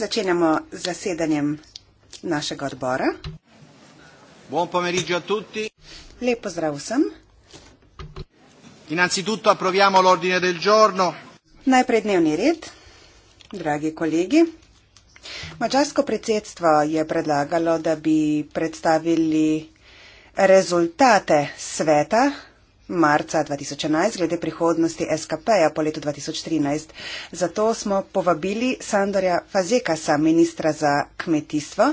Začenjamo z zasedanjem našega odbora. Buon pomeriggio a tutti. Lep pozdrav vsem. Innanzitutto approviamo l'ordine del giorno. Najprej dnevni red, dragi kolegi. Mačarsko predsedstvo je predlagalo, da bi predstavili rezultate sveta marca 2011 glede prihodnosti SKP-ja po letu 2013. Zato smo povabili Sandorja Fazekasa, ministra za kmetijstvo,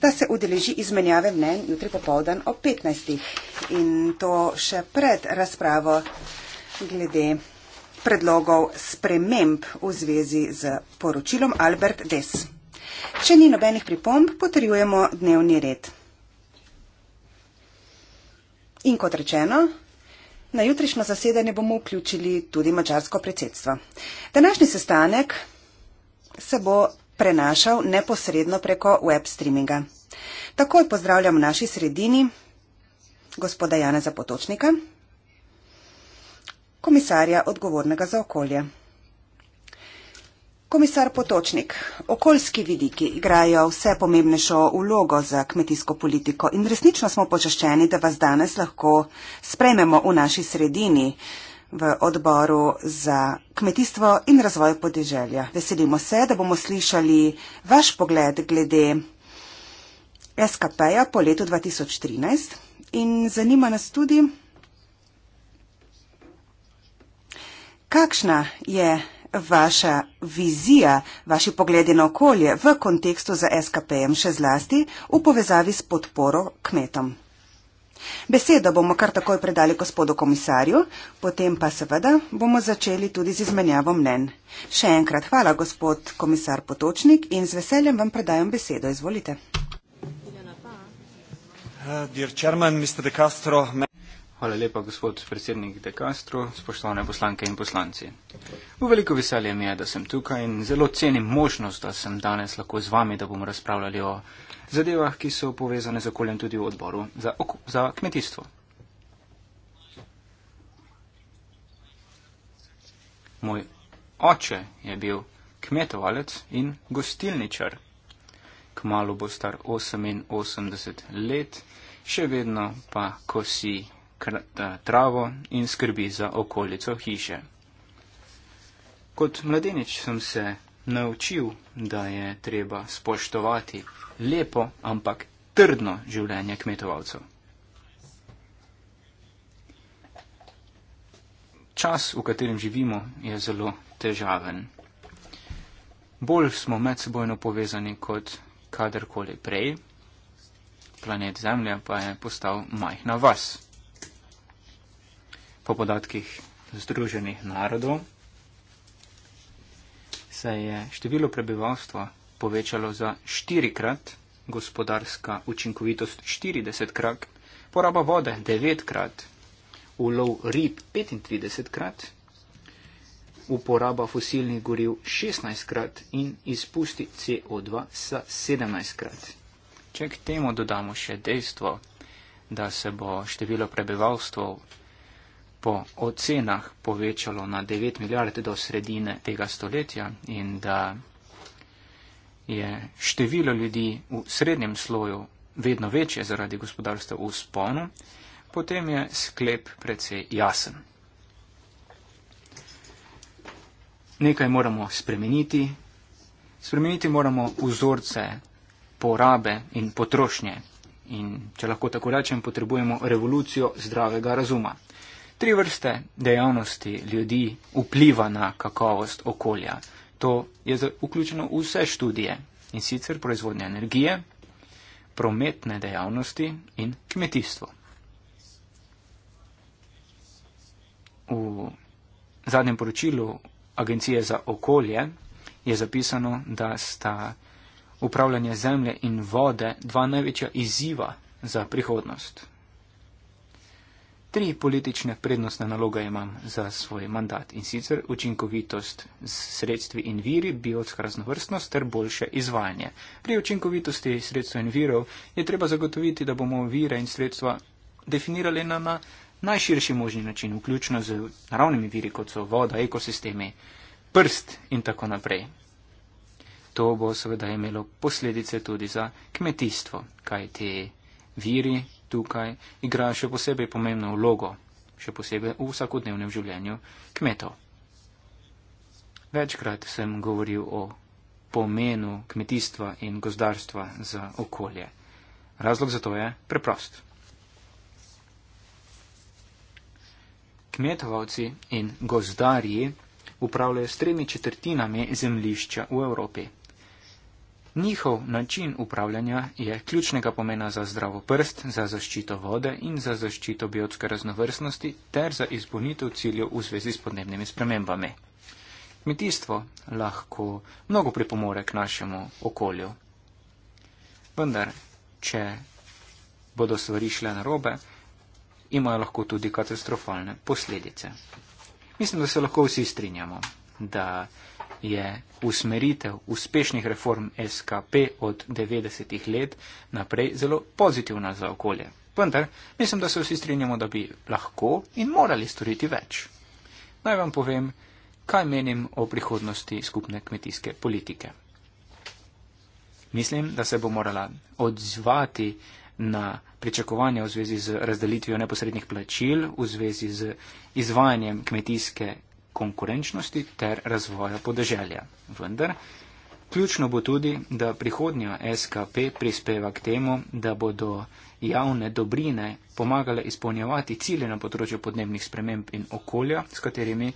da se udeleži izmenjave mnen jutri popovdan o 15. In to še pred razpravo glede predlogov sprememb v zvezi z poročilom Albert Des. Če ni nobenih pripomb, potrjujemo dnevni red. In kot rečeno, Na jutrišnjo zasedanje bomo vključili tudi mačarsko predsedstvo. Današnji sestanek se bo prenašal neposredno preko web streaminga. Takoj pozdravljam v naši sredini gospoda Janeza Potočnika, komisarja odgovornega za okolje. Komisar Potočnik, okoljski vidiki igrajo vse pomembnejšo ulogo za kmetijsko politiko in resnično smo počaščeni, da vas danes lahko sprejmemo v naši sredini v odboru za kmetijstvo in razvoj podeželja. Veselimo se, da bomo slišali vaš pogled glede SKP-ja po letu 2013 in zanima nas tudi, kakšna je vaša vizija, vaši pogledi na okolje v kontekstu z SKP-jem, še zlasti v povezavi s podporo kmetom. Besedo bomo kar takoj predali gospodu komisarju, potem pa seveda bomo začeli tudi z izmenjavo mnen. Še enkrat hvala, gospod komisar Potočnik, in z veseljem vam predajam besedo. Izvolite. Uh, Hvala lepa, gospod predsednik De Castro, spoštovane poslanke in poslanci. V veliko veselje mi je, da sem tukaj in zelo cenim možnost, da sem danes lahko z vami, da bomo razpravljali o zadevah, ki so povezane z okoljem tudi v odboru za, oko, za kmetijstvo. Moj oče je bil kmetovalec in gostilničar. Kmalo bo star 88 let, še vedno pa kosi travo in skrbi za okolico hiše. Kot mladenič sem se naučil, da je treba spoštovati lepo, ampak trdno življenje kmetovalcev. Čas, v katerem živimo, je zelo težaven. Bolj smo med sebojno povezani kot kadarkoli prej. Planet Zemlja pa je postal majhna vas po podatkih Združenih narodov se je število prebivalstva povečalo za štirikrat, gospodarska učinkovitost 40 krat, poraba vode 9 krat, ulov rib 35 krat, uporaba fosilnih goriv 16 krat in izpusti CO2 sa 17 krat. Če k temu dodamo še dejstvo, da se bo število prebivalstvo po ocenah povečalo na 9 milijard do sredine tega stoletja in da je število ljudi v srednjem sloju vedno večje zaradi gospodarstva v sponu, potem je sklep precej jasen. Nekaj moramo spremeniti. Spremeniti moramo vzorce porabe in potrošnje. In če lahko tako rečem, potrebujemo revolucijo zdravega razuma. Tri vrste dejavnosti ljudi vpliva na kakovost okolja. To je vključeno v vse študije in sicer proizvodnja energije, prometne dejavnosti in kmetijstvo. V zadnjem poročilu Agencije za okolje je zapisano, da sta upravljanje zemlje in vode dva največja izziva za prihodnost tri politične prednostne naloge imam za svoj mandat in sicer učinkovitost s sredstvi in viri, biotska raznovrstnost ter boljše izvajanje. Pri učinkovitosti sredstv in virov je treba zagotoviti, da bomo vire in sredstva definirali na, na najširši možni način, vključno z naravnimi viri, kot so voda, ekosistemi, prst in tako naprej. To bo seveda imelo posledice tudi za kmetijstvo, kaj ti viri tukaj igrajo še posebej pomembno vlogo, še posebej v vsakodnevnem življenju kmetov. Večkrat sem govoril o pomenu kmetijstva in gozdarstva za okolje. Razlog za to je preprost. Kmetovalci in gozdarji upravljajo s tremi četrtinami zemlišča v Evropi. Njihov način upravljanja je ključnega pomena za zdravo prst, za zaščito vode in za zaščito biotske raznovrstnosti ter za izpolnitev ciljev v zvezi s podnebnimi spremembami. Kmetijstvo lahko mnogo pripomore k našemu okolju. Vendar, če bodo stvari šle narobe, imajo lahko tudi katastrofalne posledice. Mislim, da se lahko vsi strinjamo, da je usmeritev uspešnih reform SKP od 90-ih let naprej zelo pozitivna za okolje. Vendar mislim, da se vsi strinjamo, da bi lahko in morali storiti več. Naj vam povem, kaj menim o prihodnosti skupne kmetijske politike. Mislim, da se bo morala odzvati na pričakovanja v zvezi z razdelitvijo neposrednih plačil, v zvezi z izvajanjem kmetijske konkurenčnosti ter razvoja podeželja. Vendar, ključno bo tudi, da prihodnja SKP prispeva k temu, da bodo javne dobrine pomagale izpolnjevati cilje na področju podnebnih sprememb in okolja, s katerimi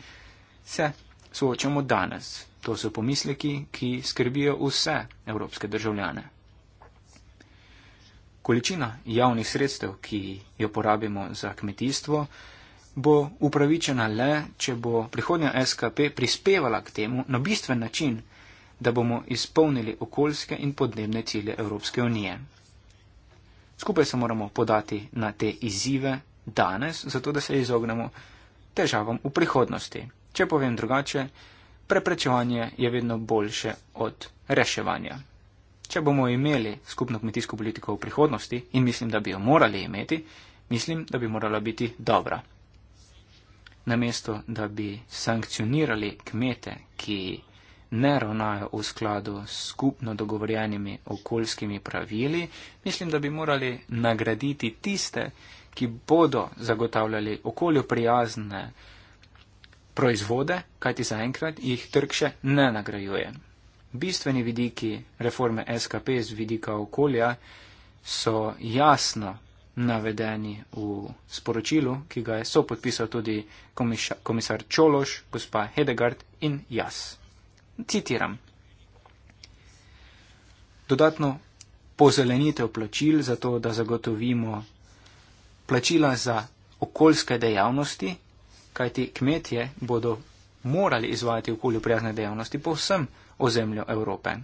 se soočamo danes. To so pomisleki, ki skrbijo vse evropske državljane. Količina javnih sredstev, ki jo porabimo za kmetijstvo, bo upravičena le, če bo prihodnja SKP prispevala k temu na bistven način, da bomo izpolnili okoljske in podnebne cilje Evropske unije. Skupaj se moramo podati na te izzive danes, zato da se izognemo težavam v prihodnosti. Če povem drugače, preprečevanje je vedno boljše od reševanja. Če bomo imeli skupno kmetijsko politiko v prihodnosti, in mislim, da bi jo morali imeti, mislim, da bi morala biti dobra namesto da bi sankcionirali kmete, ki ne ravnajo v skladu s skupno dogovorjenimi okoljskimi pravili, mislim, da bi morali nagraditi tiste, ki bodo zagotavljali okolju prijazne proizvode, kajti zaenkrat jih trg še ne nagrajuje. Bistveni vidiki reforme SKP z vidika okolja so jasno navedeni v sporočilu, ki ga je sopodpisal tudi komiša, komisar Čološ, gospa Hedegard in jaz. Citiram. Dodatno pozelenitev plačil za to, da zagotovimo plačila za okoljske dejavnosti, kajti kmetje bodo morali izvajati okoljoprijazne dejavnosti po vsem ozemlju Evrope.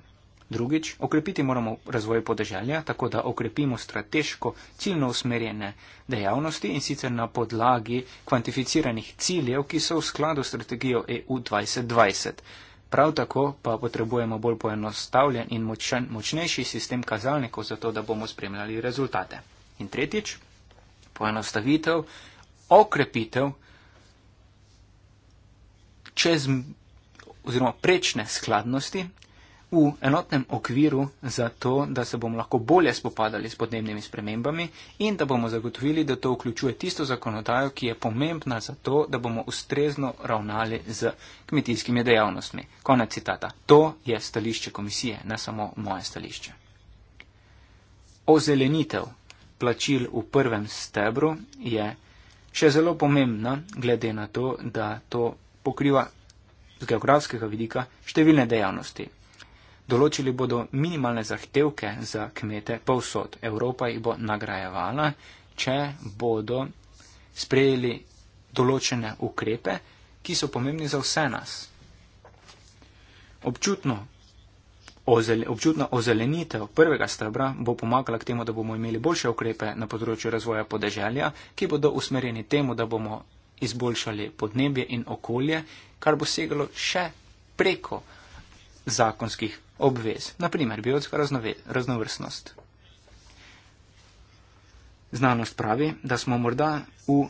Drugič, okrepiti moramo razvoj podeželja, tako da okrepimo strateško ciljno usmerjene dejavnosti in sicer na podlagi kvantificiranih ciljev, ki so v skladu s strategijo EU 2020. Prav tako pa potrebujemo bolj poenostavljen in močen, močnejši sistem kazalnikov, zato da bomo spremljali rezultate. In tretjič, poenostavitev, okrepitev čez, oziroma prečne skladnosti v enotnem okviru za to, da se bomo lahko bolje spopadali s podnebnimi spremembami in da bomo zagotovili, da to vključuje tisto zakonodajo, ki je pomembna za to, da bomo ustrezno ravnali z kmetijskimi dejavnostmi. Konec citata. To je stališče komisije, ne samo moje stališče. Ozelenitev plačil v prvem stebru je še zelo pomembna, glede na to, da to pokriva z geografskega vidika številne dejavnosti. Določili bodo minimalne zahtevke za kmete povsod. Evropa jih bo nagrajevala, če bodo sprejeli določene ukrepe, ki so pomembni za vse nas. Občutno, ozele, občutna ozelenitev prvega stebra bo pomagala k temu, da bomo imeli boljše ukrepe na področju razvoja podeželja, ki bodo usmerjeni temu, da bomo izboljšali podnebje in okolje, kar bo segalo še preko zakonskih obvez, naprimer biotska raznovrstnost. Znanost pravi, da smo morda v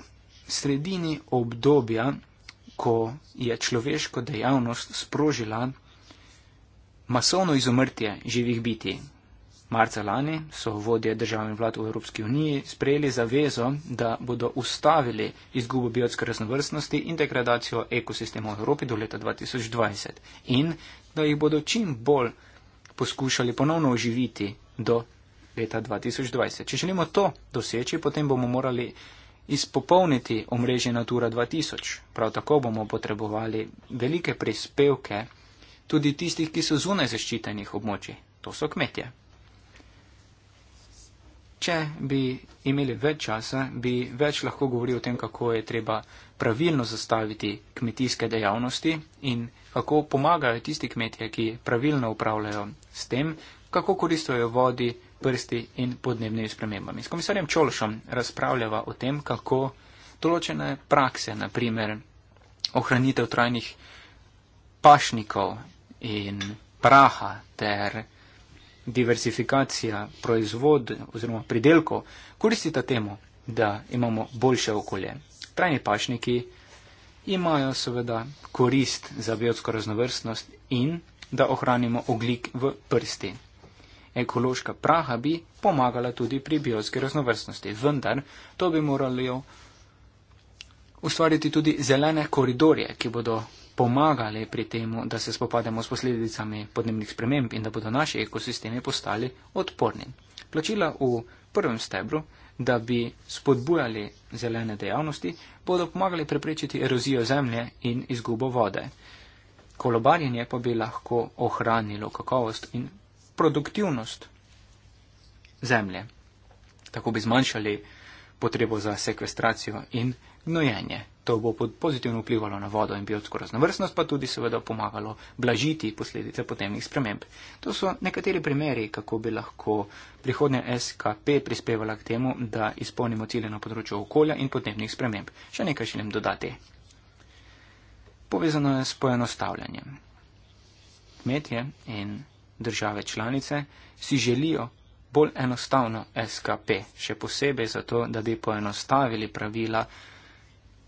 sredini obdobja, ko je človeško dejavnost sprožila masovno izumrtje živih biti. Marca lani so vodje držav in vlad v Evropski uniji sprejeli zavezo, da bodo ustavili izgubo biotske raznovrstnosti in degradacijo ekosistemov v Evropi do leta 2020 in da jih bodo čim bolj poskušali ponovno oživiti do leta 2020. Če želimo to doseči, potem bomo morali izpopolniti omrežje Natura 2000. Prav tako bomo potrebovali velike prispevke tudi tistih, ki so zunaj zaščitenih območij. To so kmetje. Če bi imeli več časa, bi več lahko govoril o tem, kako je treba pravilno zastaviti kmetijske dejavnosti in kako pomagajo tisti kmetje, ki pravilno upravljajo s tem, kako koristijo vodi, prsti in podnebnimi spremembami. S komisarjem Čolšom razpravljava o tem, kako določene prakse, naprimer ohranitev trajnih pašnikov in praha ter diversifikacija proizvod oziroma pridelkov, koristita temu, da imamo boljše okolje. Trajni pašniki imajo seveda korist za biotsko raznovrstnost in da ohranimo oglik v prsti. Ekološka praha bi pomagala tudi pri biotski raznovrstnosti, vendar to bi morali jo ustvariti tudi zelene koridorje, ki bodo pomagali pri tem, da se spopademo s posledicami podnebnih sprememb in da bodo naši ekosistemi postali odporni. Plačila v prvem stebru da bi spodbujali zelene dejavnosti, bodo pomagali preprečiti erozijo zemlje in izgubo vode. Kolobarjenje pa bi lahko ohranilo kakovost in produktivnost zemlje. Tako bi zmanjšali potrebo za sekvestracijo in gnojenje. To bo pozitivno vplivalo na vodo in biotsko raznovrstnost, pa tudi seveda pomagalo blažiti posledice potemnih sprememb. To so nekateri primeri, kako bi lahko prihodnje SKP prispevala k temu, da izpolnimo cilje na področju okolja in potemnih sprememb. Še nekaj želim dodati. Povezano je s poenostavljanjem. Kmetje in države članice si želijo bolj enostavno SKP, še posebej zato, da bi poenostavili pravila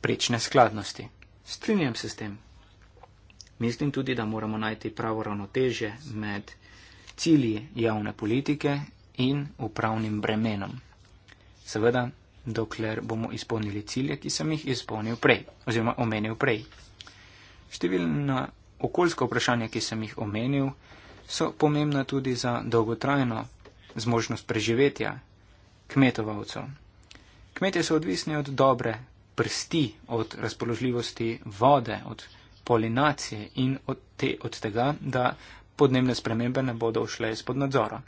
prične skladnosti. Strinjam se s tem. Mislim tudi, da moramo najti pravo ravnoteže med cilji javne politike in upravnim bremenom. Seveda, dokler bomo izpolnili cilje, ki sem jih izpolnil prej oziroma omenil prej. Številna okoljska vprašanja, ki sem jih omenil, so pomembna tudi za dolgotrajno zmožnost preživetja kmetovalcev. Kmetje so odvisni od dobre prsti od razpoložljivosti vode, od polinacije in od, te, od tega, da podnebne spremembe ne bodo šle izpod nadzora.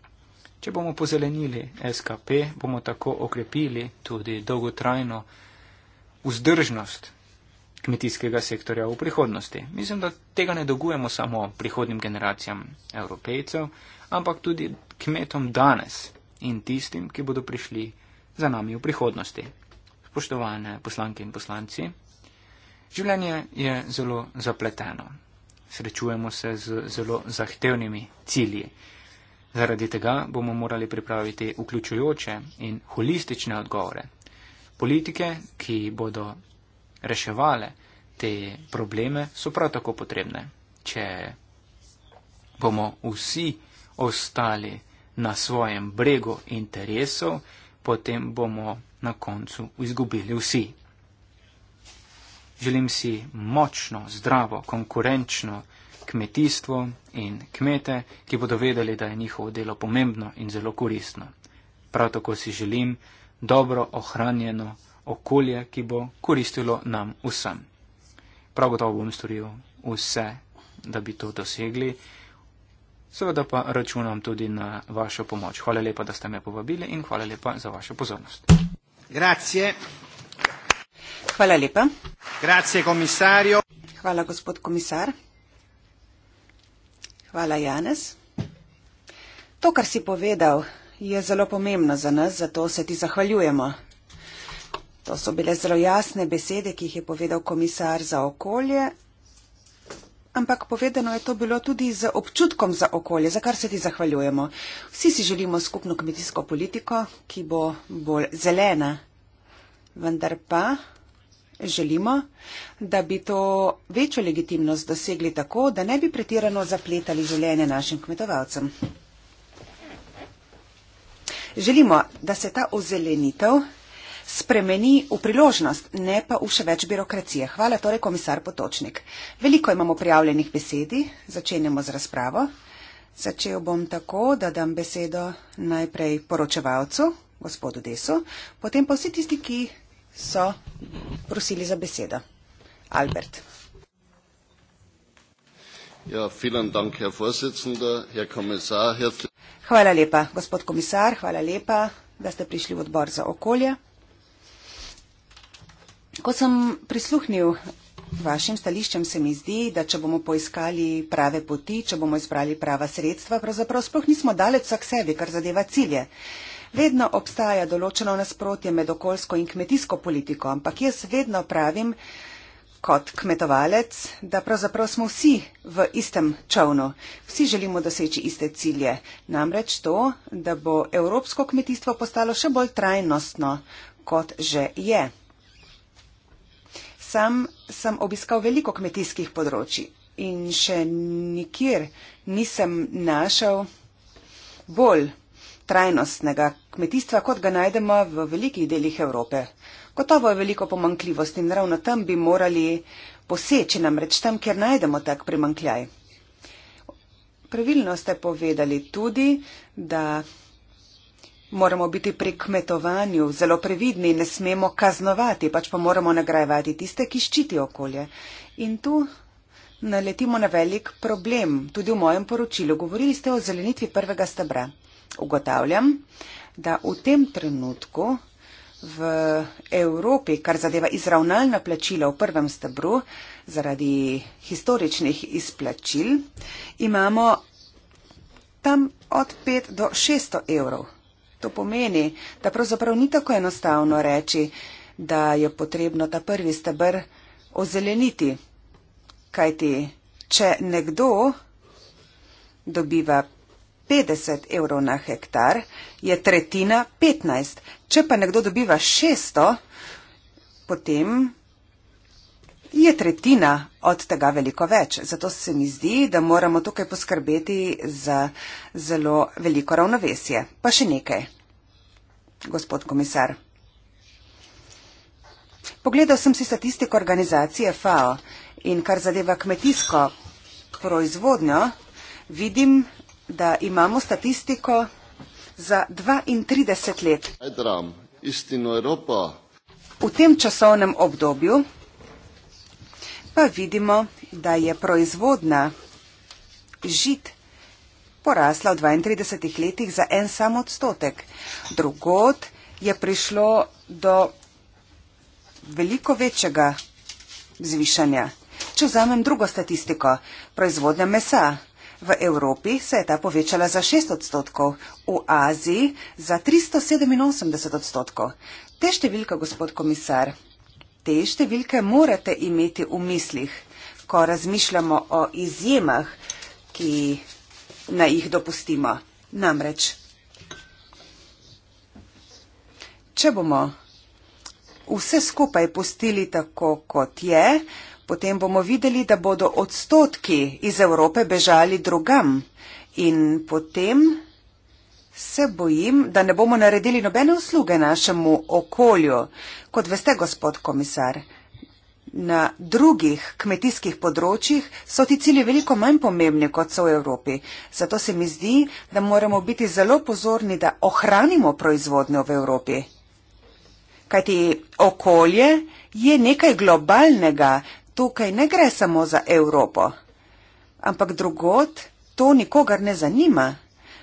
Če bomo pozelenili SKP, bomo tako okrepili tudi dolgotrajno vzdržnost kmetijskega sektorja v prihodnosti. Mislim, da tega ne dolgujemo samo prihodnim generacijam evropejcev, ampak tudi kmetom danes in tistim, ki bodo prišli za nami v prihodnosti spoštovane poslanke in poslanci. Življenje je zelo zapleteno. Srečujemo se z zelo zahtevnimi cilji. Zaradi tega bomo morali pripraviti vključujoče in holistične odgovore. Politike, ki bodo reševale te probleme, so prav tako potrebne, če bomo vsi ostali na svojem bregu interesov, potem bomo na koncu izgubili vsi. Želim si močno, zdravo, konkurenčno kmetijstvo in kmete, ki bodo vedeli, da je njihovo delo pomembno in zelo koristno. Prav tako si želim dobro ohranjeno okolje, ki bo koristilo nam vsem. Prav gotovo bom storil vse, da bi to dosegli. Seveda pa računam tudi na vašo pomoč. Hvala lepa, da ste me povabili in hvala lepa za vašo pozornost. Hvala lepa. Grazie, hvala, gospod komisar. Hvala, Janez. To, kar si povedal, je zelo pomembno za nas, zato se ti zahvaljujemo. To so bile zelo jasne besede, ki jih je povedal komisar za okolje Ampak povedano je to bilo tudi z občutkom za okolje, za kar se ti zahvaljujemo. Vsi si želimo skupno kmetijsko politiko, ki bo bolj zelena. Vendar pa želimo, da bi to večjo legitimnost dosegli tako, da ne bi pretirano zapletali življenje našim kmetovalcem. Želimo, da se ta ozelenitev spremeni v priložnost, ne pa v še več birokracije. Hvala torej, komisar Potočnik. Veliko imamo prijavljenih besedi, začenjamo z razpravo. Začel bom tako, da dam besedo najprej poročevalcu, gospodu Desu, potem pa vsi tisti, ki so prosili za besedo. Albert. Ja, vielen dank, herr Vorsitzender, herr Kommissar. Herr... Hvala lepa, gospod komisar, hvala lepa, da ste prišli v odbor za okolje. Ko sem prisluhnil vašim stališčem, se mi zdi, da če bomo poiskali prave poti, če bomo izbrali prava sredstva, pravzaprav sploh nismo daleč vsak sebi, kar zadeva cilje. Vedno obstaja določeno nasprotje med okoljsko in kmetijsko politiko, ampak jaz vedno pravim kot kmetovalec, da pravzaprav smo vsi v istem čovnu. Vsi želimo doseči iste cilje. Namreč to, da bo evropsko kmetijstvo postalo še bolj trajnostno, kot že je. Sam sem obiskal veliko kmetijskih področji in še nikjer nisem našel bolj trajnostnega kmetijstva, kot ga najdemo v velikih delih Evrope. Gotovo je veliko pomankljivosti in ravno tam bi morali poseči, namreč tam, kjer najdemo tak primankljaj. Pravilno ste povedali tudi, da Moramo biti pri kmetovanju zelo previdni, ne smemo kaznovati, pač pa moramo nagrajevati tiste, ki ščiti okolje. In tu naletimo na velik problem. Tudi v mojem poročilu govorili ste o zelenitvi prvega stebra. Ugotavljam, da v tem trenutku v Evropi, kar zadeva izravnalna plačila v prvem stebru, zaradi historičnih izplačil, imamo tam od 5 do 600 evrov. To pomeni, da pravzaprav ni tako enostavno reči, da je potrebno ta prvi stebr ozeleniti. Kajti, če nekdo dobiva 50 evrov na hektar, je tretjina 15. Če pa nekdo dobiva 600, potem je tretjina od tega veliko več. Zato se mi zdi, da moramo tukaj poskrbeti za zelo veliko ravnovesje. Pa še nekaj, gospod komisar. Pogledal sem si statistiko organizacije FAO in kar zadeva kmetijsko proizvodnjo, vidim, da imamo statistiko za 32 let. V tem časovnem obdobju pa vidimo, da je proizvodna žit porasla v 32 letih za en sam odstotek. Drugod je prišlo do veliko večjega zvišanja. Če vzamem drugo statistiko, proizvodnja mesa. V Evropi se je ta povečala za 6 odstotkov, v Aziji za 387 odstotkov. Te številke, gospod komisar, Te številke morate imeti v mislih, ko razmišljamo o izjemah, ki na jih dopustimo. Namreč, če bomo vse skupaj pustili tako, kot je, potem bomo videli, da bodo odstotki iz Evrope bežali drugam in potem Se bojim, da ne bomo naredili nobene usluge našemu okolju. Kot veste, gospod komisar, na drugih kmetijskih področjih so ti cilji veliko manj pomembni, kot so v Evropi. Zato se mi zdi, da moramo biti zelo pozorni, da ohranimo proizvodnjo v Evropi. Kajti okolje je nekaj globalnega, tukaj ne gre samo za Evropo. Ampak drugot to nikogar ne zanima.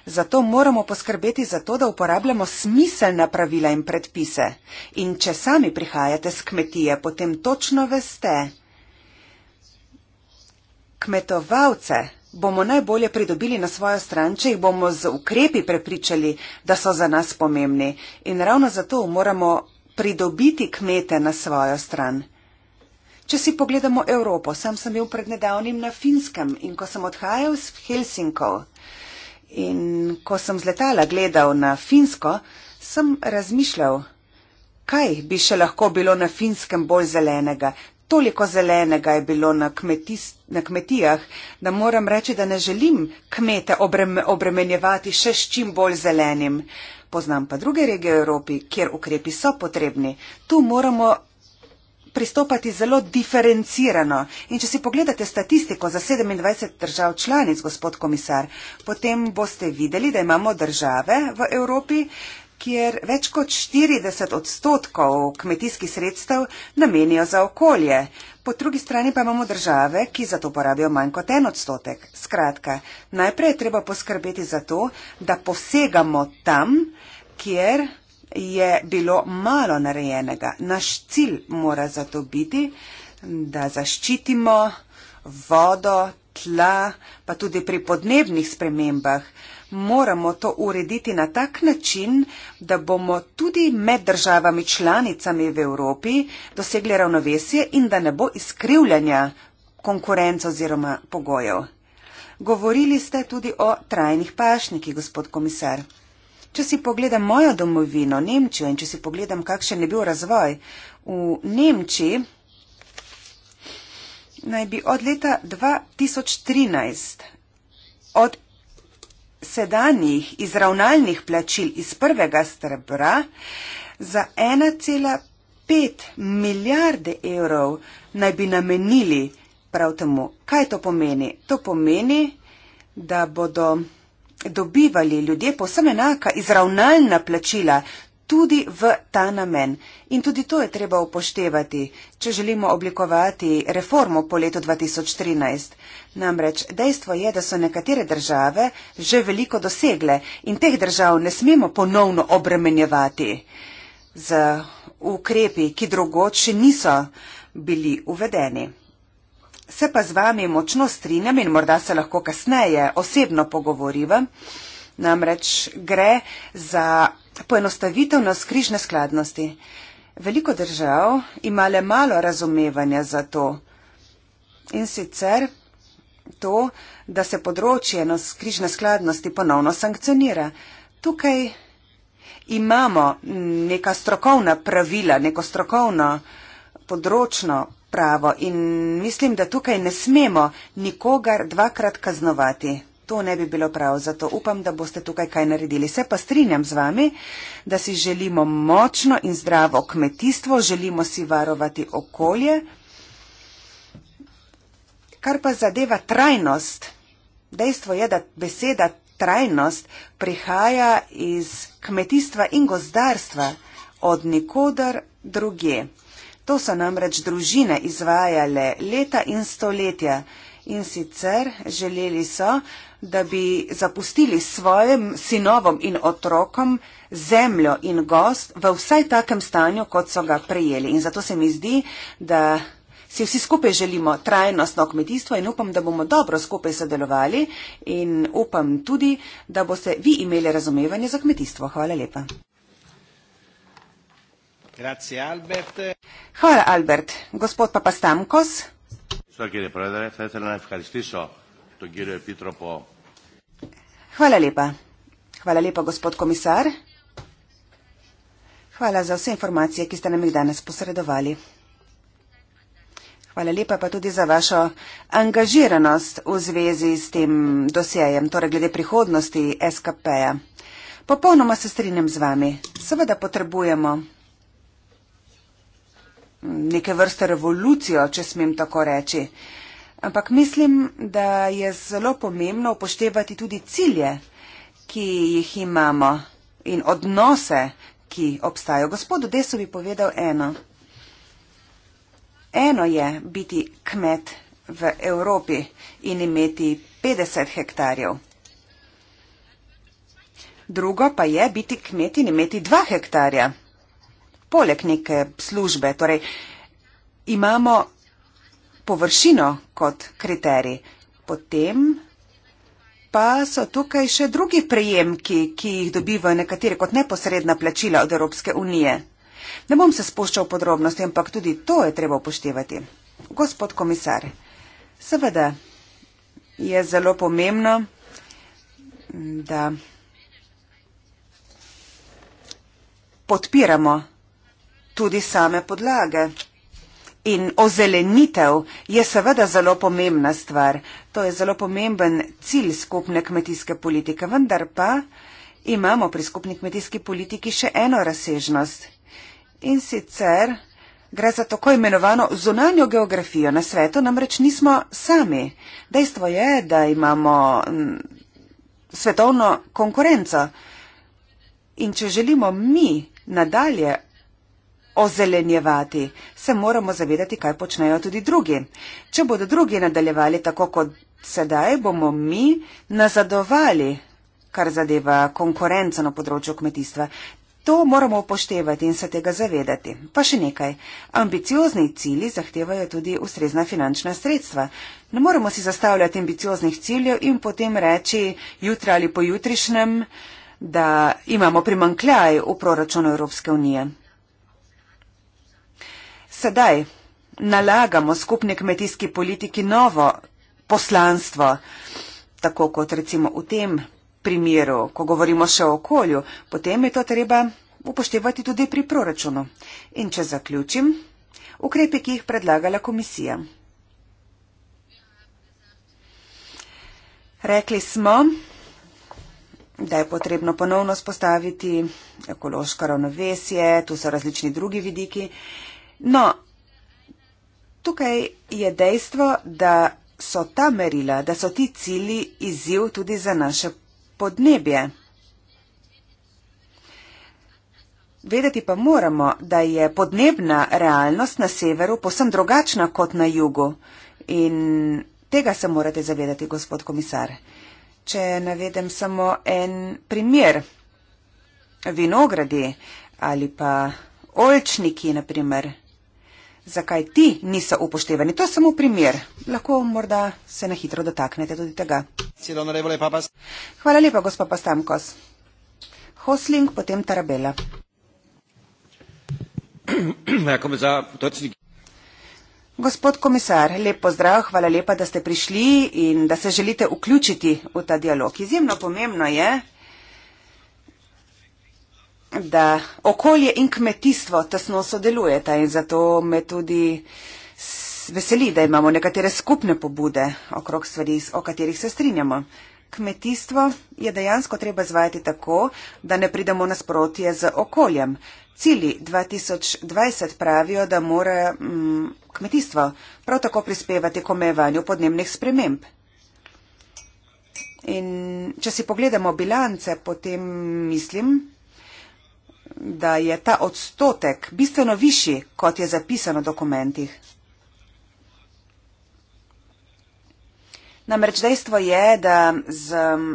Zato moramo poskrbeti za to, da uporabljamo smiselna pravila in predpise. In če sami prihajate z kmetije, potem točno veste, kmetovalce bomo najbolje pridobili na svojo stran, če jih bomo z ukrepi prepričali, da so za nas pomembni. In ravno zato moramo pridobiti kmete na svojo stran. Če si pogledamo Evropo, sam sem bil pred nedavnim na Finskem in ko sem odhajal z Helsinkov, In ko sem z letala gledal na Finsko, sem razmišljal, kaj bi še lahko bilo na Finskem bolj zelenega. Toliko zelenega je bilo na, kmetis, na kmetijah, da moram reči, da ne želim kmete obreme, obremenjevati še s čim bolj zelenim. Poznam pa druge regije v Evropi, kjer ukrepi so potrebni. Tu moramo pristopati zelo diferencirano. In če si pogledate statistiko za 27 držav članic, gospod komisar, potem boste videli, da imamo države v Evropi, kjer več kot 40 odstotkov kmetijskih sredstev namenijo za okolje. Po drugi strani pa imamo države, ki za to porabijo manj kot en odstotek. Skratka, najprej je treba poskrbeti za to, da posegamo tam, kjer je bilo malo narejenega. Naš cilj mora zato biti, da zaščitimo vodo, tla, pa tudi pri podnebnih spremembah. Moramo to urediti na tak način, da bomo tudi med državami članicami v Evropi dosegli ravnovesje in da ne bo izkrivljanja konkurenco oziroma pogojev. Govorili ste tudi o trajnih pašnikih, gospod komisar. Če si pogledam mojo domovino, Nemčijo, in če si pogledam, kakšen je bil razvoj v Nemčiji, naj bi od leta 2013, od sedanjih izravnalnih plačil iz prvega strebra, za 1,5 milijarde evrov naj bi namenili prav temu. Kaj to pomeni? To pomeni, da bodo dobivali ljudje povsem enaka izravnalna plačila tudi v ta namen. In tudi to je treba upoštevati, če želimo oblikovati reformo po letu 2013. Namreč dejstvo je, da so nekatere države že veliko dosegle in teh držav ne smemo ponovno obremenjevati z ukrepi, ki drugoč še niso bili uvedeni se pa z vami močno strinjam in morda se lahko kasneje osebno pogovoriva. Namreč gre za poenostavitev na skrižne skladnosti. Veliko držav ima le malo razumevanja za to. In sicer to, da se področje na skrižne skladnosti ponovno sankcionira. Tukaj imamo neka strokovna pravila, neko strokovno področno pravo in mislim, da tukaj ne smemo nikogar dvakrat kaznovati. To ne bi bilo prav, zato upam, da boste tukaj kaj naredili. Se pa strinjam z vami, da si želimo močno in zdravo kmetijstvo, želimo si varovati okolje. Kar pa zadeva trajnost, dejstvo je, da beseda trajnost prihaja iz kmetijstva in gozdarstva od nikoder drugje. To so namreč družine izvajale leta in stoletja in sicer želeli so, da bi zapustili svojim sinovom in otrokom zemljo in gost v vsaj takem stanju, kot so ga prejeli. In zato se mi zdi, da si vsi skupaj želimo trajnostno kmetijstvo in upam, da bomo dobro skupaj sodelovali in upam tudi, da boste vi imeli razumevanje za kmetijstvo. Hvala lepa. Grazie Albert. Hvala Albert. Gospod Papastamkos. Hvala, kjeri predre, se je na evkaristiso, to kjeri je Pitropo. Hvala lepa. Hvala lepa, gospod komisar. Hvala za vse informacije, ki ste nam jih danes posredovali. Hvala lepa pa tudi za vašo angažiranost v zvezi s tem dosjejem, torej glede prihodnosti SKP-ja. Popolnoma se strinjam z vami. Seveda potrebujemo neke vrste revolucijo, če smem tako reči. Ampak mislim, da je zelo pomembno upoštevati tudi cilje, ki jih imamo in odnose, ki obstajajo. Gospod Deso bi povedal eno. Eno je biti kmet v Evropi in imeti 50 hektarjev. Drugo pa je biti kmet in imeti 2 hektarja poleg neke službe. Torej, imamo površino kot kriterij. Potem pa so tukaj še drugi prejemki, ki jih dobivajo nekateri kot neposredna plačila od Evropske unije. Ne bom se spuščal v podrobnosti, ampak tudi to je treba upoštevati. Gospod komisar, seveda je zelo pomembno, da podpiramo tudi same podlage. In ozelenitev je seveda zelo pomembna stvar, to je zelo pomemben cilj skupne kmetijske politike, vendar pa imamo pri skupni kmetijski politiki še eno razsežnost. In sicer gre za tako imenovano zunanjo geografijo na svetu, namreč nismo sami. Dejstvo je, da imamo mm, svetovno konkurenco. In če želimo mi nadalje ozelenjevati. Se moramo zavedati, kaj počnejo tudi drugi. Če bodo drugi nadaljevali tako kot sedaj, bomo mi nazadovali, kar zadeva konkurenco na področju kmetijstva. To moramo upoštevati in se tega zavedati. Pa še nekaj. Ambiciozni cilji zahtevajo tudi ustrezna finančna sredstva. Ne moremo si zastavljati ambicioznih ciljev in potem reči jutra ali pojutrišnjem, da imamo primankljaj v proračunu Evropske unije sedaj nalagamo skupni kmetijski politiki novo poslanstvo, tako kot recimo v tem primeru, ko govorimo še o okolju, potem je to treba upoštevati tudi pri proračunu. In če zaključim, ukrepe, ki jih predlagala komisija. Rekli smo, da je potrebno ponovno spostaviti ekološko ravnovesje, tu so različni drugi vidiki. No, tukaj je dejstvo, da so ta merila, da so ti cili izziv tudi za naše podnebje. Vedeti pa moramo, da je podnebna realnost na severu posem drugačna kot na jugu. In tega se morate zavedati, gospod komisar. Če navedem samo en primer, vinogradi ali pa oljčniki, naprimer, zakaj ti niso upoštevani. To je samo primer. Lahko morda se na hitro dotaknete tudi tega. Hvala lepa, gospod Pastamkos. Hosling, potem Tarabela. Ja, gospod komisar, lep pozdrav, hvala lepa, da ste prišli in da se želite vključiti v ta dialog. Izjemno pomembno je, da okolje in kmetijstvo tesno sodelujeta in zato me tudi veseli, da imamo nekatere skupne pobude okrog stvari, o katerih se strinjamo. Kmetijstvo je dejansko treba zvajati tako, da ne pridemo nasprotje z okoljem. Cili 2020 pravijo, da mora mm, kmetijstvo prav tako prispevati k omejevanju podnebnih sprememb. In če si pogledamo bilance, potem mislim, da je ta odstotek bistveno višji, kot je zapisano v dokumentih. Namreč dejstvo je, da z um,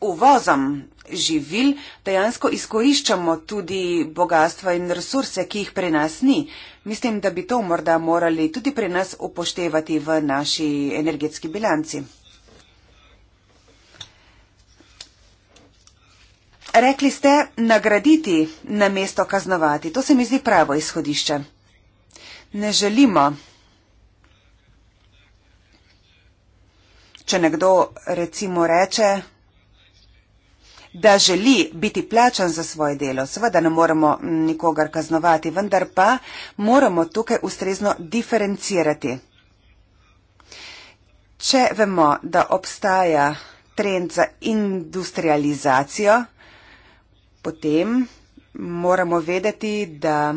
uvozom živil dejansko izkoriščamo tudi bogatstva in resurse, ki jih pri nas ni. Mislim, da bi to morda morali tudi pri nas upoštevati v naši energetski bilanci. Rekli ste nagraditi na mesto kaznovati. To se mi zdi pravo izhodišče. Ne želimo. Če nekdo recimo reče, da želi biti plačan za svoje delo, seveda ne moremo nikogar kaznovati, vendar pa moramo tukaj ustrezno diferencirati. Če vemo, da obstaja trend za industrializacijo, potem moramo vedeti, da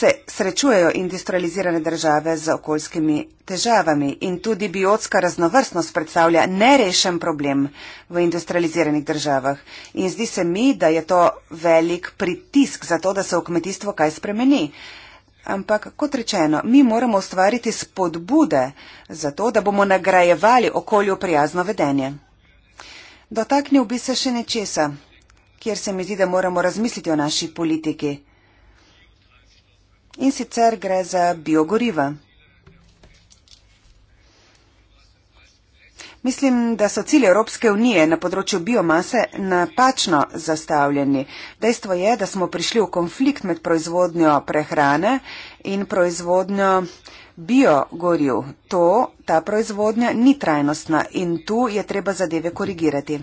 se srečujejo industrializirane države z okoljskimi težavami in tudi biotska raznovrstnost predstavlja nerešen problem v industrializiranih državah. In zdi se mi, da je to velik pritisk za to, da se v kmetijstvo kaj spremeni. Ampak, kot rečeno, mi moramo ustvariti spodbude za to, da bomo nagrajevali okolju prijazno vedenje dotaknil bi se še nečesa, kjer se mi zdi, da moramo razmisliti o naši politiki. In sicer gre za biogoriva. Mislim, da so cilje Evropske unije na področju biomase napačno zastavljeni. Dejstvo je, da smo prišli v konflikt med proizvodnjo prehrane in proizvodnjo biogoriv. To, ta proizvodnja ni trajnostna in tu je treba zadeve korigirati.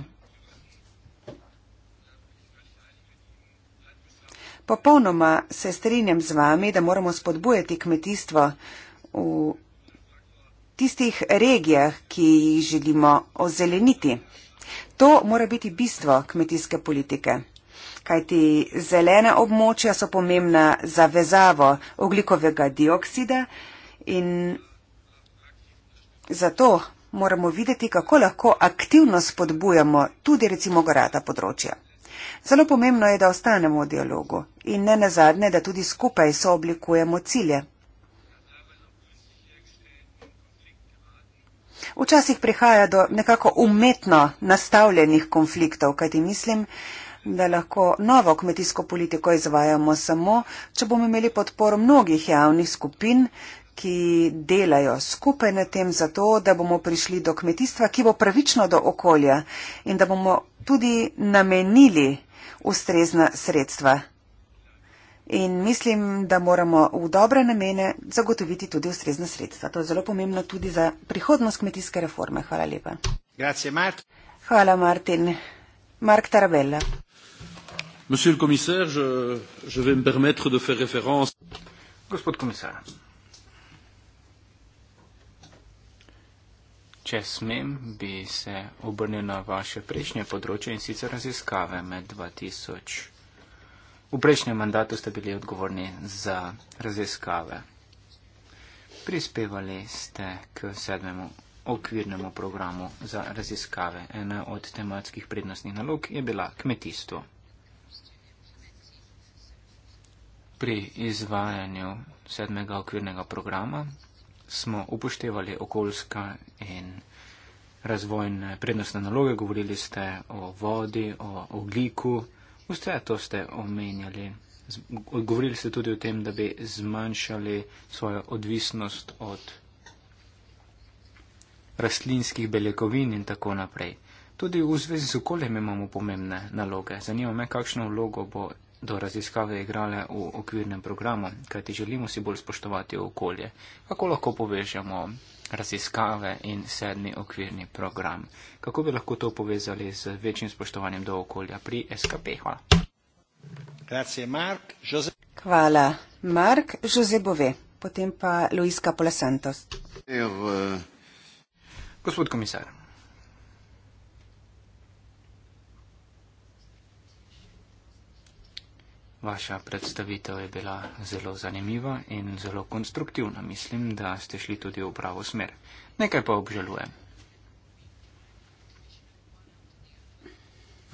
Popolnoma se strinjam z vami, da moramo spodbujati kmetijstvo v tistih regijah, ki jih želimo ozeleniti. To mora biti bistvo kmetijske politike. Kajti zelena območja so pomembna za vezavo oglikovega dioksida, In zato moramo videti, kako lahko aktivno spodbujamo tudi recimo gorata področja. Zelo pomembno je, da ostanemo v dialogu in ne nazadnje, da tudi skupaj sooblikujemo cilje. Včasih prihaja do nekako umetno nastavljenih konfliktov, kajti mislim, da lahko novo kmetijsko politiko izvajamo samo, če bomo imeli podporo mnogih javnih skupin, ki delajo skupaj na tem, zato da bomo prišli do kmetijstva, ki bo pravično do okolja in da bomo tudi namenili ustrezna sredstva. In mislim, da moramo v dobre namene zagotoviti tudi ustrezna sredstva. To je zelo pomembno tudi za prihodnost kmetijske reforme. Hvala lepa. Grazie, Mart. Hvala, Martin. Mark Tarabella. Monsieur le commissaire, je, je vais me permettre de faire référence. Gospod komisar, Če smem, bi se obrnil na vaše prejšnje področje in sicer raziskave med 2000. V prejšnjem mandatu ste bili odgovorni za raziskave. Prispevali ste k sedmemu okvirnemu programu za raziskave. Ena od tematskih prednostnih nalog je bila kmetijstvo. Pri izvajanju sedmega okvirnega programa smo upoštevali okoljska in razvojne prednostne naloge, govorili ste o vodi, o ogliku, vse to ste omenjali. Govorili ste tudi o tem, da bi zmanjšali svojo odvisnost od rastlinskih beljakovin in tako naprej. Tudi v zvezi z okoljem imamo pomembne naloge. Zanima me, kakšno vlogo bo do raziskave igrale v okvirnem programu, kajti želimo si bolj spoštovati okolje. Kako lahko povežemo raziskave in sedmi okvirni program? Kako bi lahko to povezali z večjim spoštovanjem do okolja pri SKP? Hvala. Hvala. Mark Žozebove, potem pa Luiska Polesantos. Eh, Gospod komisar, Vaša predstavitev je bila zelo zanimiva in zelo konstruktivna. Mislim, da ste šli tudi v pravo smer. Nekaj pa obžalujem.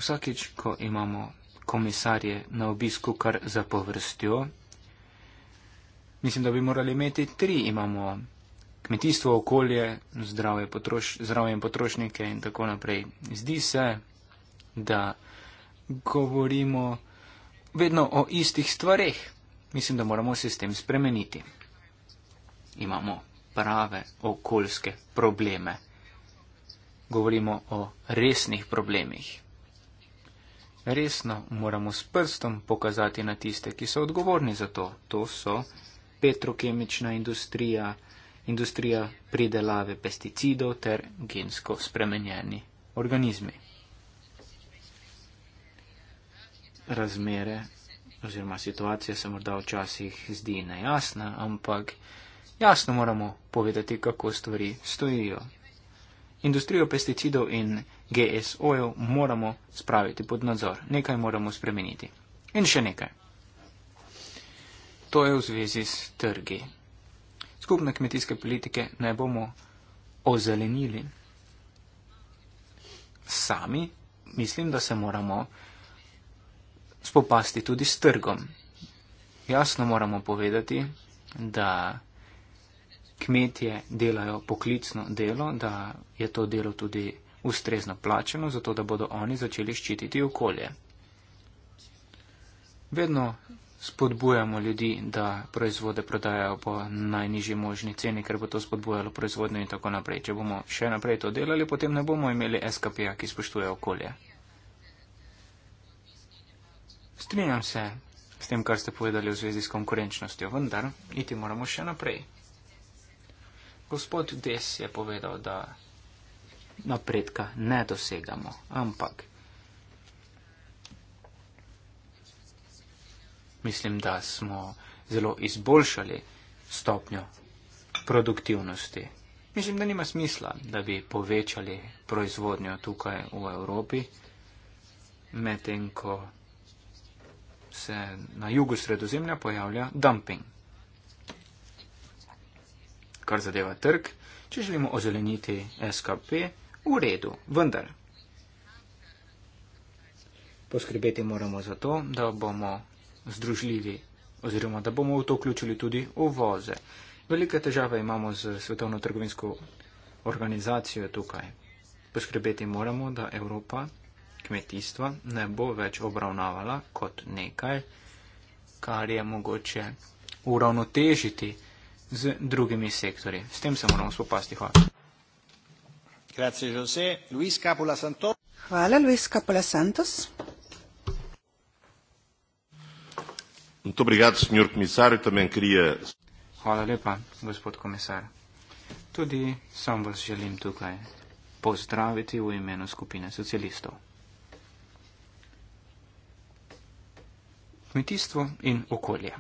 Vsakič, ko imamo komisarje na obisku kar za povrstjo, mislim, da bi morali imeti tri. Imamo kmetijstvo, okolje, zdravje, potroš, zdravje in potrošnike in tako naprej. Zdi se, da govorimo vedno o istih stvareh. Mislim, da moramo sistem spremeniti. Imamo prave okoljske probleme. Govorimo o resnih problemih. Resno moramo s prstom pokazati na tiste, ki so odgovorni za to. To so petrokemična industrija, industrija pridelave pesticidov ter gensko spremenjeni organizmi. razmere oziroma situacija se morda včasih zdi nejasna, ampak jasno moramo povedati, kako stvari stojijo. Industrijo pesticidov in GSO-jev moramo spraviti pod nadzor, nekaj moramo spremeniti. In še nekaj. To je v zvezi s trgi. Skupne kmetijske politike ne bomo ozelenili. Sami mislim, da se moramo spopasti tudi s trgom. Jasno moramo povedati, da kmetje delajo poklicno delo, da je to delo tudi ustrezno plačeno, zato da bodo oni začeli ščititi okolje. Vedno spodbujamo ljudi, da proizvode prodajajo po najnižji možni ceni, ker bo to spodbujalo proizvodnjo in tako naprej. Če bomo še naprej to delali, potem ne bomo imeli SKP-ja, ki spoštuje okolje. Strinjam se s tem, kar ste povedali v zvezi s konkurenčnostjo, vendar iti moramo še naprej. Gospod Des je povedal, da napredka ne dosegamo, ampak mislim, da smo zelo izboljšali stopnjo produktivnosti. Mislim, da nima smisla, da bi povečali proizvodnjo tukaj v Evropi, medtem ko se na jugu sredozemlja pojavlja dumping. Kar zadeva trg, če želimo ozeleniti SKP, v redu, vendar. Poskrbeti moramo za to, da bomo združljivi oziroma da bomo v to vključili tudi uvoze. Velike težave imamo z svetovno trgovinsko organizacijo tukaj. Poskrbeti moramo, da Evropa kmetijstva ne bo več obravnavala kot nekaj, kar je mogoče uravnotežiti z drugimi sektori. S tem se moramo spopasti. Hvala. Grazie, José. Luis Capola Santos. Hvala, Luis Capola Santos. Obrigado, senhor comissário, também queria... Hvala lepa, gospod komisar. Tudi sam vas želim tukaj pozdraviti v imenu skupine socialistov. kmetijstvo in okolje.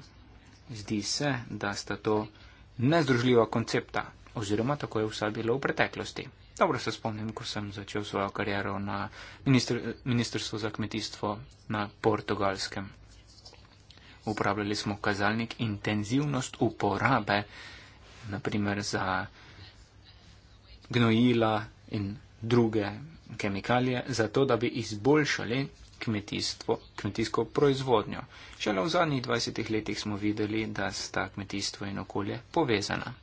Zdi se, da sta to nezdružljiva koncepta, oziroma tako je vsaj bilo v preteklosti. Dobro se spomnim, ko sem začel svojo kariero na minister, Ministrstvu za kmetijstvo na portugalskem. Uporabljali smo kazalnik intenzivnost uporabe, naprimer za gnojila in druge kemikalije, zato da bi izboljšali kmetijstvo, kmetijsko proizvodnjo. Šele v zadnjih 20 letih smo videli, da sta kmetijstvo in okolje povezana.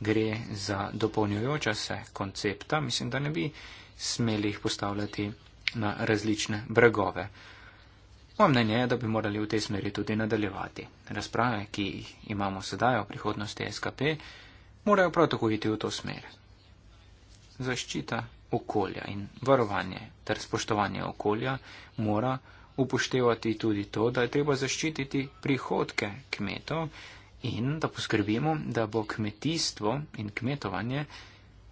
Gre za dopolnjujoča se koncepta, mislim, da ne bi smeli jih postavljati na različne bregove. Moje mnenje je, da bi morali v tej smeri tudi nadaljevati. Razprave, ki jih imamo sedaj o prihodnosti SKP, morajo prav tako iti v to smer. Zaščita okolja in varovanje ter spoštovanje okolja mora upoštevati tudi to, da je treba zaščititi prihodke kmetov in da poskrbimo, da bo kmetijstvo in kmetovanje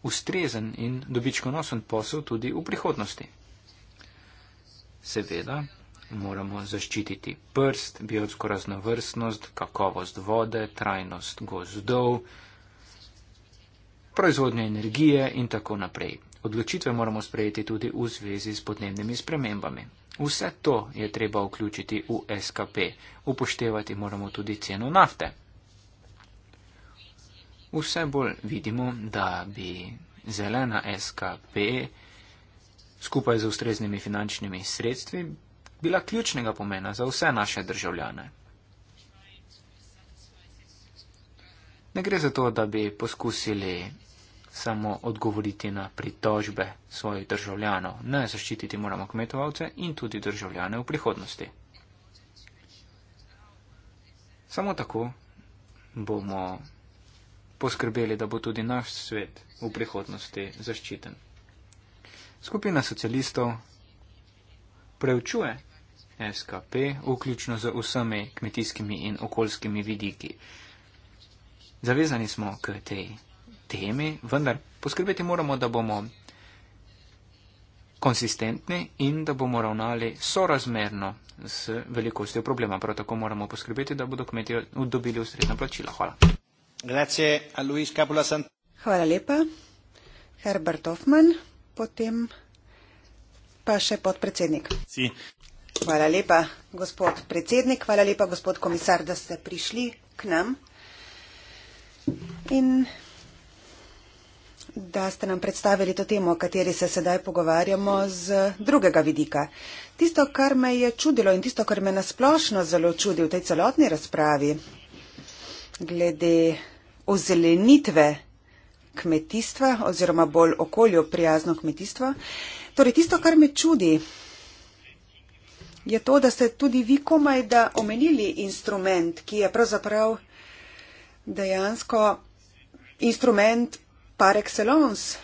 ustrezen in dobičkonosen posel tudi v prihodnosti. Seveda moramo zaščititi prst, biotsko raznovrstnost, kakovost vode, trajnost gozdov, proizvodnje energije in tako naprej. Odločitve moramo sprejeti tudi v zvezi s podnebnimi spremembami. Vse to je treba vključiti v SKP. Upoštevati moramo tudi ceno nafte. Vse bolj vidimo, da bi zelena SKP skupaj z ustreznimi finančnimi sredstvi bila ključnega pomena za vse naše državljane. Ne gre za to, da bi poskusili samo odgovoriti na pritožbe svojih državljanov. Ne, zaščititi moramo kmetovalce in tudi državljane v prihodnosti. Samo tako bomo poskrbeli, da bo tudi naš svet v prihodnosti zaščiten. Skupina socialistov preučuje SKP, vključno z vsemi kmetijskimi in okoljskimi vidiki. Zavezani smo k tej temi, vendar poskrbeti moramo, da bomo konsistentni in da bomo ravnali sorazmerno z velikostjo problema. Prav tako moramo poskrbeti, da bodo kmetje dobili ustrezna plačila. Hvala. Hvala lepa. Herbert Hoffman, potem pa še podpredsednik. Si. Hvala lepa, gospod predsednik, hvala lepa, gospod komisar, da ste prišli k nam. In da ste nam predstavili to temo, o kateri se sedaj pogovarjamo z drugega vidika. Tisto, kar me je čudilo in tisto, kar me nasplošno zelo čudi v tej celotni razpravi glede ozelenitve kmetijstva oziroma bolj okolju prijazno kmetijstvo. Torej, tisto, kar me čudi, je to, da ste tudi vi komaj da omenili instrument, ki je pravzaprav dejansko instrument par excellence,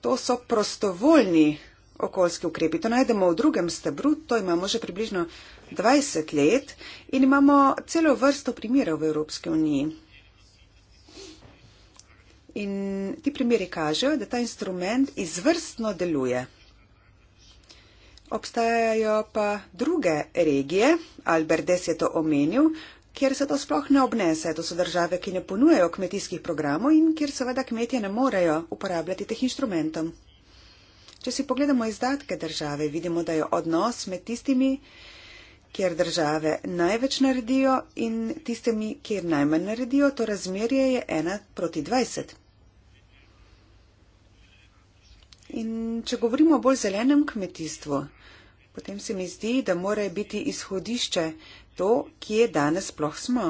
to so prostovoljni okoljski ukrepi. To najdemo v drugem stebru, to imamo že približno 20 let in imamo celo vrsto primerov v Evropski uniji. In ti primeri kažejo, da ta instrument izvrstno deluje. Obstajajo pa druge regije, Albert Des je to omenil, kjer se to sploh ne obnese. To so države, ki ne ponujejo kmetijskih programov in kjer seveda kmetje ne morejo uporabljati teh inštrumentov. Če si pogledamo izdatke države, vidimo, da je odnos med tistimi, kjer države največ naredijo in tistimi, kjer najmanj naredijo, to razmerje je 1 proti 20. In če govorimo o bolj zelenem kmetijstvu, potem se mi zdi, da mora biti izhodišče to, kje danes sploh smo.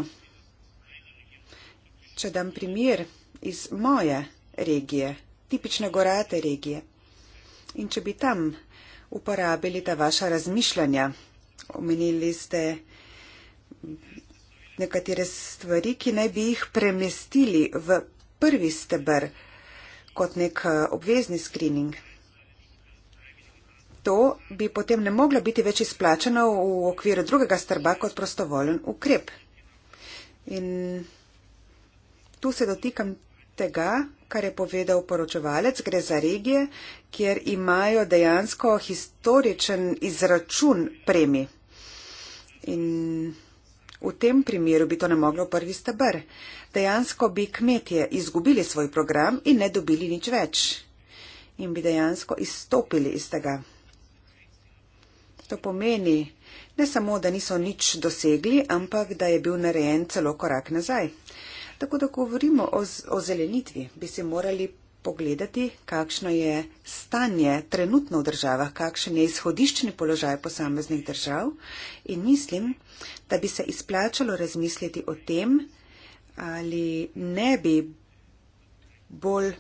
Če dam primer iz moje regije, tipične gorate regije, in če bi tam uporabili ta vaša razmišljanja, omenili ste nekatere stvari, ki naj bi jih premestili v prvi stebr kot nek eh, obvezni screening to bi potem ne moglo biti več izplačano v okviru drugega strba kot prostovoljen ukrep. In tu se dotikam tega, kar je povedal poročevalec, gre za regije, kjer imajo dejansko historičen izračun premi. In v tem primeru bi to ne moglo v prvi stebr. Dejansko bi kmetje izgubili svoj program in ne dobili nič več. In bi dejansko izstopili iz tega. To pomeni, ne samo, da niso nič dosegli, ampak da je bil narejen celo korak nazaj. Tako da govorimo o, o zelenitvi, bi si morali pogledati, kakšno je stanje trenutno v državah, kakšen je izhodiščni položaj posameznih držav in mislim, da bi se izplačalo razmisliti o tem, ali ne bi bolj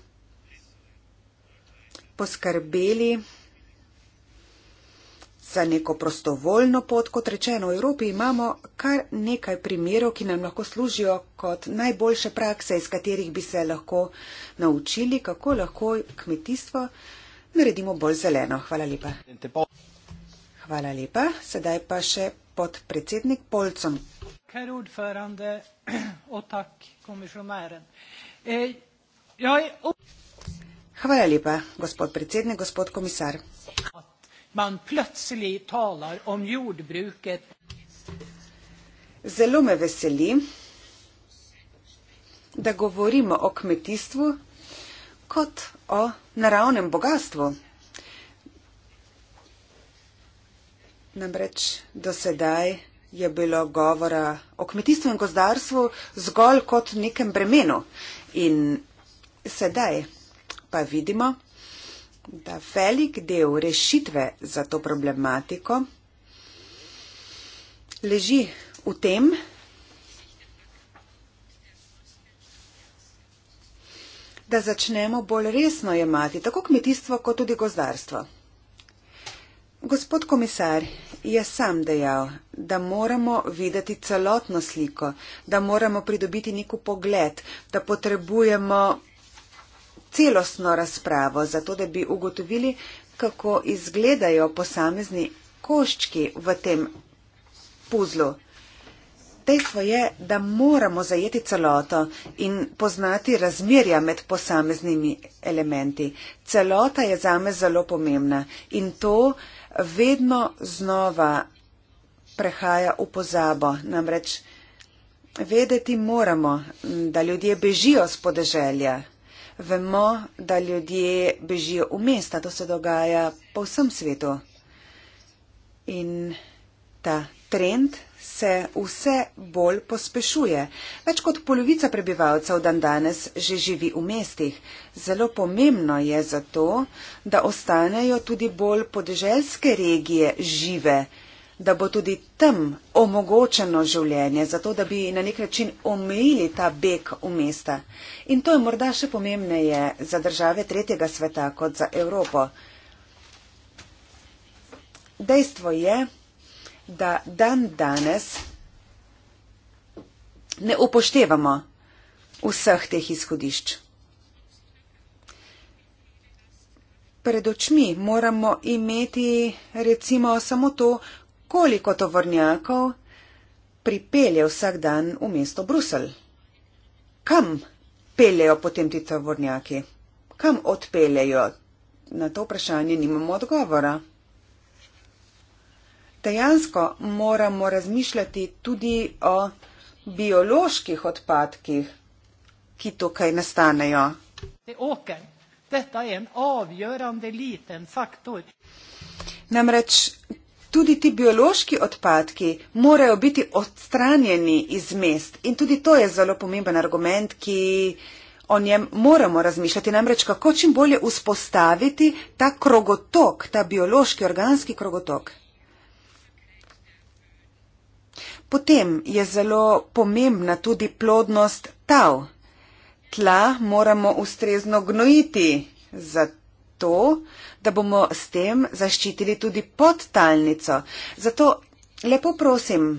poskrbeli Za neko prostovoljno pot, kot rečeno, v Evropi imamo kar nekaj primerov, ki nam lahko služijo kot najboljše prakse, iz katerih bi se lahko naučili, kako lahko kmetijstvo naredimo bolj zeleno. Hvala lepa. Hvala lepa. Sedaj pa še podpredsednik Polcom. Eh, Hvala lepa, gospod predsednik, gospod komisar man plötsligt talar om jordbruket. Zelo me veseli, da govorimo o kmetijstvu kot o naravnem bogatstvu. Namreč do sedaj je bilo govora o kmetijstvu in gozdarstvu zgolj kot nekem bremenu. In sedaj pa vidimo, da velik del rešitve za to problematiko leži v tem, da začnemo bolj resno jemati tako kmetijstvo kot tudi gozdarstvo. Gospod komisar je sam dejal, da moramo videti celotno sliko, da moramo pridobiti neko pogled, da potrebujemo celostno razpravo, zato da bi ugotovili, kako izgledajo posamezni koščki v tem puzlu. Dejstvo je, da moramo zajeti celoto in poznati razmerja med posameznimi elementi. Celota je zame zelo pomembna in to vedno znova prehaja v pozabo. Namreč vedeti moramo, da ljudje bežijo z podeželja vemo, da ljudje bežijo v mesta, to se dogaja po vsem svetu. In ta trend se vse bolj pospešuje. Več kot polovica prebivalcev dan danes že živi v mestih. Zelo pomembno je zato, da ostanejo tudi bolj podeželske regije žive da bo tudi tam omogočeno življenje, zato da bi na nek način omejili ta beg v mesta. In to je morda še pomembneje za države tretjega sveta kot za Evropo. Dejstvo je, da dan danes ne upoštevamo vseh teh izhodišč. Pred očmi moramo imeti recimo samo to, koliko tovornjakov pripelje vsak dan v mesto Brusel. Kam peljejo potem ti tovornjaki? Kam odpeljejo? Na to vprašanje nimamo odgovora. Dejansko moramo razmišljati tudi o bioloških odpadkih, ki tukaj nastanejo. Namreč tudi ti biološki odpadki morajo biti odstranjeni iz mest. In tudi to je zelo pomemben argument, ki o njem moramo razmišljati. Namreč kako čim bolje vzpostaviti ta krogotok, ta biološki organski krogotok. Potem je zelo pomembna tudi plodnost tal. Tla moramo ustrezno gnojiti. Zato to, da bomo s tem zaščitili tudi podtalnico. Zato lepo prosim,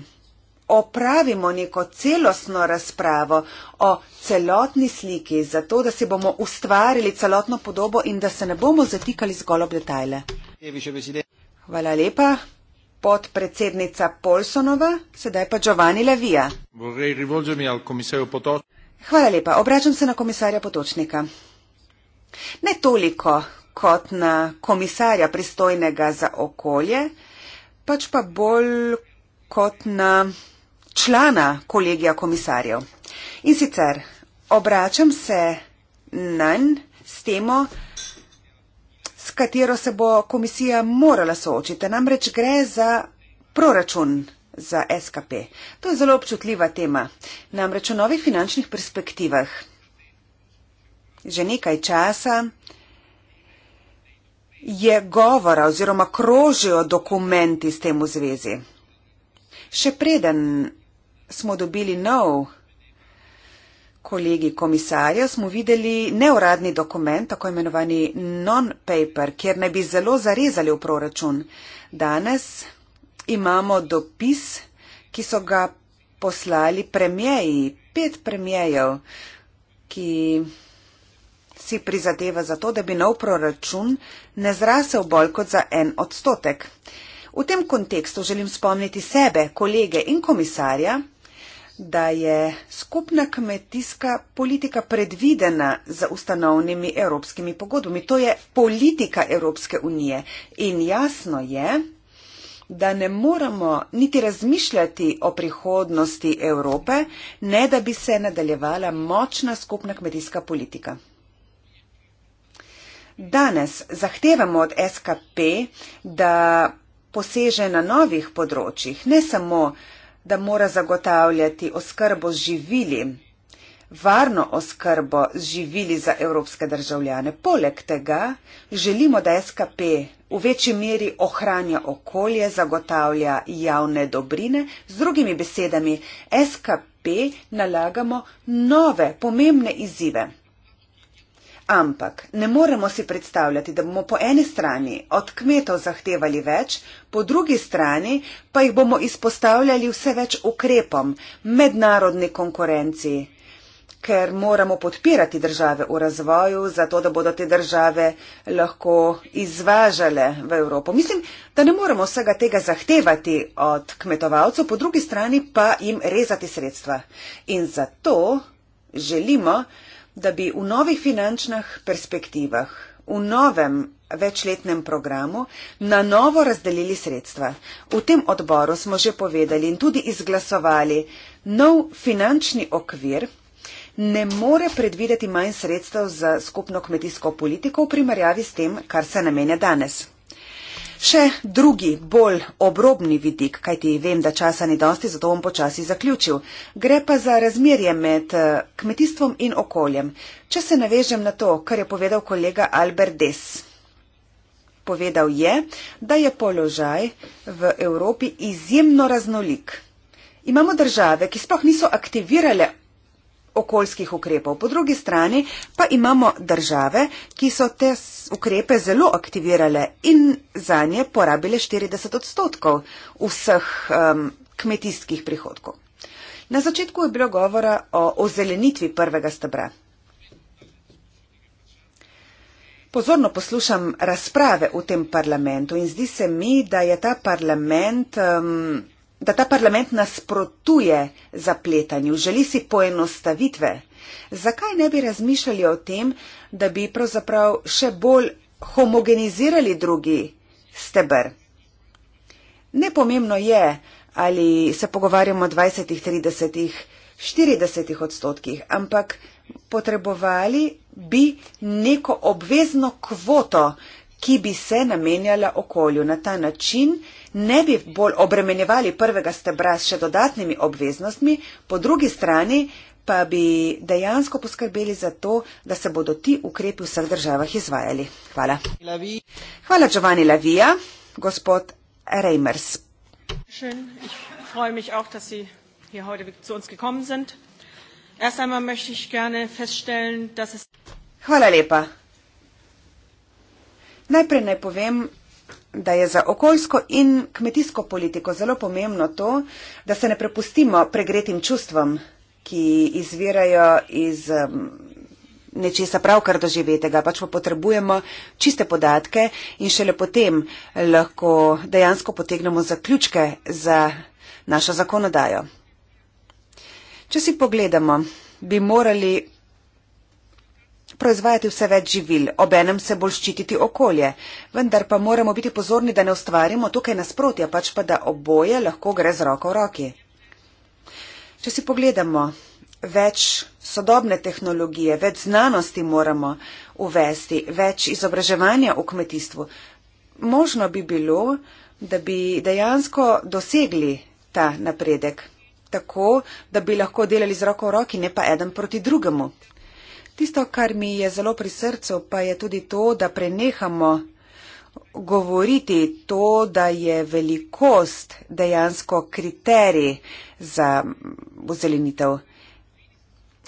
opravimo neko celostno razpravo o celotni sliki, zato da si bomo ustvarili celotno podobo in da se ne bomo zatikali zgolj ob detajle. Hvala lepa. Podpredsednica Polsonova, sedaj pa Giovanni Lavija. Hvala lepa. Obračam se na komisarja Potočnika. Ne toliko kot na komisarja pristojnega za okolje, pač pa bolj kot na člana kolegija komisarjev. In sicer obračam se nanj s temo, s katero se bo komisija morala soočiti. Namreč gre za proračun za SKP. To je zelo občutljiva tema. Namreč o novih finančnih perspektivah. Že nekaj časa je govora oziroma krožijo dokumenti s tem v zvezi. Še preden smo dobili nov kolegi komisarja, smo videli neuradni dokument, tako imenovani non-paper, kjer naj bi zelo zarezali v proračun. Danes imamo dopis, ki so ga poslali premijeji, pet premijejev, ki si prizadeva za to, da bi nov proračun ne zrasel bolj kot za en odstotek. V tem kontekstu želim spomniti sebe, kolege in komisarja, da je skupna kmetijska politika predvidena z ustanovnimi evropskimi pogodbami. To je politika Evropske unije in jasno je, da ne moramo niti razmišljati o prihodnosti Evrope, ne da bi se nadaljevala močna skupna kmetijska politika. Danes zahtevamo od SKP, da poseže na novih področjih, ne samo, da mora zagotavljati oskrbo z živili, varno oskrbo z živili za evropske državljane. Poleg tega želimo, da SKP v večji meri ohranja okolje, zagotavlja javne dobrine. Z drugimi besedami, SKP nalagamo nove pomembne izzive. Ampak ne moremo si predstavljati, da bomo po eni strani od kmetov zahtevali več, po drugi strani pa jih bomo izpostavljali vse več ukrepom mednarodne konkurenci, ker moramo podpirati države v razvoju, zato da bodo te države lahko izvažale v Evropo. Mislim, da ne moremo vsega tega zahtevati od kmetovalcev, po drugi strani pa jim rezati sredstva. In zato želimo, da da bi v novih finančnih perspektivah, v novem večletnem programu, na novo razdelili sredstva. V tem odboru smo že povedali in tudi izglasovali nov finančni okvir ne more predvideti manj sredstev za skupno kmetijsko politiko v primerjavi s tem, kar se namenja danes. Še drugi, bolj obrobni vidik, kajti vem, da časa ni dosti, zato bom počasi zaključil. Gre pa za razmerje med eh, kmetijstvom in okoljem. Če se navežem na to, kar je povedal kolega Albert Des. Povedal je, da je položaj v Evropi izjemno raznolik. Imamo države, ki sploh niso aktivirale okoljskih ukrepov. Po drugi strani pa imamo države, ki so te ukrepe zelo aktivirale in za nje porabile 40 odstotkov vseh um, kmetijskih prihodkov. Na začetku je bilo govora o ozelenitvi prvega stebra. Pozorno poslušam razprave v tem parlamentu in zdi se mi, da je ta parlament um, da ta parlament nasprotuje zapletanju, želi si poenostavitve. Zakaj ne bi razmišljali o tem, da bi pravzaprav še bolj homogenizirali drugi steber? Nepomembno je, ali se pogovarjamo o 20, 30, 40 odstotkih, ampak potrebovali bi neko obvezno kvoto, ki bi se namenjala okolju. Na ta način ne bi bolj obremenjevali prvega stebra s še dodatnimi obveznostmi, po drugi strani pa bi dejansko poskrbeli za to, da se bodo ti ukrepi v vseh državah izvajali. Hvala. Hvala, Giovanni Lavija, gospod Reimers. Hvala lepa. Najprej naj povem, da je za okoljsko in kmetijsko politiko zelo pomembno to, da se ne prepustimo pregretim čustvom, ki izvirajo iz um, nečesa pravkar doživetega, pač pa potrebujemo čiste podatke in šele potem lahko dejansko potegnemo zaključke za našo zakonodajo. Če si pogledamo, bi morali proizvajati vse več živil, obenem se bolj ščititi okolje. Vendar pa moramo biti pozorni, da ne ustvarimo tukaj nasprotja, pač pa da oboje lahko gre z roko v roki. Če si pogledamo, več sodobne tehnologije, več znanosti moramo uvesti, več izobraževanja v kmetijstvu. Možno bi bilo, da bi dejansko dosegli ta napredek, tako da bi lahko delali z roko v roki, ne pa eden proti drugemu. Tisto, kar mi je zelo pri srcu, pa je tudi to, da prenehamo govoriti to, da je velikost dejansko kriterij za ozelenitev.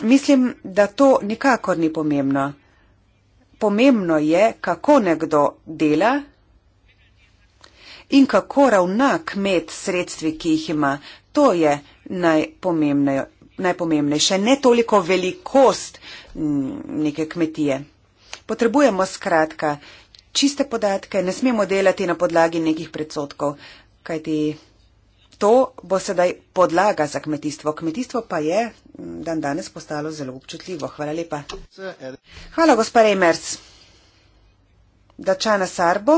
Mislim, da to nikakor ni pomembno. Pomembno je, kako nekdo dela in kako ravna kmet sredstvi, ki jih ima. To je najpomembnejše najpomembnejše, ne toliko velikost mm, neke kmetije. Potrebujemo skratka čiste podatke, ne smemo delati na podlagi nekih predsotkov, kajti to bo sedaj podlaga za kmetijstvo. Kmetijstvo pa je mm, dan danes postalo zelo občutljivo. Hvala lepa. Hvala, gospa Reimers. Dačana Sarbo.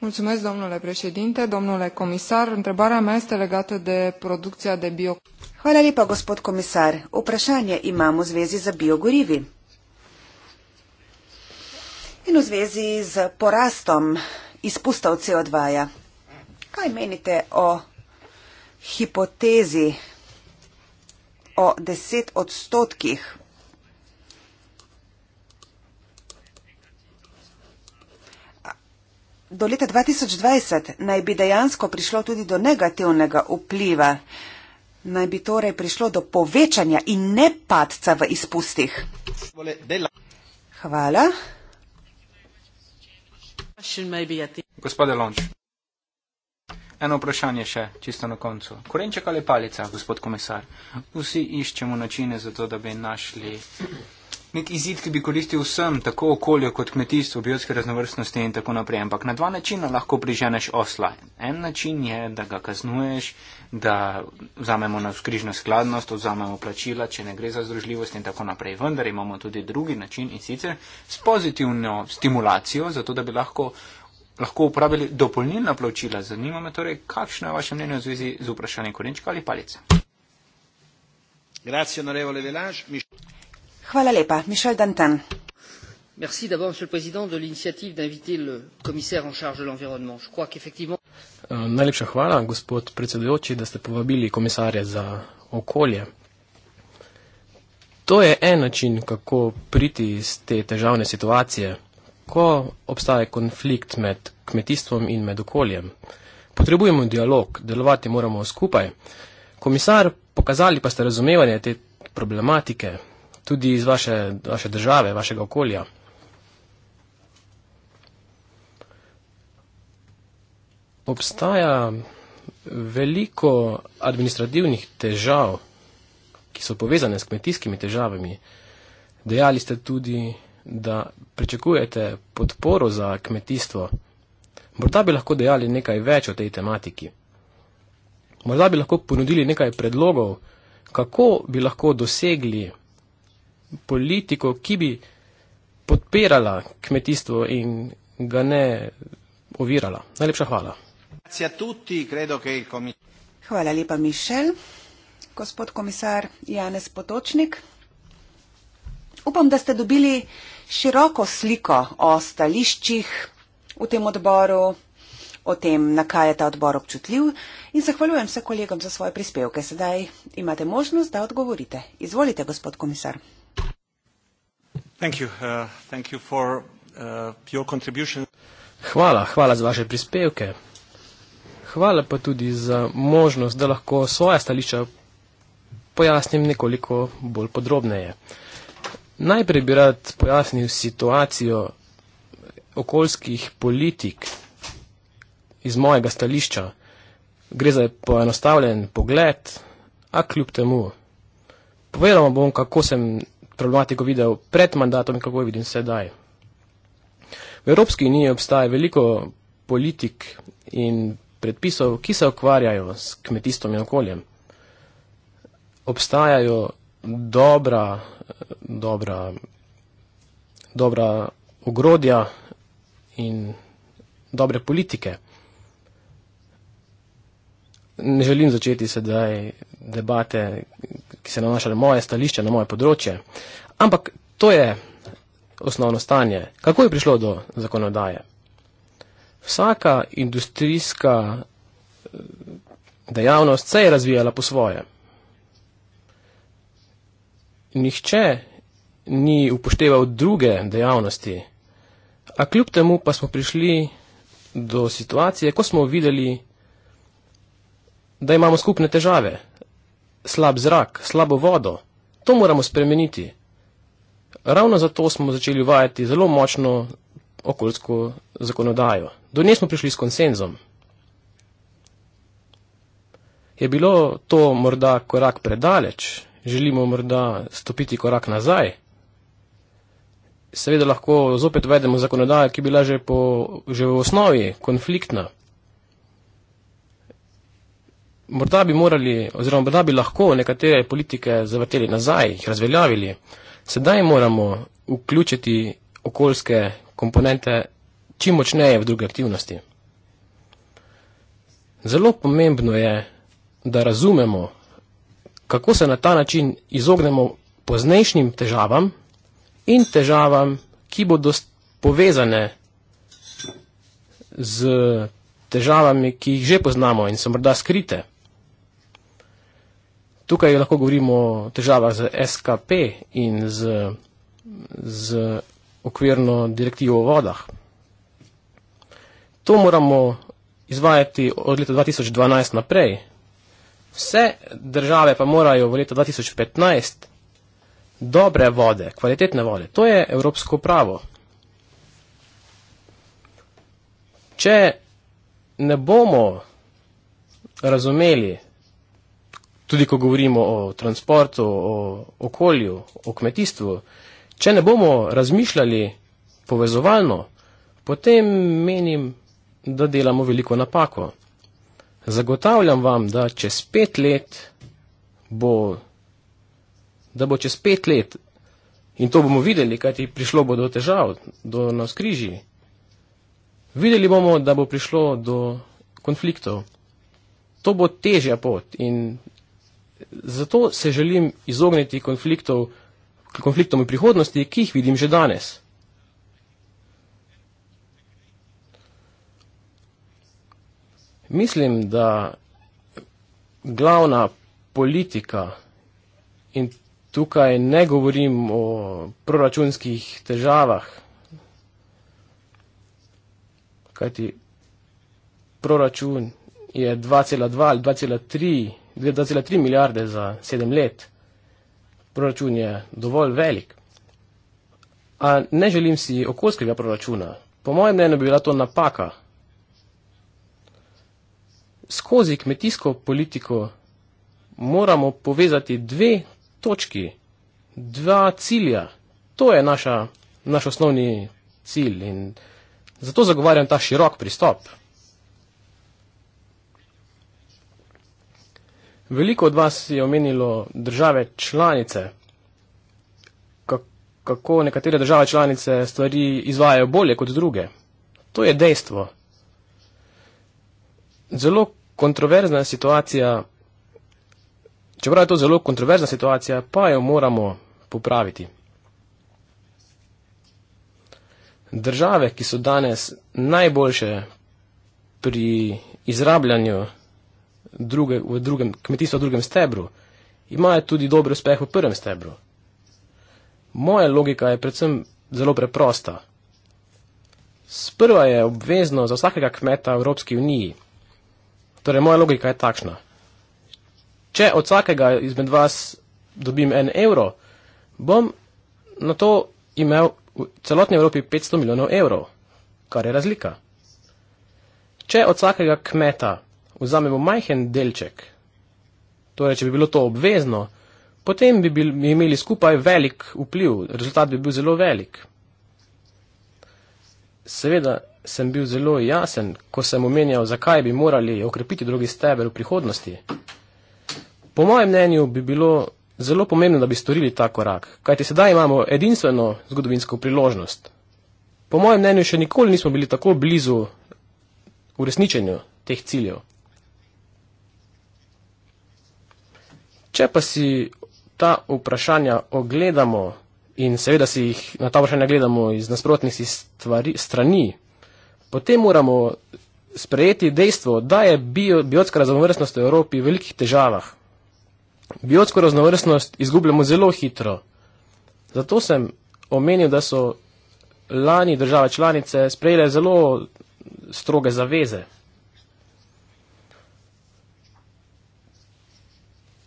Mulțumesc, domnule președinte, domnule comisar. Întrebarea mea este legată de producția de bio. Hvala lepa, gospod komisar. Vprašanje imamo v zvezi z biogorivi. In v zvezi z porastom izpustov CO2. -ja. Kaj menite o hipotezi o deset odstotkih? Do leta 2020 naj bi dejansko prišlo tudi do negativnega vpliva naj bi torej prišlo do povečanja in ne padca v izpustih. Hvala. Gospod Lonč, eno vprašanje še, čisto na koncu. Korenček ali palica, gospod komisar? Vsi iščemo načine za to, da bi našli nek izid, ki bi koristil vsem, tako okolju kot kmetijstvu, biotske raznovrstnosti in tako naprej. Ampak na dva načina lahko priženeš osla. En način je, da ga kaznuješ, da vzamemo na skrižno skladnost, vzamemo plačila, če ne gre za združljivost in tako naprej. Vendar imamo tudi drugi način in sicer s pozitivno stimulacijo, zato da bi lahko, lahko uporabili dopolnilna plačila. Zanima me torej, kakšno je vaše mnenje v zvezi z vprašanjem korenčka ali palice. Grazie onorevole Velage. Mi... Hvala lepa. Michel Dantin. Merci d'abord, Monsieur le Président, de l'initiative d'inviter le commissaire en charge de l'environnement. Je crois qu'effectivement. Uh, najlepša hvala, gospod predsedujoči, da ste povabili komisarja za okolje. To je en način, kako priti iz te težavne situacije, ko obstaja konflikt med kmetijstvom in med okoljem. Potrebujemo dialog, delovati moramo skupaj. Komisar, pokazali pa ste razumevanje te problematike tudi iz vaše, vaše države, vašega okolja. Obstaja veliko administrativnih težav, ki so povezane s kmetijskimi težavami. Dejali ste tudi, da pričakujete podporo za kmetijstvo. Morda bi lahko dejali nekaj več o tej tematiki. Morda bi lahko ponudili nekaj predlogov, kako bi lahko dosegli politiko, ki bi podpirala kmetijstvo in ga ne ovirala. Najlepša hvala. Hvala lepa, Mišel. Gospod komisar Janez Potočnik. Upam, da ste dobili široko sliko o stališčih v tem odboru, o tem, na kaj je ta odbor občutljiv in zahvaljujem se kolegom za svoje prispevke. Sedaj imate možnost, da odgovorite. Izvolite, gospod komisar. Thank you. Uh, thank you for, uh, your hvala, hvala za vaše prispevke. Hvala pa tudi za možnost, da lahko svoje stališča pojasnim nekoliko bolj podrobneje. Najprej bi rad pojasnil situacijo okoljskih politik iz mojega stališča. Gre za poenostavljen pogled, a kljub temu. Povedal bom, kako sem problematiko videl pred mandatom in kako jo vidim sedaj. V Evropski uniji obstaja veliko politik in predpisov, ki se ukvarjajo s kmetijstvom in okoljem. Obstajajo dobra, dobra, dobra ogrodja in dobre politike. Ne želim začeti sedaj debate, ki se nanašajo na moje stališče, na moje področje. Ampak to je osnovno stanje. Kako je prišlo do zakonodaje? Vsaka industrijska eh, dejavnost se je razvijala po svoje. Nihče ni upošteval druge dejavnosti, a kljub temu pa smo prišli do situacije, ko smo videli, da imamo skupne težave, slab zrak, slabo vodo. To moramo spremeniti. Ravno zato smo začeli uvajati zelo močno okoljsko zakonodajo. Do nje smo prišli s konsenzom. Je bilo to morda korak predaleč? Želimo morda stopiti korak nazaj? Seveda lahko zopet vedemo zakonodajo, ki je bila že, po, že v osnovi konfliktna morda bi morali, oziroma morda bi lahko nekatere politike zavrteli nazaj, jih razveljavili, sedaj moramo vključiti okoljske komponente čim močneje v druge aktivnosti. Zelo pomembno je, da razumemo, kako se na ta način izognemo poznejšnjim težavam in težavam, ki bodo povezane z težavami, ki jih že poznamo in so morda skrite. Tukaj lahko govorimo o težavah z SKP in z, z okvirno direktivo o vodah. To moramo izvajati od leta 2012 naprej. Vse države pa morajo v leta 2015 dobre vode, kvalitetne vode. To je evropsko pravo. Če ne bomo razumeli tudi ko govorimo o transportu, o okolju, o kmetijstvu, če ne bomo razmišljali povezovalno, potem menim, da delamo veliko napako. Zagotavljam vam, da, čez pet, let bo, da bo čez pet let, in to bomo videli, kaj ti prišlo bo do težav, do nas križi, videli bomo, da bo prišlo do konfliktov. To bo težja pot in Zato se želim izogniti konfliktom v prihodnosti, ki jih vidim že danes. Mislim, da glavna politika in tukaj ne govorim o proračunskih težavah, kajti proračun je 2,2 ali 2,3 2,3 milijarde za 7 let. Proračun je dovolj velik. A ne želim si okoljskega proračuna. Po mojem mnenju bi bila to napaka. Skozi kmetijsko politiko moramo povezati dve točki, dva cilja. To je naša, naš osnovni cilj in zato zagovarjam ta širok pristop. Veliko od vas je omenilo države članice. Kako nekatere države članice stvari izvajajo bolje kot druge. To je dejstvo. Zelo kontroverzna situacija, čeprav je to zelo kontroverzna situacija, pa jo moramo popraviti. Države, ki so danes najboljše pri izrabljanju druge, v drugem, kmetijstvo v drugem stebru, imajo tudi dober uspeh v prvem stebru. Moja logika je predvsem zelo preprosta. Sprva je obvezno za vsakega kmeta v Evropski uniji. Torej, moja logika je takšna. Če od vsakega izmed vas dobim en evro, bom na to imel v celotni Evropi 500 milijonov evrov, kar je razlika. Če od vsakega kmeta vzamemo majhen delček, torej če bi bilo to obvezno, potem bi, bil, bi imeli skupaj velik vpliv, rezultat bi bil zelo velik. Seveda sem bil zelo jasen, ko sem omenjal, zakaj bi morali okrepiti drugi steber v prihodnosti. Po mojem mnenju bi bilo zelo pomembno, da bi storili ta korak, kajti sedaj imamo edinstveno zgodovinsko priložnost. Po mojem mnenju še nikoli nismo bili tako blizu uresničenju teh ciljev. Če pa si ta vprašanja ogledamo in seveda si jih na ta vprašanja gledamo iz nasprotnih stvari, strani, potem moramo sprejeti dejstvo, da je bio, biotska raznovrstnost v Evropi v velikih težavah. Biotsko raznovrstnost izgubljamo zelo hitro. Zato sem omenil, da so lani države članice sprejele zelo stroge zaveze.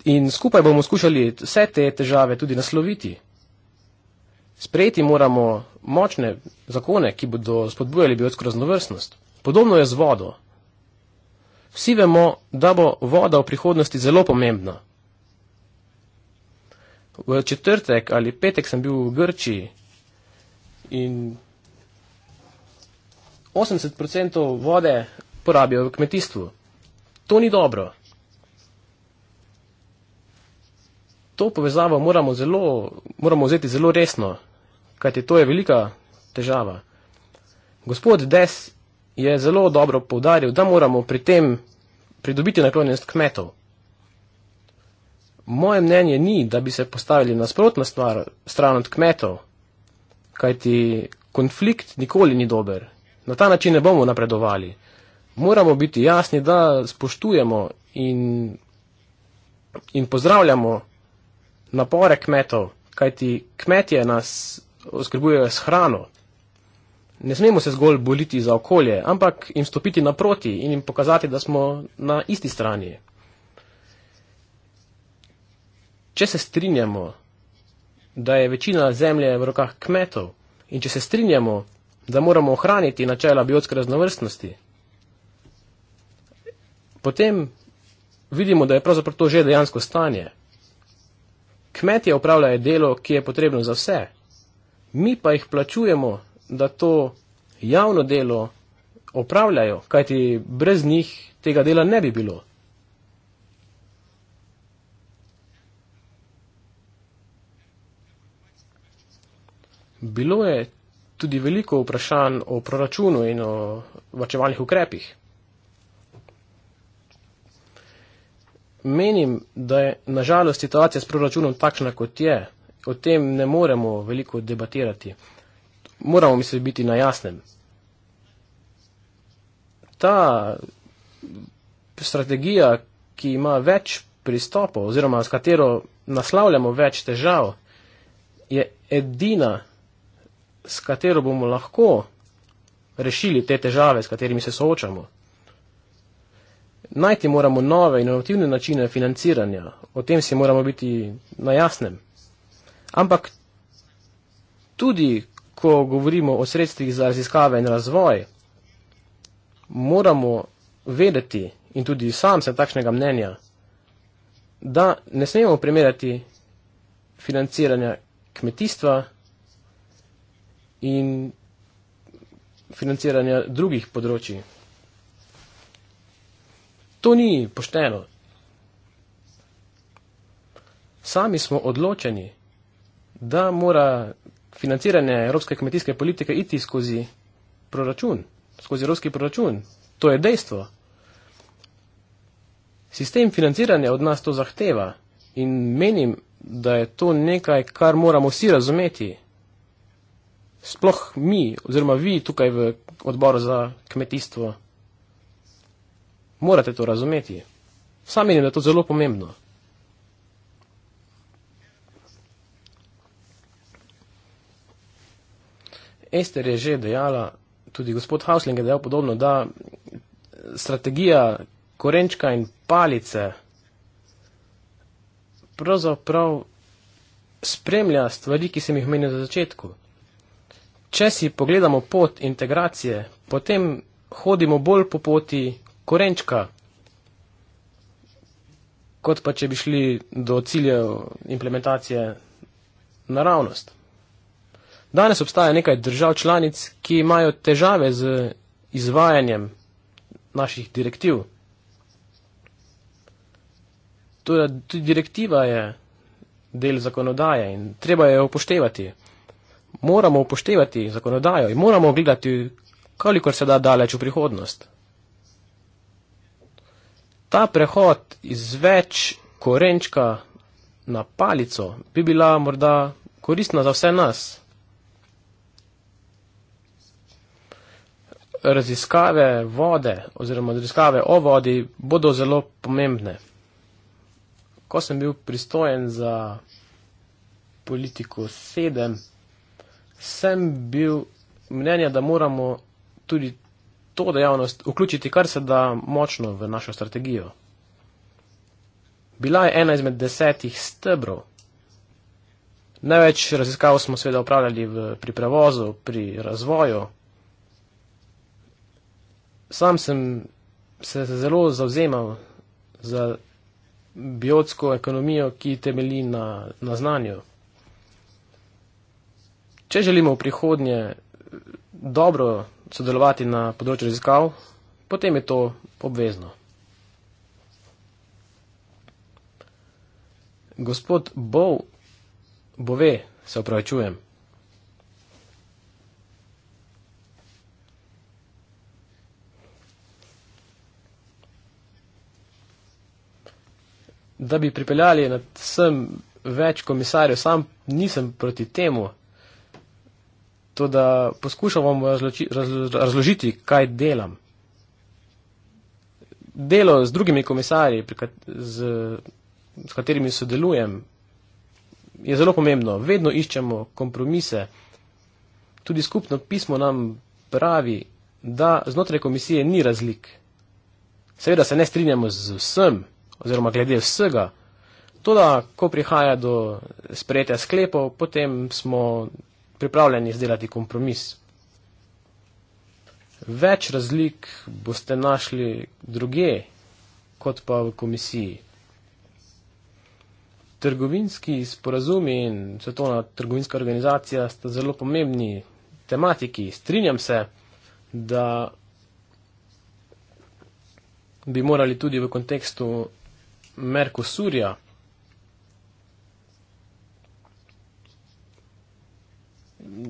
In skupaj bomo skušali vse te težave tudi nasloviti. Sprejeti moramo močne zakone, ki bodo spodbujali biotsko raznovrstnost. Podobno je z vodo. Vsi vemo, da bo voda v prihodnosti zelo pomembna. V četrtek ali petek sem bil v Grčiji in 80% vode porabijo v kmetijstvu. To ni dobro. to povezavo moramo, zelo, moramo vzeti zelo resno, kajti to je velika težava. Gospod Des je zelo dobro povdaril, da moramo pri tem pridobiti naklonjenost kmetov. Moje mnenje ni, da bi se postavili nasprotno stvar stran od kmetov, kajti konflikt nikoli ni dober. Na ta način ne bomo napredovali. Moramo biti jasni, da spoštujemo in, in pozdravljamo napore kmetov, kajti kmetje nas oskrbujejo s hrano. Ne smemo se zgolj boliti za okolje, ampak jim stopiti naproti in jim pokazati, da smo na isti strani. Če se strinjamo, da je večina zemlje v rokah kmetov in če se strinjamo, da moramo ohraniti načela biotske raznovrstnosti, potem vidimo, da je pravzaprav to že dejansko stanje. Kmetje opravljajo delo, ki je potrebno za vse. Mi pa jih plačujemo, da to javno delo opravljajo, kajti brez njih tega dela ne bi bilo. Bilo je tudi veliko vprašanj o proračunu in o vrčevalnih ukrepih. menim, da je nažalost situacija s proračunom takšna, kot je. O tem ne moremo veliko debatirati. Moramo mi se biti na jasnem. Ta strategija, ki ima več pristopov oziroma s katero naslavljamo več težav, je edina, s katero bomo lahko rešili te težave, s katerimi se soočamo. Najti moramo nove inovativne načine financiranja, o tem si moramo biti na jasnem. Ampak tudi, ko govorimo o sredstvih za raziskave in razvoj, moramo vedeti, in tudi sam sem takšnega mnenja, da ne smemo primerjati financiranja kmetijstva in financiranja drugih področji. To ni pošteno. Sami smo odločeni, da mora financiranje evropske kmetijske politike iti skozi proračun, skozi evropski proračun. To je dejstvo. Sistem financiranja od nas to zahteva in menim, da je to nekaj, kar moramo vsi razumeti. Sploh mi, oziroma vi tukaj v odboru za kmetijstvo. Morate to razumeti. Sam menim, da je to zelo pomembno. Ester je že dejala, tudi gospod Hausling je dejal podobno, da strategija korenčka in palice pravzaprav spremlja stvari, ki sem jih omenil na začetku. Če si pogledamo pot integracije, potem hodimo bolj po poti korenčka. Kot pa, če bi šli do ciljev implementacije naravnost. Danes obstaja nekaj držav članic, ki imajo težave z izvajanjem naših direktiv. Tudi, tudi direktiva je del zakonodaje in treba jo upoštevati. Moramo upoštevati zakonodajo in moramo gledati, kolikor se da daleč v prihodnost ta prehod iz več korenčka na palico bi bila morda koristna za vse nas. Raziskave vode oziroma raziskave o vodi bodo zelo pomembne. Ko sem bil pristojen za politiko 7, sem bil mnenja, da moramo tudi to dejavnost vključiti kar se da močno v našo strategijo. Bila je ena izmed desetih stebrov. Največ raziskav smo seveda upravljali v, pri prevozu, pri razvoju. Sam sem se zelo zauzemal za biotsko ekonomijo, ki temelji na, na znanju. Če želimo v prihodnje dobro sodelovati na področju raziskav, potem je to obvezno. Gospod Bov, bove, se upravičujem. Da bi pripeljali nad sem več komisarjev, sam nisem proti temu, To, da poskušam vam razloči, razlo, razložiti, kaj delam. Delo z drugimi komisarji, kat, z, z katerimi sodelujem, je zelo pomembno. Vedno iščemo kompromise. Tudi skupno pismo nam pravi, da znotraj komisije ni razlik. Seveda se ne strinjamo z vsem oziroma glede vsega. Toda, ko prihaja do sprejetja sklepov, potem smo pripravljeni izdelati kompromis. Več razlik boste našli druge, kot pa v komisiji. Trgovinski sporazumi in svetovna trgovinska organizacija sta zelo pomembni tematiki. Strinjam se, da bi morali tudi v kontekstu Merkosurja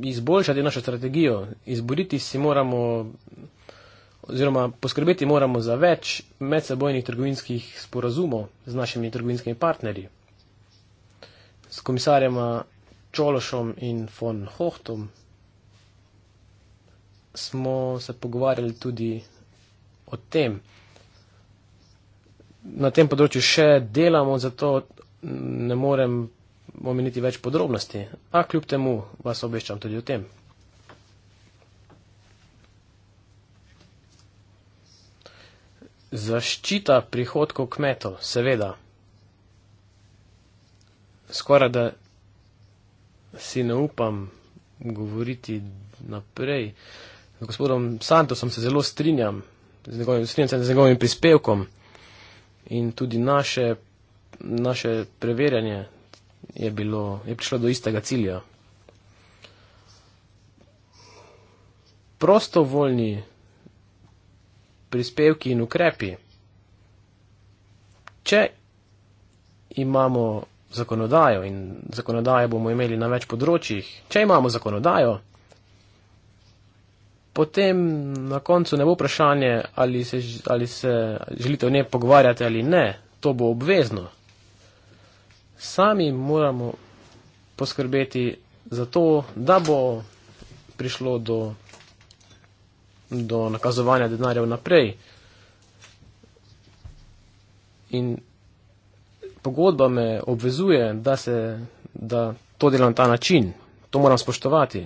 izboljšati našo strategijo, izboriti si moramo oziroma poskrbeti moramo za več medsebojnih trgovinskih sporazumov z našimi trgovinskimi partnerji, s komisarjema Čološom in von Hohtom. Smo se pogovarjali tudi o tem. Na tem področju še delamo, zato ne morem omeniti več podrobnosti, a kljub temu vas obveščam tudi o tem. Zaščita prihodkov kmetov, seveda. Skoraj da si ne upam govoriti naprej. Z gospodom Santosom se zelo strinjam, z njegovim, strinjam se z njegovim prispevkom in tudi naše, naše preverjanje, je, bilo, je prišlo do istega cilja. Prostovoljni prispevki in ukrepi. Če imamo zakonodajo in zakonodajo bomo imeli na več področjih, če imamo zakonodajo, potem na koncu ne bo vprašanje, ali se, ali se želite o njej pogovarjati ali ne. To bo obvezno sami moramo poskrbeti za to, da bo prišlo do, do nakazovanja denarja naprej. In pogodba me obvezuje, da, se, da to delam na ta način, to moram spoštovati.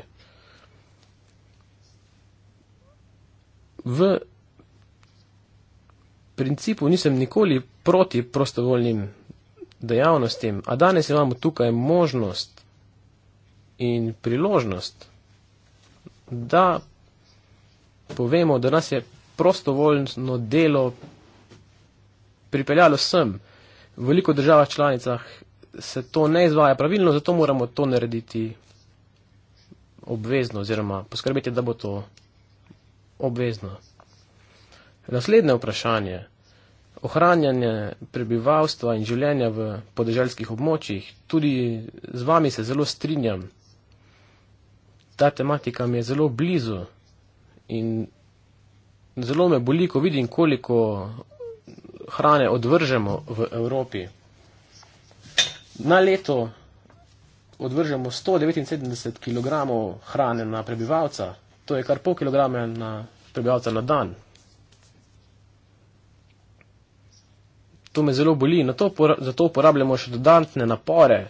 V principu nisem nikoli proti prostovoljnim dejavnostim, a danes imamo tukaj možnost in priložnost, da povemo, da nas je prostovoljno delo pripeljalo sem. V veliko državah članicah se to ne izvaja pravilno, zato moramo to narediti obvezno oziroma poskrbeti, da bo to obvezno. Naslednje vprašanje ohranjanje prebivalstva in življenja v podeželskih območjih. Tudi z vami se zelo strinjam. Ta tematika mi je zelo blizu in zelo me boli, ko vidim, koliko hrane odvržemo v Evropi. Na leto odvržemo 179 kg hrane na prebivalca. To je kar pol kg na prebivalca na dan. to me zelo boli. To, zato uporabljamo še dodatne napore,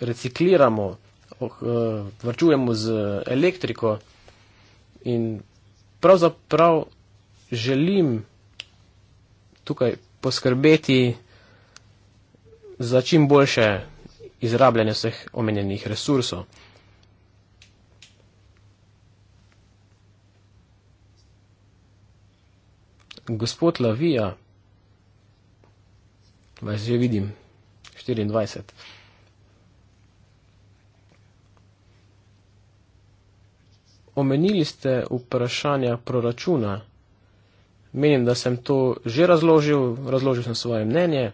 recikliramo, oh, uh, eh, vrčujemo z elektriko in pravzaprav želim tukaj poskrbeti za čim boljše izrabljanje vseh omenjenih resursov. Gospod Lavija. Vas že vidim. 24. Omenili ste vprašanja proračuna. Menim, da sem to že razložil, razložil sem svoje mnenje,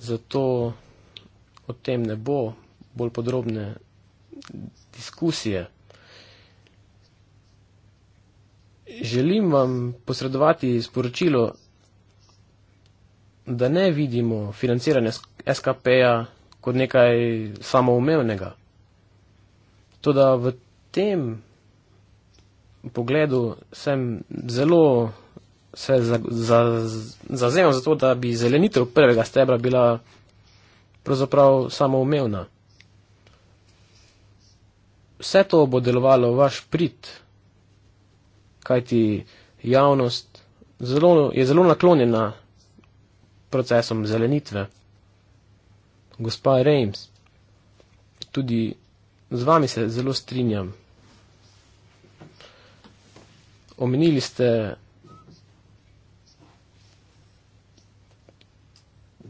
zato o tem ne bo bolj podrobne diskusije. Želim vam posredovati sporočilo, da ne vidimo financiranja SKP-ja kot nekaj samoumevnega. Toda v tem pogledu sem zelo se za, za, za, zazemal za to, da bi zelenitev prvega stebra bila pravzaprav samoumevna. Vse to bo delovalo vaš prid, kajti javnost zelo, je zelo naklonjena procesom zelenitve. Gospa Reims, tudi z vami se zelo strinjam. Omenili ste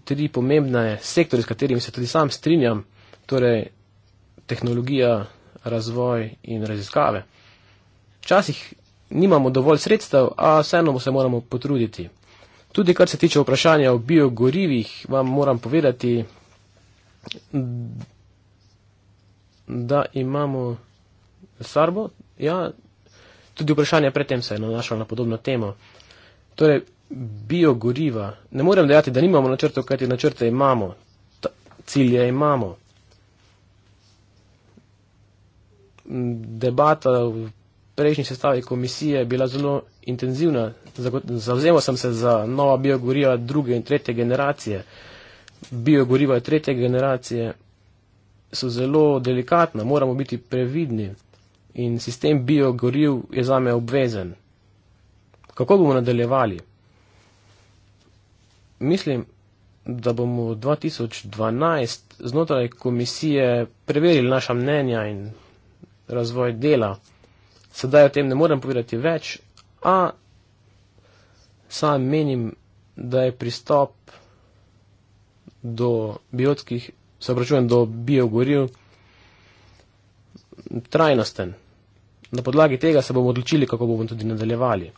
tri pomembne sektore, s katerimi se tudi sam strinjam, torej tehnologija, razvoj in raziskave. Včasih nimamo dovolj sredstev, a vseeno se moramo potruditi. Tudi kar se tiče vprašanja o biogorivih, vam moram povedati, da imamo sarbo. Ja, tudi vprašanje predtem se je nanašalo na podobno temo. Torej, biogoriva. Ne morem dejati, da nimamo načrtov, kajti načrte imamo, Ta, cilje imamo. Debata v prejšnji sestavi komisije bila zelo intenzivna. Zavzemal sem se za nova biogoriva druge in tretje generacije. Biogoriva tretje generacije so zelo delikatna, moramo biti previdni in sistem biogoriv je za me obvezen. Kako bomo nadaljevali? Mislim, da bomo 2012 znotraj komisije preverili naša mnenja in razvoj dela sedaj o tem ne morem povedati več, a sam menim, da je pristop do biotskih, se obračujem, do biogoriv trajnosten. Na podlagi tega se bomo odločili, kako bomo tudi nadaljevali.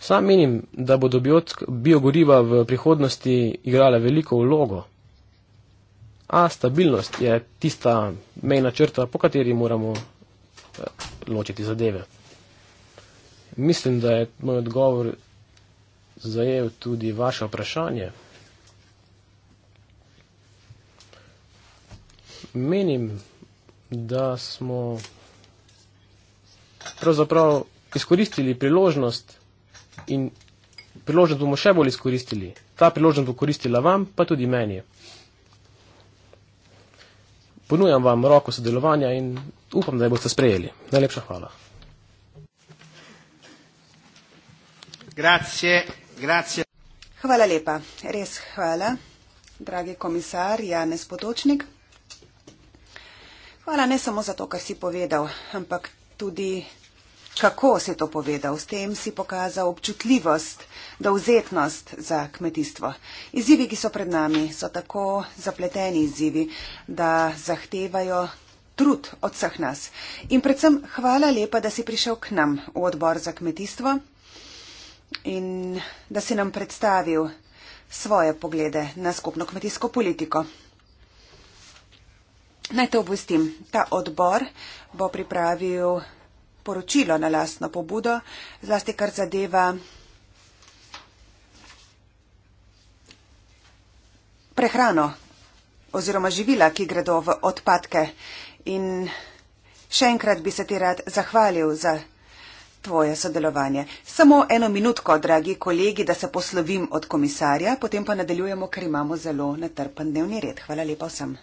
Sam menim, da bodo biogoriva v prihodnosti igrala veliko vlogo, a stabilnost je tista mejna črta, po kateri moramo Eh, ločiti zadeve. Mislim, da je moj odgovor zajel tudi vaše vprašanje. Menim, da smo pravzaprav izkoristili priložnost in priložnost bomo še bolj izkoristili. Ta priložnost bo koristila vam, pa tudi meni. Ponujam vam roko sodelovanja in upam, da jo boste sprejeli. Najlepša hvala. Grazie, grazie. Hvala lepa, res hvala, dragi komisar Janez Potočnik. Hvala ne samo za to, kar si povedal, ampak tudi kako si to povedal. S tem si pokazal občutljivost, dovzetnost za kmetijstvo. Izzivi, ki so pred nami, so tako zapleteni izzivi, da zahtevajo trud od vseh nas. In predvsem hvala lepa, da si prišel k nam v odbor za kmetijstvo in da si nam predstavil svoje poglede na skupno kmetijsko politiko. Naj te obvestim, ta odbor bo pripravil poročilo na lastno pobudo, zlasti kar zadeva prehrano oziroma živila, ki gredo v odpadke in še enkrat bi se ti rad zahvalil za tvoje sodelovanje. Samo eno minutko, dragi kolegi, da se poslovim od komisarja, potem pa nadaljujemo, ker imamo zelo natrpan dnevni red. Hvala lepa vsem.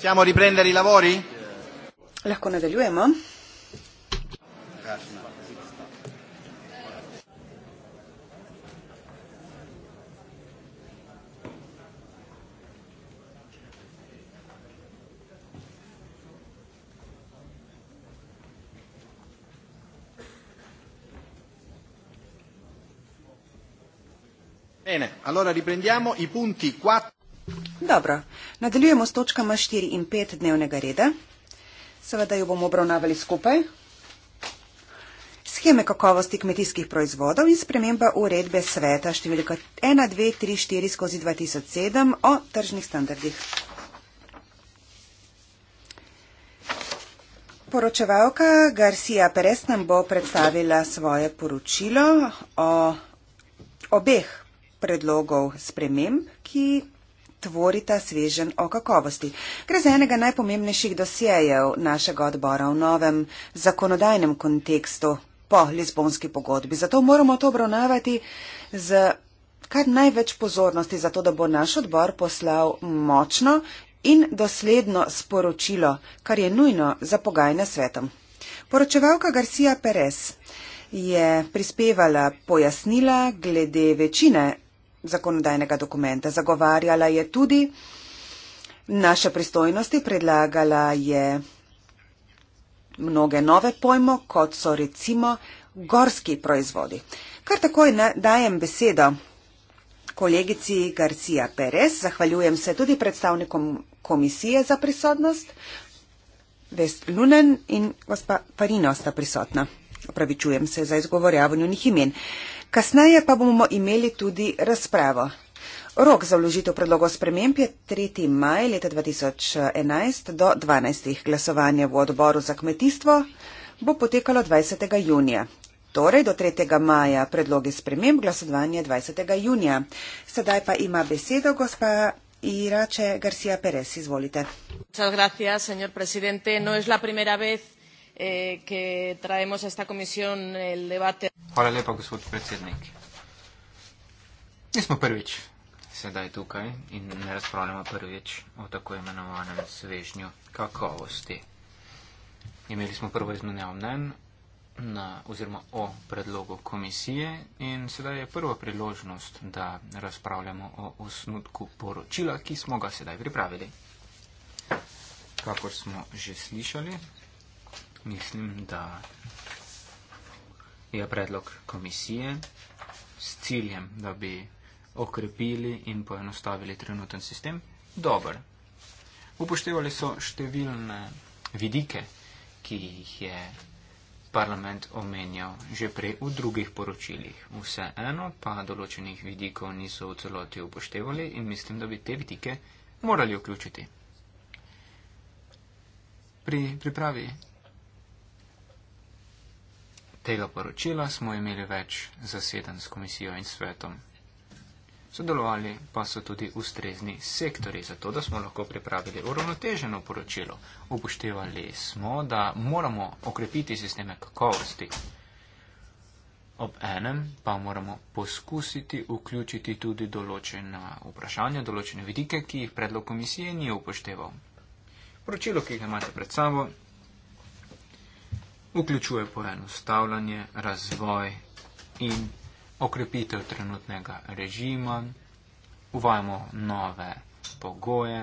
Possiamo riprendere i lavori? L'acqua degli uomo. Bene, allora riprendiamo i punti 4. Dobra. Nadaljujemo s točkama 4 in 5 dnevnega reda. Seveda jo bomo obravnavali skupaj. Scheme kakovosti kmetijskih proizvodov in sprememba uredbe sveta številka 1234 skozi 2007 o tržnih standardih. Poročevalka Garcia Perez nam bo predstavila svoje poročilo o obeh predlogov sprememb, ki tvorita svežen o kakovosti. Gre za enega najpomembnejših dosjejev našega odbora v novem zakonodajnem kontekstu po Lizbonski pogodbi. Zato moramo to obravnavati z kar največ pozornosti, zato da bo naš odbor poslal močno in dosledno sporočilo, kar je nujno za pogajanja svetom. Poročevalka Garcia Perez je prispevala pojasnila glede večine zakonodajnega dokumenta. Zagovarjala je tudi naše pristojnosti, predlagala je mnoge nove pojmo, kot so recimo gorski proizvodi. Kar takoj dajem besedo kolegici Garcia Perez, zahvaljujem se tudi predstavnikom komisije za prisotnost. Vest Lunen in gospa Parina sta prisotna. Opravičujem se za izgovorjavanje njihovih imen. Kasneje pa bomo imeli tudi razpravo. Rok za vložitev predlogov sprememb je 3. maj leta 2011 do 12. glasovanja v odboru za kmetijstvo bo potekalo 20. junija. Torej do 3. maja predlogi sprememb glasovanje 20. junija. Sedaj pa ima besedo gospa. Irache García Pérez, izvolite. Muchas gracias, señor presidente. No es la primera vez eh, que traemos a esta comisión el debate. Hvala lepa, gospod predsednik. Nismo prvič sedaj tukaj in ne razpravljamo prvič o tako imenovanem svežnju kakovosti. Imeli smo prvo izmenjav mnen na, oziroma o predlogu komisije in sedaj je prva priložnost, da razpravljamo o osnutku poročila, ki smo ga sedaj pripravili. Kakor smo že slišali, Mislim, da je predlog komisije s ciljem, da bi okrepili in poenostavili trenuten sistem, dober. Upoštevali so številne vidike, ki jih je parlament omenjal že prej v drugih poročilih. Vseeno pa določenih vidikov niso v celoti upoštevali in mislim, da bi te vidike morali vključiti. Pri pripravi tega poročila smo imeli več zaseden s komisijo in svetom. Sodelovali pa so tudi ustrezni sektori, zato da smo lahko pripravili uravnoteženo poročilo. Upoštevali smo, da moramo okrepiti sisteme kakovosti. Ob enem pa moramo poskusiti vključiti tudi določena vprašanja, določene vidike, ki jih predlog komisije ni upošteval. Poročilo, ki ga imate pred sabo, vključuje poenostavljanje, razvoj in okrepitev trenutnega režima. Uvajamo nove pogoje,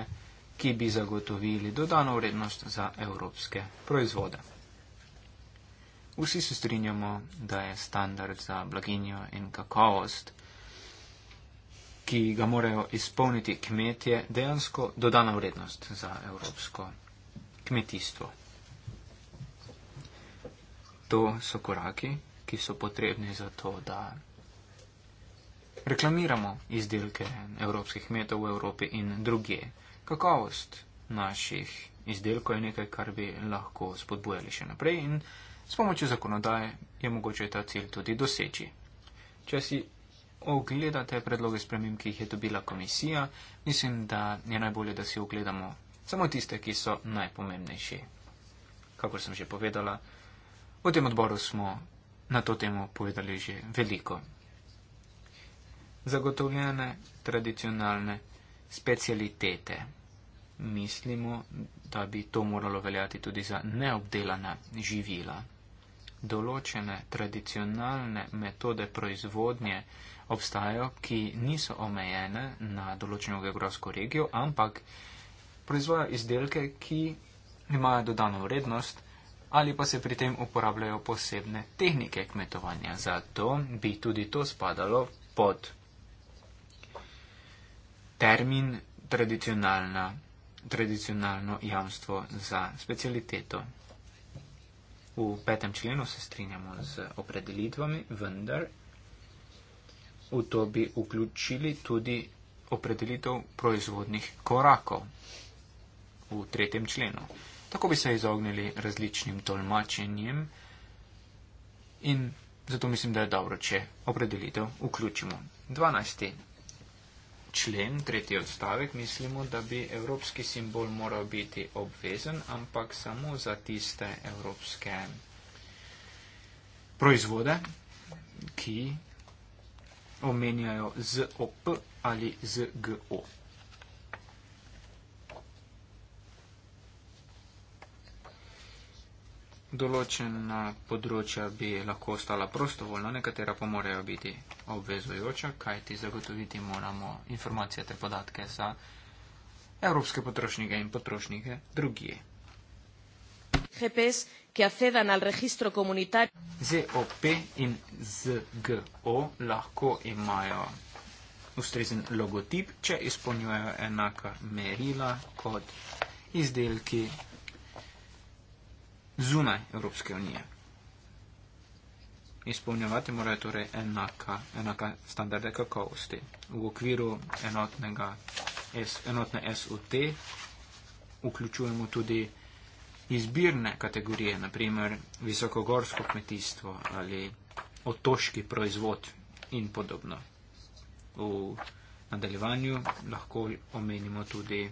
ki bi zagotovili dodano vrednost za evropske proizvode. Vsi se strinjamo, da je standard za blaginjo in kakovost, ki ga morajo izpolniti kmetje, dejansko dodana vrednost za evropsko kmetijstvo to so koraki, ki so potrebni za to, da reklamiramo izdelke evropskih metov v Evropi in druge. Kakovost naših izdelkov je nekaj, kar bi lahko spodbujali še naprej in s pomočjo zakonodaje je mogoče ta cilj tudi doseči. Če si ogledate predloge spremem, ki jih je dobila komisija, mislim, da je najbolje, da si ogledamo samo tiste, ki so najpomembnejši. Kako sem že povedala, V tem odboru smo na to temo povedali že veliko. Zagotovljene tradicionalne specialitete. Mislimo, da bi to moralo veljati tudi za neobdelana živila. Določene tradicionalne metode proizvodnje obstajajo, ki niso omejene na določeno geografsko regijo, ampak proizvajajo izdelke, ki imajo dodano vrednost ali pa se pri tem uporabljajo posebne tehnike kmetovanja. Zato bi tudi to spadalo pod termin tradicionalna, tradicionalno jamstvo za specialiteto. V petem členu se strinjamo z opredelitvami, vendar v to bi vključili tudi opredelitev proizvodnih korakov v tretjem členu. Tako bi se izognili različnim tolmačenjem in zato mislim, da je dobro, če opredelitev vključimo. 12. člen, tretji odstavek, mislimo, da bi evropski simbol moral biti obvezen, ampak samo za tiste evropske proizvode, ki omenjajo ZOP ali ZGO. določena področja bi lahko ostala prostovoljna, nekatera pa morajo biti obvezujoča, kajti zagotoviti moramo informacije te podatke za evropske potrošnike in potrošnike drugije. GPS, ki accedan al registro komunitarno. ZOP in ZGO lahko imajo ustrezen logotip, če izpolnjujejo enaka merila kot izdelki zunaj Evropske unije. Izpolnjevati morajo torej enaka, enaka standarde kakovosti v okviru enotnega, S, enotne SOT. Vključujemo tudi izbirne kategorije, naprimer visokogorsko kmetijstvo ali otoški proizvod in podobno. V nadaljevanju lahko omenimo tudi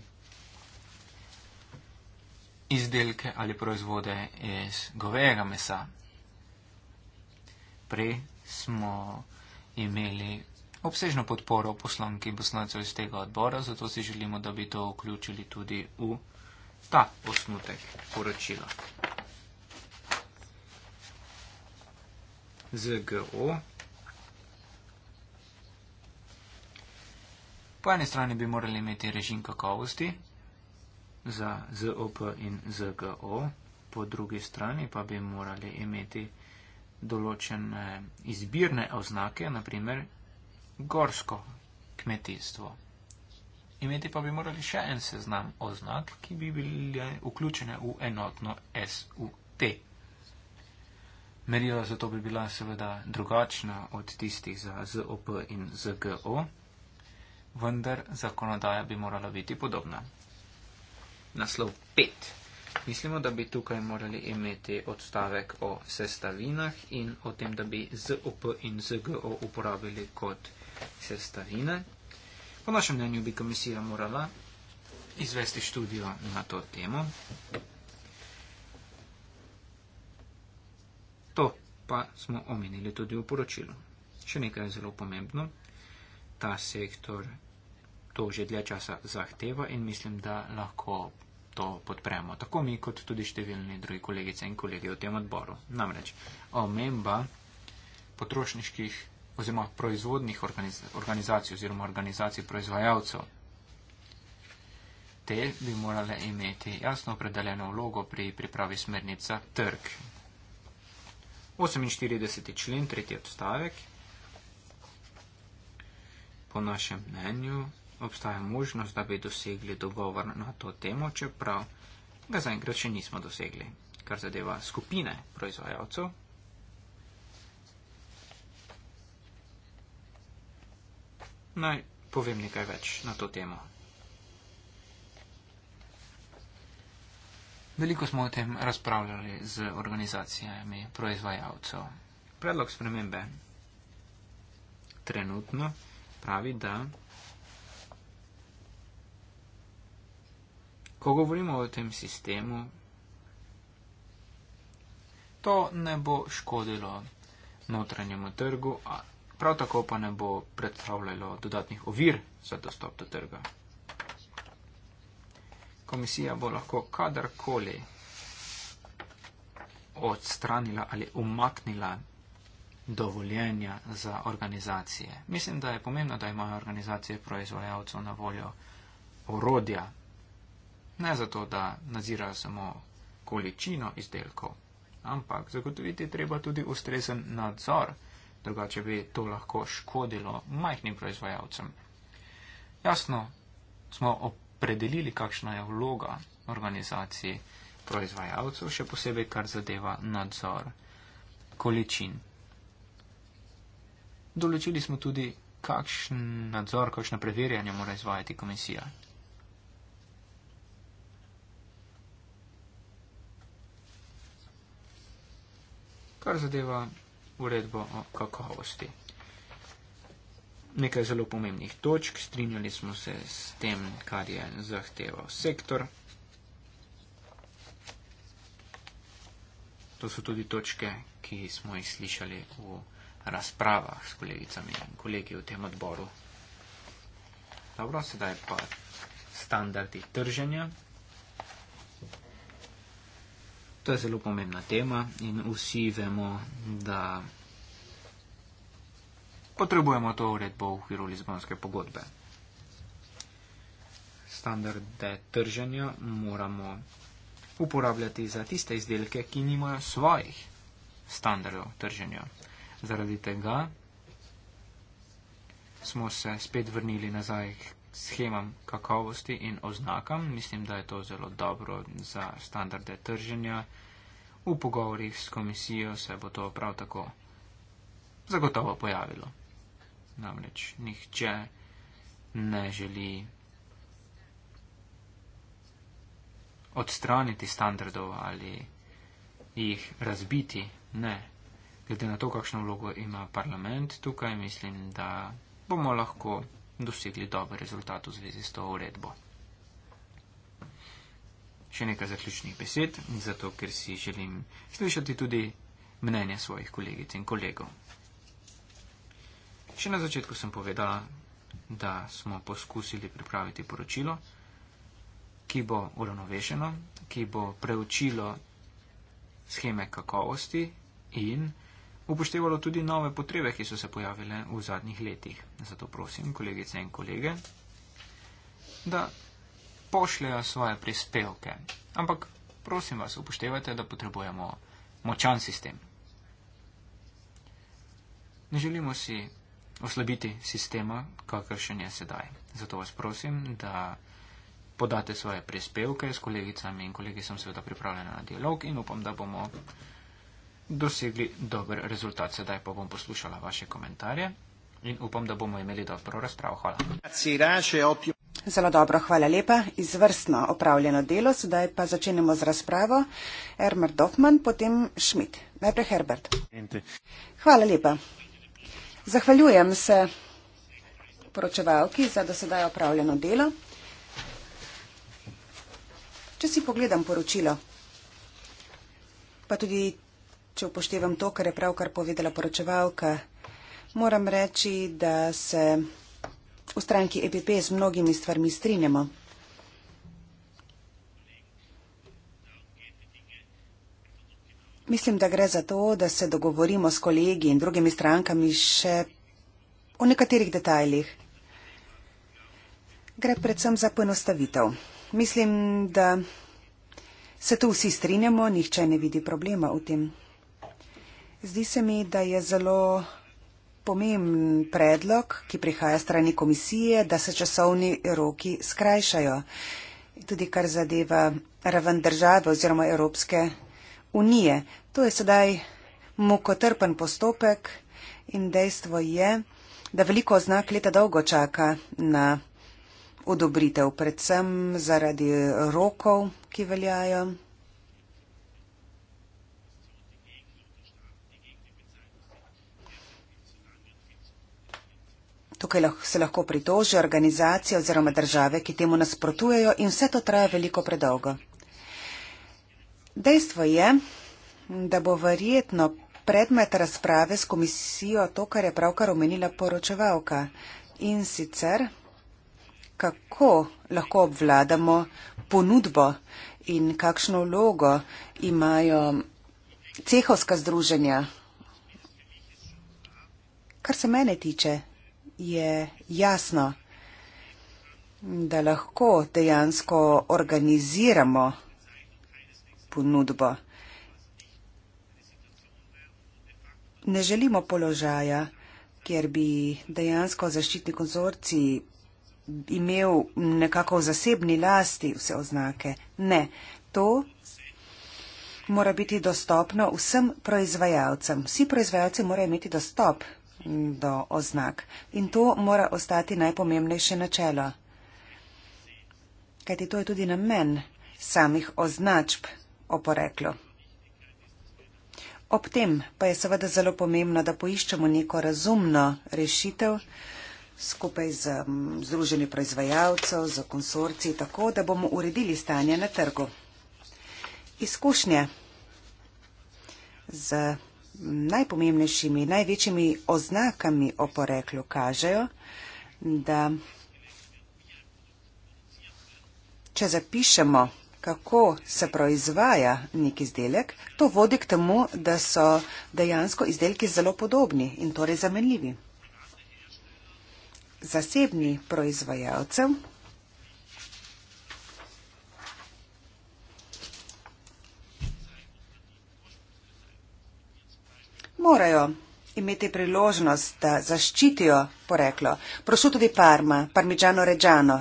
izdelke ali proizvode iz govejega mesa. Prej smo imeli obsežno podporo poslanki bosnacev iz tega odbora, zato si želimo, da bi to vključili tudi v ta osnutek poročila. ZGO. Po eni strani bi morali imeti režim kakovosti, za ZOP in ZGO, po drugi strani pa bi morali imeti določene izbirne oznake, naprimer gorsko kmetijstvo. Imeti pa bi morali še en seznam oznak, ki bi bile vključene v enotno SUT. Merila za to bi bila seveda drugačna od tistih za ZOP in ZGO, vendar zakonodaja bi morala biti podobna naslov 5. Mislimo, da bi tukaj morali imeti odstavek o sestavinah in o tem, da bi ZOP in ZGO uporabili kot sestavine. Po našem mnenju bi komisija morala izvesti študijo na to temo. To pa smo omenili tudi v poročilu. Še nekaj je zelo pomembno. Ta sektor to že dlje časa zahteva in mislim, da lahko to podpremo, tako mi kot tudi številni drugi kolegice in kolegi v tem odboru. Namreč omemba potrošniških oziroma proizvodnih organiz organizacij oziroma organizacij proizvajalcev. Te bi morale imeti jasno opredeljeno vlogo pri pripravi smernica trg. 48. člen, tretji odstavek. Po našem mnenju obstaja možnost, da bi dosegli dogovor na to temo, čeprav ga zaenkrat še nismo dosegli, kar zadeva skupine proizvajalcev. Naj povem nekaj več na to temo. Veliko smo o tem razpravljali z organizacijami proizvajalcev. Predlog spremembe trenutno pravi, da ko govorimo o tem sistemu, to ne bo škodilo notranjemu trgu, a prav tako pa ne bo predstavljalo dodatnih ovir za dostop do trga. Komisija bo lahko kadarkoli odstranila ali umaknila dovoljenja za organizacije. Mislim, da je pomembno, da imajo organizacije proizvajalcev na voljo orodja Ne zato, da nazirajo samo količino izdelkov, ampak zagotoviti treba tudi ustrezen nadzor, drugače bi to lahko škodilo majhnim proizvajalcem. Jasno, smo opredelili, kakšna je vloga organizacije proizvajalcev, še posebej, kar zadeva nadzor količin. Določili smo tudi, kakšen nadzor, kakšno preverjanje mora izvajati komisija. kar zadeva uredbo o kakovosti. Nekaj zelo pomembnih točk, strinjali smo se s tem, kar je zahteval sektor. To so tudi točke, ki smo jih slišali v razpravah s kolegicami in kolegi v tem odboru. Dobro, sedaj pa standardi trženja. To je zelo pomembna tema in vsi vemo, da potrebujemo to uredbo v okviru Lizbonske pogodbe. Standarde trženja moramo uporabljati za tiste izdelke, ki nimajo svojih standardov trženja. Zaradi tega smo se spet vrnili nazaj k schemam kakovosti in oznakam. Mislim, da je to zelo dobro za standarde trženja. V pogovorih s komisijo se bo to prav tako zagotovo pojavilo. Namreč nihče ne želi odstraniti standardov ali jih razbiti. Ne. Glede na to, kakšno vlogo ima parlament tukaj, mislim, da bomo lahko dosegli dober rezultat v zvezi s to uredbo. Še nekaj zaključnih besed, zato ker si želim slišati tudi mnenje svojih kolegic in kolegov. Še na začetku sem povedala, da smo poskusili pripraviti poročilo, ki bo uravnovešeno, ki bo preučilo scheme kakovosti in upoštevalo tudi nove potrebe, ki so se pojavile v zadnjih letih. Zato prosim, kolegice in kolege, da pošljajo svoje prispevke. Ampak prosim vas, upoštevajte, da potrebujemo močan sistem. Ne želimo si oslabiti sistema, kakršen je sedaj. Zato vas prosim, da podate svoje prispevke. S kolegicami in kolegi sem seveda pripravljena na dialog in upam, da bomo dosegli dober rezultat. Sedaj pa bom poslušala vaše komentarje in upam, da bomo imeli dobro razpravo. Hvala. Zelo dobro, hvala lepa. Izvrstno opravljeno delo. Sedaj pa začenjamo z razpravo. Ermer Dofman, potem Schmidt. Najprej Herbert. Hvala lepa. Zahvaljujem se poročevalki za dosedaj opravljeno delo. Če si pogledam poročilo, pa tudi če upoštevam to, kar je pravkar povedala poročevalka, moram reči, da se v stranki EPP z mnogimi stvarmi strinjamo. Mislim, da gre za to, da se dogovorimo s kolegi in drugimi strankami še o nekaterih detajlih. Gre predvsem za poenostavitev. Mislim, da se tu vsi strinjamo, nihče ne vidi problema v tem. Zdi se mi, da je zelo pomemben predlog, ki prihaja strani komisije, da se časovni roki skrajšajo. Tudi kar zadeva raven države oziroma Evropske unije. To je sedaj mukotrpen postopek in dejstvo je, da veliko oznak leta dolgo čaka na odobritev, predvsem zaradi rokov, ki veljajo. Tukaj se lahko pritožijo organizacije oziroma države, ki temu nasprotujejo in vse to traja veliko predolgo. Dejstvo je, da bo verjetno predmet razprave s komisijo to, kar je pravkar omenila poročevalka in sicer, kako lahko obvladamo ponudbo in kakšno vlogo imajo cehovska združenja. Kar se mene tiče, je jasno, da lahko dejansko organiziramo ponudbo. Ne želimo položaja, kjer bi dejansko zaščitni konzorci imel nekako v zasebni lasti vse oznake. Ne, to mora biti dostopno vsem proizvajalcem. Vsi proizvajalci morajo imeti dostop do oznak. In to mora ostati najpomembnejše načelo. Kajti to je tudi namen samih označb o poreklu. Ob tem pa je seveda zelo pomembno, da poiščemo neko razumno rešitev skupaj z Združenjem proizvajalcev, z konsorci, tako da bomo uredili stanje na trgu. Izkušnje z najpomembnejšimi, največjimi oznakami o poreklu kažejo, da če zapišemo, kako se proizvaja nek izdelek, to vodi k temu, da so dejansko izdelki zelo podobni in torej zamenljivi. Zasebni proizvajalcev morajo imeti priložnost, da zaščitijo poreklo. Prosuto di Parma, Parmigiano Reggiano.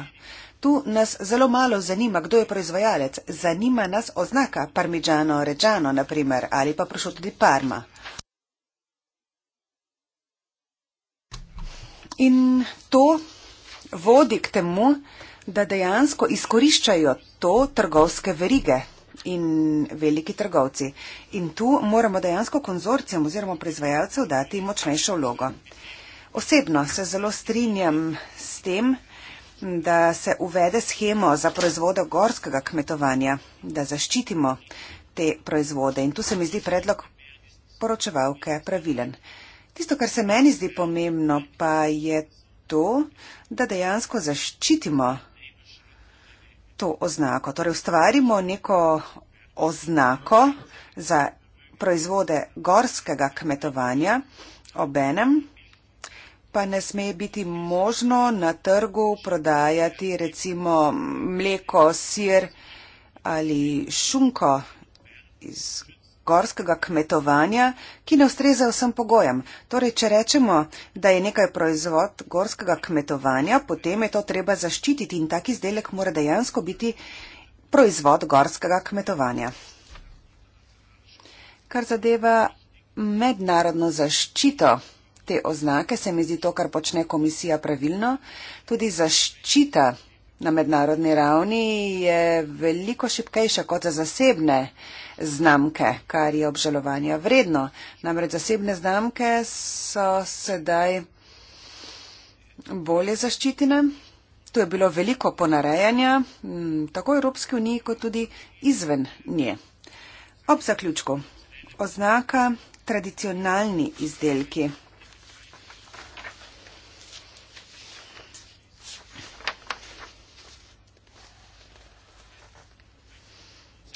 Tu nas zelo malo zanima, kdo je proizvajalec. Zanima nas oznaka Parmigiano Reggiano, naprimer, ali pa prosuto di Parma. In to vodi k temu, da dejansko izkoriščajo to trgovske verige in veliki trgovci. In tu moramo dejansko konzorcijam oziroma proizvajalcev dati močnejšo vlogo. Osebno se zelo strinjam s tem, da se uvede schemo za proizvode gorskega kmetovanja, da zaščitimo te proizvode. In tu se mi zdi predlog poročevalke pravilen. Tisto, kar se meni zdi pomembno, pa je to, da dejansko zaščitimo to oznako. Torej, ustvarimo neko oznako za proizvode gorskega kmetovanja obenem, pa ne sme biti možno na trgu prodajati recimo mleko, sir ali šunko iz gorskega kmetovanja, ki ne ustreza vsem pogojem. Torej, če rečemo, da je nekaj proizvod gorskega kmetovanja, potem je to treba zaščititi in tak izdelek mora dejansko biti proizvod gorskega kmetovanja. Kar zadeva mednarodno zaščito te oznake, se mi zdi to, kar počne komisija pravilno, tudi zaščita Na mednarodni ravni je veliko šipkejša kot za zasebne znamke, kar je obžalovanja vredno. Namreč zasebne znamke so sedaj bolje zaščitene. Tu je bilo veliko ponarejanja, tako v Evropski uniji, kot tudi izven nje. Ob zaključku. Oznaka tradicionalni izdelki.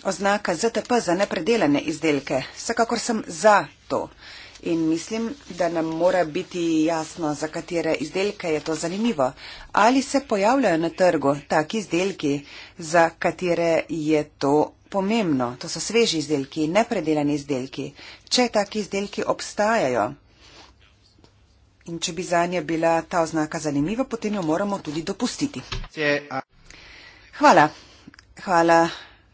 oznaka ZTP za nepredelane izdelke. Vsekakor sem za to in mislim, da nam mora biti jasno, za katere izdelke je to zanimivo. Ali se pojavljajo na trgu taki izdelki, za katere je to pomembno? To so sveži izdelki, nepredelani izdelki. Če taki izdelki obstajajo in če bi za nje bila ta oznaka zanimiva, potem jo moramo tudi dopustiti. Hvala. Hvala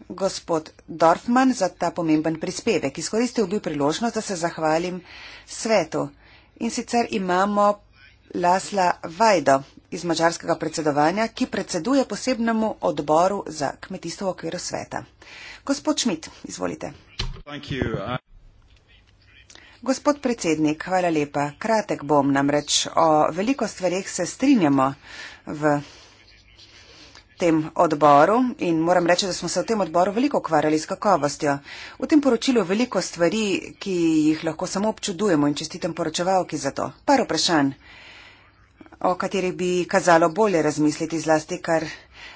gospod Dorfman za ta pomemben prispevek. Izkoristil bi priložnost, da se zahvalim svetu. In sicer imamo Lasla Vajdo iz mačarskega predsedovanja, ki predseduje posebnemu odboru za kmetijstvo v okviru sveta. Gospod Šmit, izvolite. Uh, gospod predsednik, hvala lepa. Kratek bom namreč. O veliko stvarih se strinjamo v tem odboru in moram reči, da smo se v tem odboru veliko ukvarjali s kakovostjo. V tem poročilu je veliko stvari, ki jih lahko samo občudujemo in čestitem poročevalki za to. Par vprašanj, o katerih bi kazalo bolje razmisliti zlasti, kar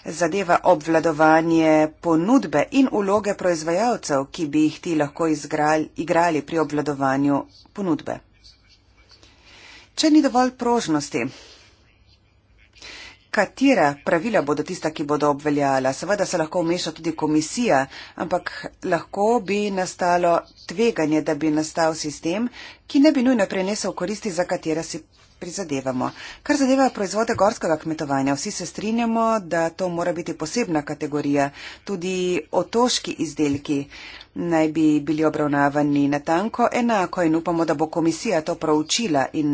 zadeva obvladovanje ponudbe in uloge proizvajalcev, ki bi jih ti lahko izgrali, igrali pri obvladovanju ponudbe. Če ni dovolj prožnosti, katera pravila bodo tista, ki bodo obveljala. Seveda se lahko vmeša tudi komisija, ampak lahko bi nastalo tveganje, da bi nastal sistem, ki ne bi nujno prenesel koristi, za katera si prizadevamo. Kar zadeva proizvode gorskega kmetovanja, vsi se strinjamo, da to mora biti posebna kategorija. Tudi otoški izdelki naj bi bili obravnavani na tanko enako in upamo, da bo komisija to proučila in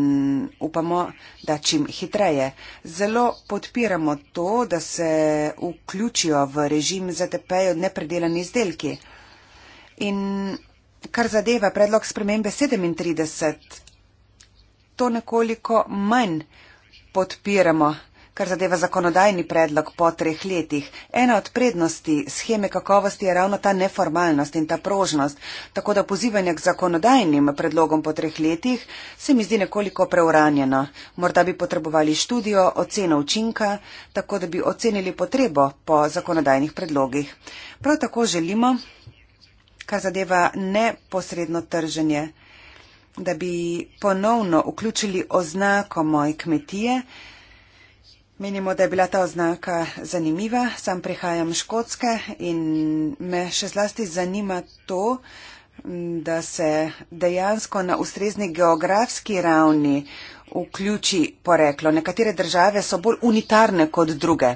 upamo, da čim hitreje. Zelo podpiramo to, da se vključijo v režim ZTP-jo nepredelani izdelki. In kar zadeva predlog spremembe 37, to nekoliko manj podpiramo, kar zadeva zakonodajni predlog po treh letih. Ena od prednosti scheme kakovosti je ravno ta neformalnost in ta prožnost, tako da pozivanje k zakonodajnim predlogom po treh letih se mi zdi nekoliko preuranjeno. Morda bi potrebovali študijo, oceno učinka, tako da bi ocenili potrebo po zakonodajnih predlogih. Prav tako želimo, kar zadeva neposredno trženje, da bi ponovno vključili oznako moj kmetije. Menimo, da je bila ta oznaka zanimiva. Sam prihajam iz Škotske in me še zlasti zanima to, da se dejansko na ustrezni geografski ravni vključi poreklo. Nekatere države so bolj unitarne kot druge.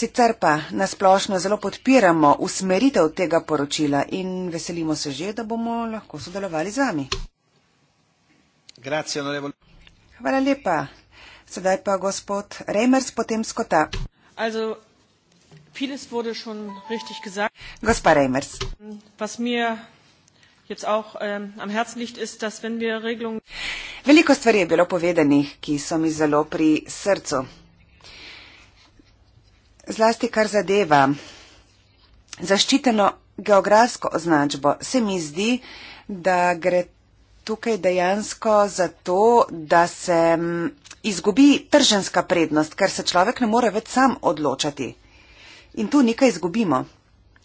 Sicer pa nasplošno zelo podpiramo usmeritev tega poročila in veselimo se že, da bomo lahko sodelovali z vami. Grazie, onorevole. Hvala lepa. Sedaj pa gospod Reimers, potem Skota. Also, vieles wurde schon richtig gesagt. Gospa Reimers. Was mir jetzt auch ähm, am Herzen liegt, ist, dass wenn wir Regelungen. Veliko stvari je bilo povedanih, ki so mi zelo pri srcu zlasti kar zadeva zaščiteno geografsko označbo, se mi zdi, da gre tukaj dejansko za to, da se mm, izgubi trženska prednost, ker se človek ne more več sam odločati. In tu nekaj izgubimo.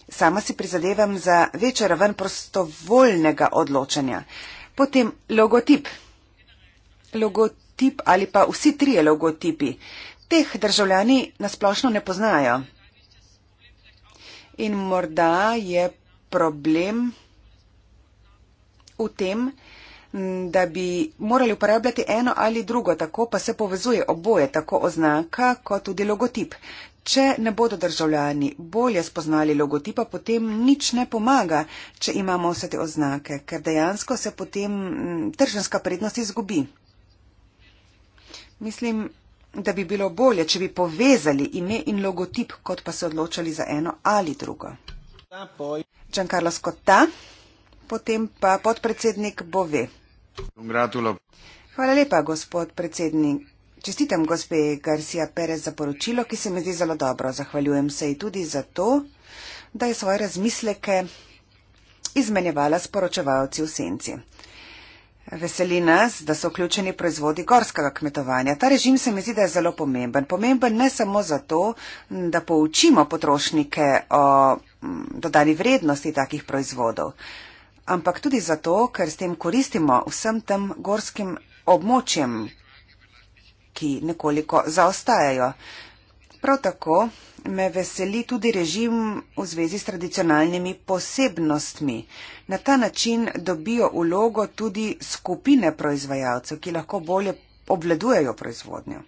Sama si prizadevam za večjo raven prostovoljnega odločanja. Potem logotip. Logotip ali pa vsi trije logotipi teh državljani nasplošno ne poznajo. In morda je problem v tem, da bi morali uporabljati eno ali drugo, tako pa se povezuje oboje, tako oznaka kot tudi logotip. Če ne bodo državljani bolje spoznali logotipa, potem nič ne pomaga, če imamo vse te oznake, ker dejansko se potem tržanska prednost izgubi. Mislim, da bi bilo bolje, če bi povezali ime in logotip, kot pa se odločali za eno ali drugo. Giancarlo Scotta, potem pa podpredsednik Bove. Hvala lepa, gospod predsednik. Čestitam gospe Garcia Perez za poročilo, ki se mi zdi zelo dobro. Zahvaljujem se ji tudi za to, da je svoje razmisleke izmenjevala s poročevalci v senci. Veseli nas, da so vključeni proizvodi gorskega kmetovanja. Ta režim se mi zdi, da je zelo pomemben. Pomemben ne samo zato, da poučimo potrošnike o dodani vrednosti takih proizvodov, ampak tudi zato, ker s tem koristimo vsem tem gorskim območjem, ki nekoliko zaostajajo. Prav tako me veseli tudi režim v zvezi s tradicionalnimi posebnostmi. Na ta način dobijo ulogo tudi skupine proizvajalcev, ki lahko bolje obvladujejo proizvodnjo.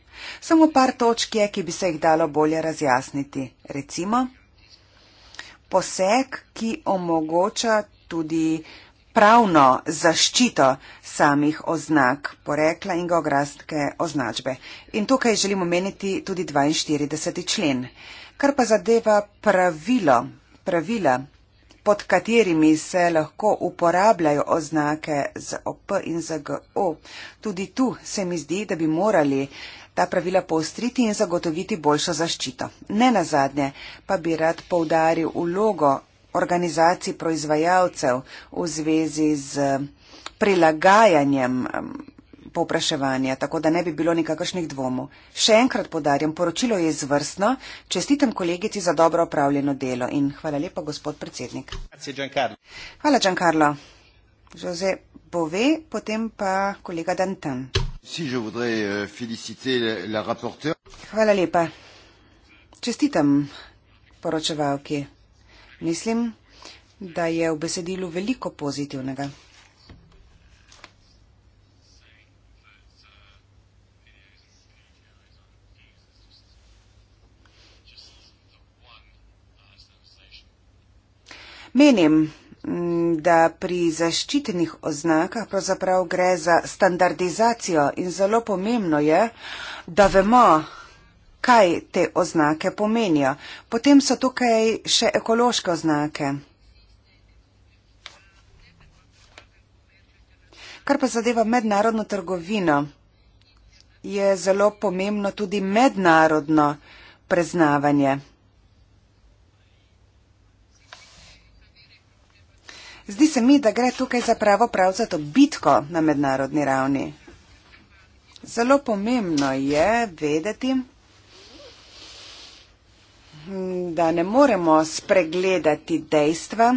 Samo par točk je, ki bi se jih dalo bolje razjasniti. Recimo, poseg, ki omogoča tudi pravno zaščito samih oznak porekla in geografske označbe. In tukaj želim omeniti tudi 42. člen. Kar pa zadeva pravilo, pravila, pod katerimi se lahko uporabljajo oznake z OP in z GO, tudi tu se mi zdi, da bi morali ta pravila poostriti in zagotoviti boljšo zaščito. Ne na zadnje pa bi rad poudaril ulogo organizacij proizvajalcev v zvezi z prilagajanjem um, povpraševanja, tako da ne bi bilo nikakršnih dvomov. Še enkrat podarjam, poročilo je izvrstno. Čestitam kolegici za dobro opravljeno delo in hvala lepa, gospod predsednik. Hvala, Giancarlo. Jose Bove, potem pa kolega Dantan. Euh, hvala lepa. Čestitam poročevalki. Mislim, da je v besedilu veliko pozitivnega. Menim, mm, da pri zaščitenih oznakah pravzaprav gre za standardizacijo in zelo pomembno je, da vemo, kaj te oznake pomenijo. Potem so tukaj še ekološke oznake. Kar pa zadeva mednarodno trgovino, je zelo pomembno tudi mednarodno preznavanje. Zdi se mi, da gre tukaj za pravo prav za to bitko na mednarodni ravni. Zelo pomembno je vedeti, da ne moremo spregledati dejstva,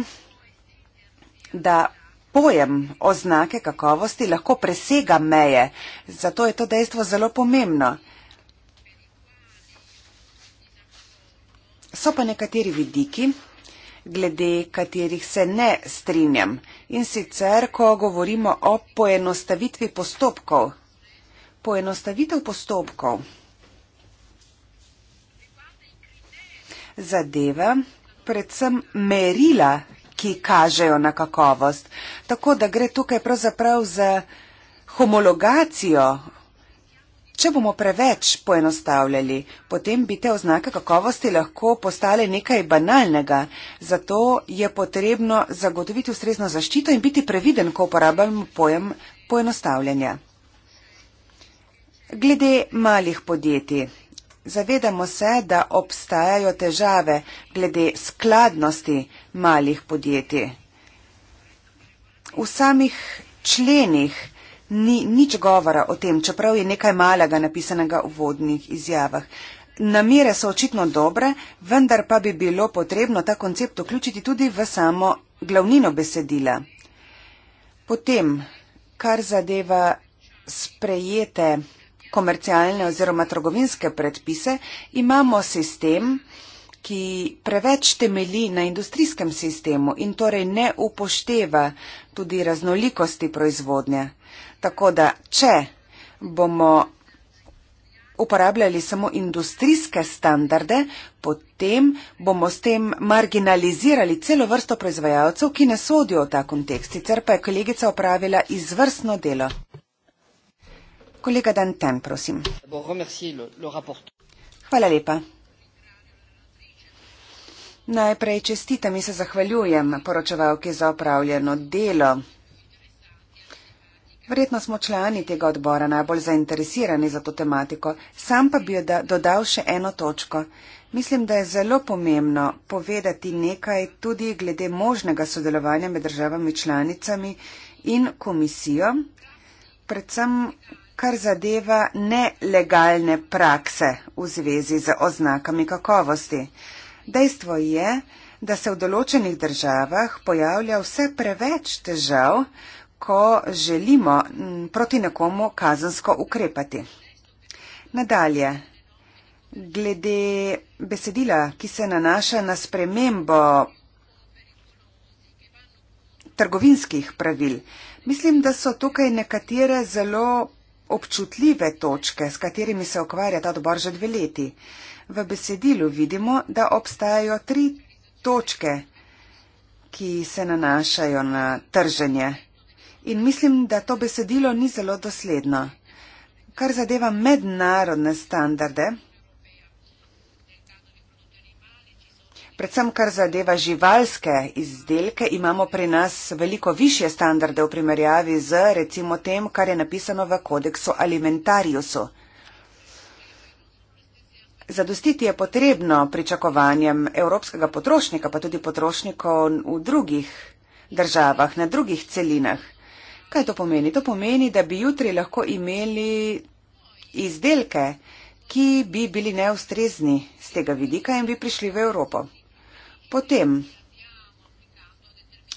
da pojem oznake kakovosti lahko presega meje. Zato je to dejstvo zelo pomembno. So pa nekateri vidiki, glede katerih se ne strinjam. In sicer, ko govorimo o poenostavitvi postopkov. Poenostavitev postopkov zadeva predvsem merila, ki kažejo na kakovost. Tako da gre tukaj pravzaprav za homologacijo Če bomo preveč poenostavljali, potem bi te oznake kakovosti lahko postale nekaj banalnega. Zato je potrebno zagotoviti ustrezno zaščito in biti previden, ko uporabljamo pojem poenostavljanja. Glede malih podjetij. Zavedamo se, da obstajajo težave glede skladnosti malih podjetij. V samih členih ni nič govora o tem, čeprav je nekaj malega napisanega v vodnih izjavah. Namere so očitno dobre, vendar pa bi bilo potrebno ta koncept vključiti tudi v samo glavnino besedila. Potem, kar zadeva sprejete komercialne oziroma trgovinske predpise, imamo sistem, ki preveč temeli na industrijskem sistemu in torej ne upošteva tudi raznolikosti proizvodnja. Tako da, če bomo uporabljali samo industrijske standarde, potem bomo s tem marginalizirali celo vrsto proizvajalcev, ki ne sodijo v ta kontekst. Sicer pa je kolegica opravila izvrstno delo. Kolega Danten, prosim. Hvala lepa. Najprej čestitam in se zahvaljujem poročevalki za opravljeno delo. Verjetno smo člani tega odbora najbolj zainteresirani za to tematiko, sam pa bi dodal še eno točko. Mislim, da je zelo pomembno povedati nekaj tudi glede možnega sodelovanja med državami članicami in komisijo, predvsem kar zadeva nelegalne prakse v zvezi z oznakami kakovosti. Dejstvo je, da se v določenih državah pojavlja vse preveč težav, ko želimo mm, proti nekomu kazansko ukrepati. Nadalje, glede besedila, ki se nanaša na spremembo trgovinskih pravil, mislim, da so tukaj nekatere zelo občutljive točke, s katerimi se ukvarja ta odbor že dve leti. V besedilu vidimo, da obstajajo tri točke, ki se nanašajo na trženje in mislim, da to besedilo ni zelo dosledno. Kar zadeva mednarodne standarde, predvsem kar zadeva živalske izdelke, imamo pri nas veliko više standarde v primerjavi z recimo tem, kar je napisano v kodeksu alimentariusu. Zadostiti je potrebno pričakovanjem evropskega potrošnika, pa tudi potrošnikov v drugih državah, na drugih celinah. Kaj to pomeni? To pomeni, da bi jutri lahko imeli izdelke, ki bi bili neustrezni z tega vidika in bi prišli v Evropo. Potem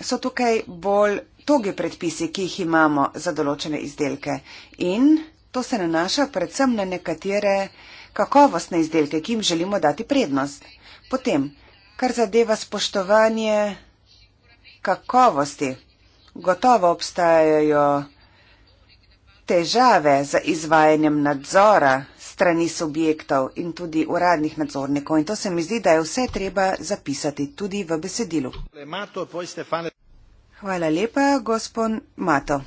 so tukaj bolj togi predpisi, ki jih imamo za določene izdelke in to se nanaša predvsem na nekatere kakovostne izdelke, ki jim želimo dati prednost. Potem, kar zadeva spoštovanje kakovosti. Gotovo obstajajo težave z izvajanjem nadzora strani subjektov in tudi uradnih nadzornikov. In to se mi zdi, da je vse treba zapisati tudi v besedilu. Hvala lepa, gospod Mato.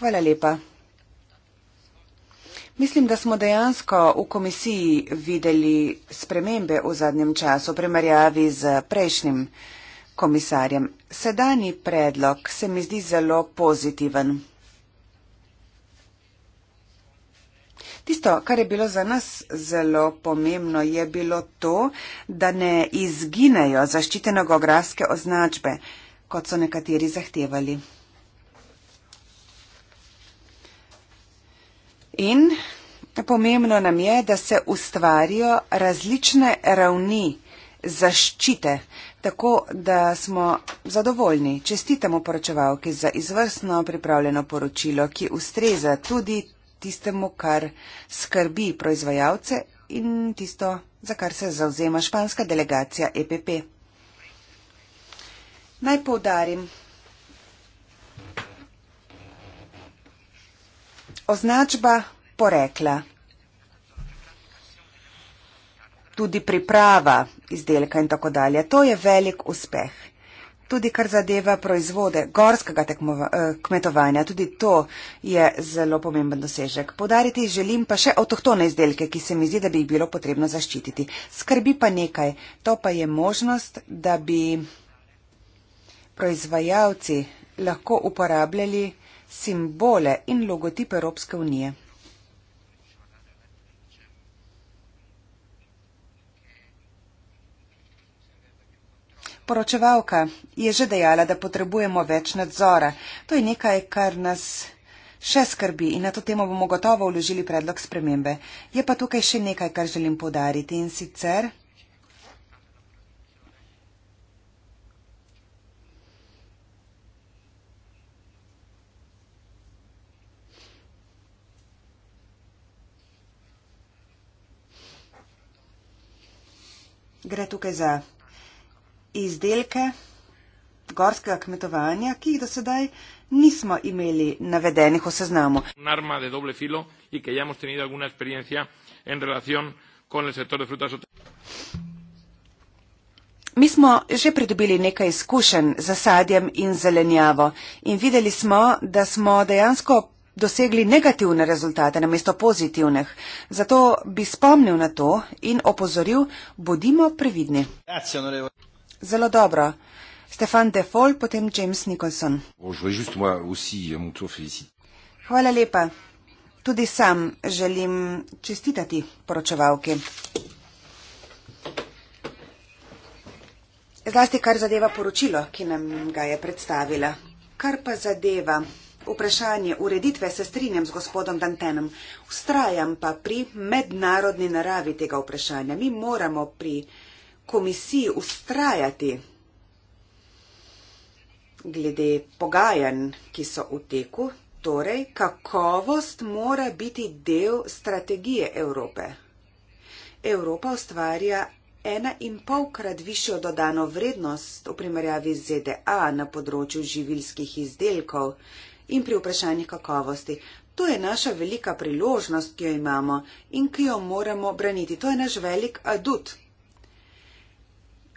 Hvala lepa. Mislim, da smo dejansko v komisiji videli spremembe v zadnjem času, primerjavi z prejšnjim komisarjem. Sedani predlog se mi zdi zelo pozitiven. Tisto, kar je bilo za nas zelo pomembno, je bilo to, da ne izginejo zaščitene geografske označbe, kot so nekateri zahtevali. in pomembno nam je, da se ustvarijo različne ravni zaščite, tako da smo zadovoljni. Čestitamo poročevalki za izvrstno pripravljeno poročilo, ki ustreza tudi tistemu, kar skrbi proizvajalce in tisto, za kar se zauzema španska delegacija EPP. Naj poudarim, označba porekla. Tudi priprava izdelka in tako dalje. To je velik uspeh. Tudi kar zadeva proizvode gorskega eh, kmetovanja, tudi to je zelo pomemben dosežek. Podariti želim pa še avtohtone izdelke, ki se mi zdi, da bi jih bilo potrebno zaščititi. Skrbi pa nekaj. To pa je možnost, da bi proizvajalci lahko uporabljali simbole in logotipe Evropske unije. Poročevalka je že dejala, da potrebujemo več nadzora. To je nekaj, kar nas še skrbi in na to temo bomo gotovo vložili predlog spremembe. Je pa tukaj še nekaj, kar želim podariti in sicer. Gre tukaj za izdelke gorskega kmetovanja, ki jih do sedaj nismo imeli navedenih v seznamu. Mi smo že pridobili nekaj izkušenj za sadjem in zelenjavo in videli smo, da smo dejansko dosegli negativne rezultate namesto pozitivnih. Zato bi spomnil na to in opozoril, bodimo previdni. Zelo dobro. Stefan Defol, potem James Nicholson. Euh, Hvala lepa. Tudi sam želim čestitati poročevalki. Zlasti kar zadeva poročilo, ki nam ga je predstavila. Kar pa zadeva vprašanje ureditve se strinjam z gospodom Dantenom, ustrajam pa pri mednarodni naravi tega vprašanja. Mi moramo pri komisiji ustrajati glede pogajanj, ki so v teku, torej kakovost mora biti del strategije Evrope. Evropa ustvarja ena in polkrat višjo dodano vrednost v primerjavi z ZDA na področju živilskih izdelkov, in pri vprašanjih kakovosti. To je naša velika priložnost, ki jo imamo in ki jo moramo braniti. To je naš velik adut.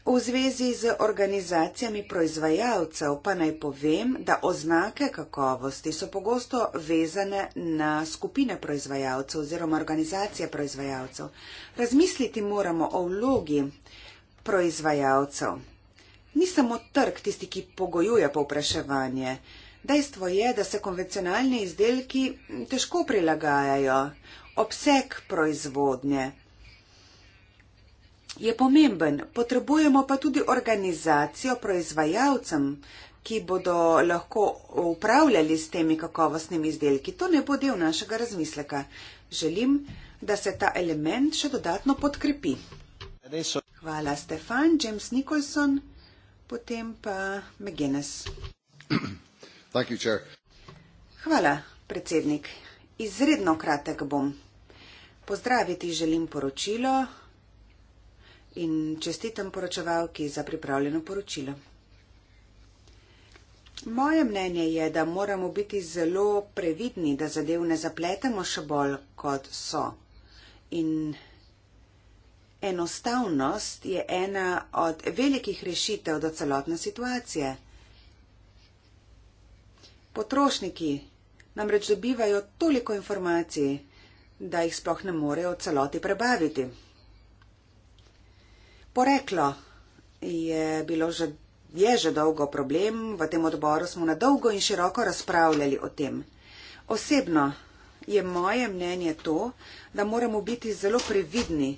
V zvezi z organizacijami proizvajalcev pa naj povem, da oznake kakovosti so pogosto vezane na skupine proizvajalcev oziroma organizacije proizvajalcev. Razmisliti moramo o vlogi proizvajalcev. Ni samo trg tisti, ki pogojuje povpraševanje. Po Dejstvo je, da se konvencionalni izdelki težko prilagajajo. Obseg proizvodnje je pomemben, potrebujemo pa tudi organizacijo proizvajalcem, ki bodo lahko upravljali s temi kakovostnimi izdelki. To ne bo del našega razmisleka. Želim, da se ta element še dodatno podkrepi. Hvala, Stefan, James Nicholson, potem pa McGuinness. Hvala, predsednik. Izredno kratek bom. Pozdraviti želim poročilo in čestitam poročevalki za pripravljeno poročilo. Moje mnenje je, da moramo biti zelo previdni, da zadev ne zapletemo še bolj, kot so. In enostavnost je ena od velikih rešitev do celotne situacije. Potrošniki namreč dobivajo toliko informacij, da jih sploh ne morejo celoti prebaviti. Poreklo je bilo že, je že dolgo problem, v tem odboru smo na dolgo in široko razpravljali o tem. Osebno je moje mnenje to, da moramo biti zelo previdni,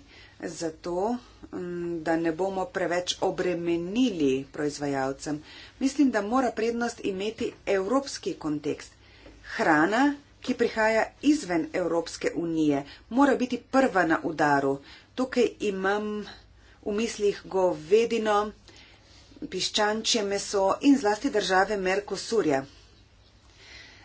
zato mm, da ne bomo preveč obremenili proizvajalcem. Mislim, da mora prednost imeti evropski kontekst. Hrana, ki prihaja izven Evropske unije, mora biti prva na udaru. Tukaj imam v mislih govedino, piščančje meso in zlasti države Merkosurja.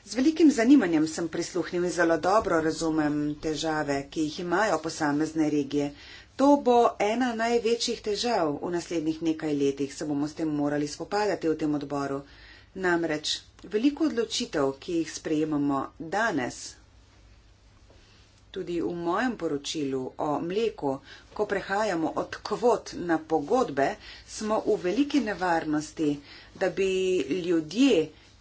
Z velikim zanimanjem sem prisluhnil in zelo dobro razumem težave, ki jih imajo posamezne regije. To bo ena največjih težav v naslednjih nekaj letih, se bomo s tem morali spopadati v tem odboru. Namreč veliko odločitev, ki jih sprejemamo danes, tudi v mojem poročilu o mleku, ko prehajamo od kvot na pogodbe, smo v veliki nevarnosti, da bi ljudje,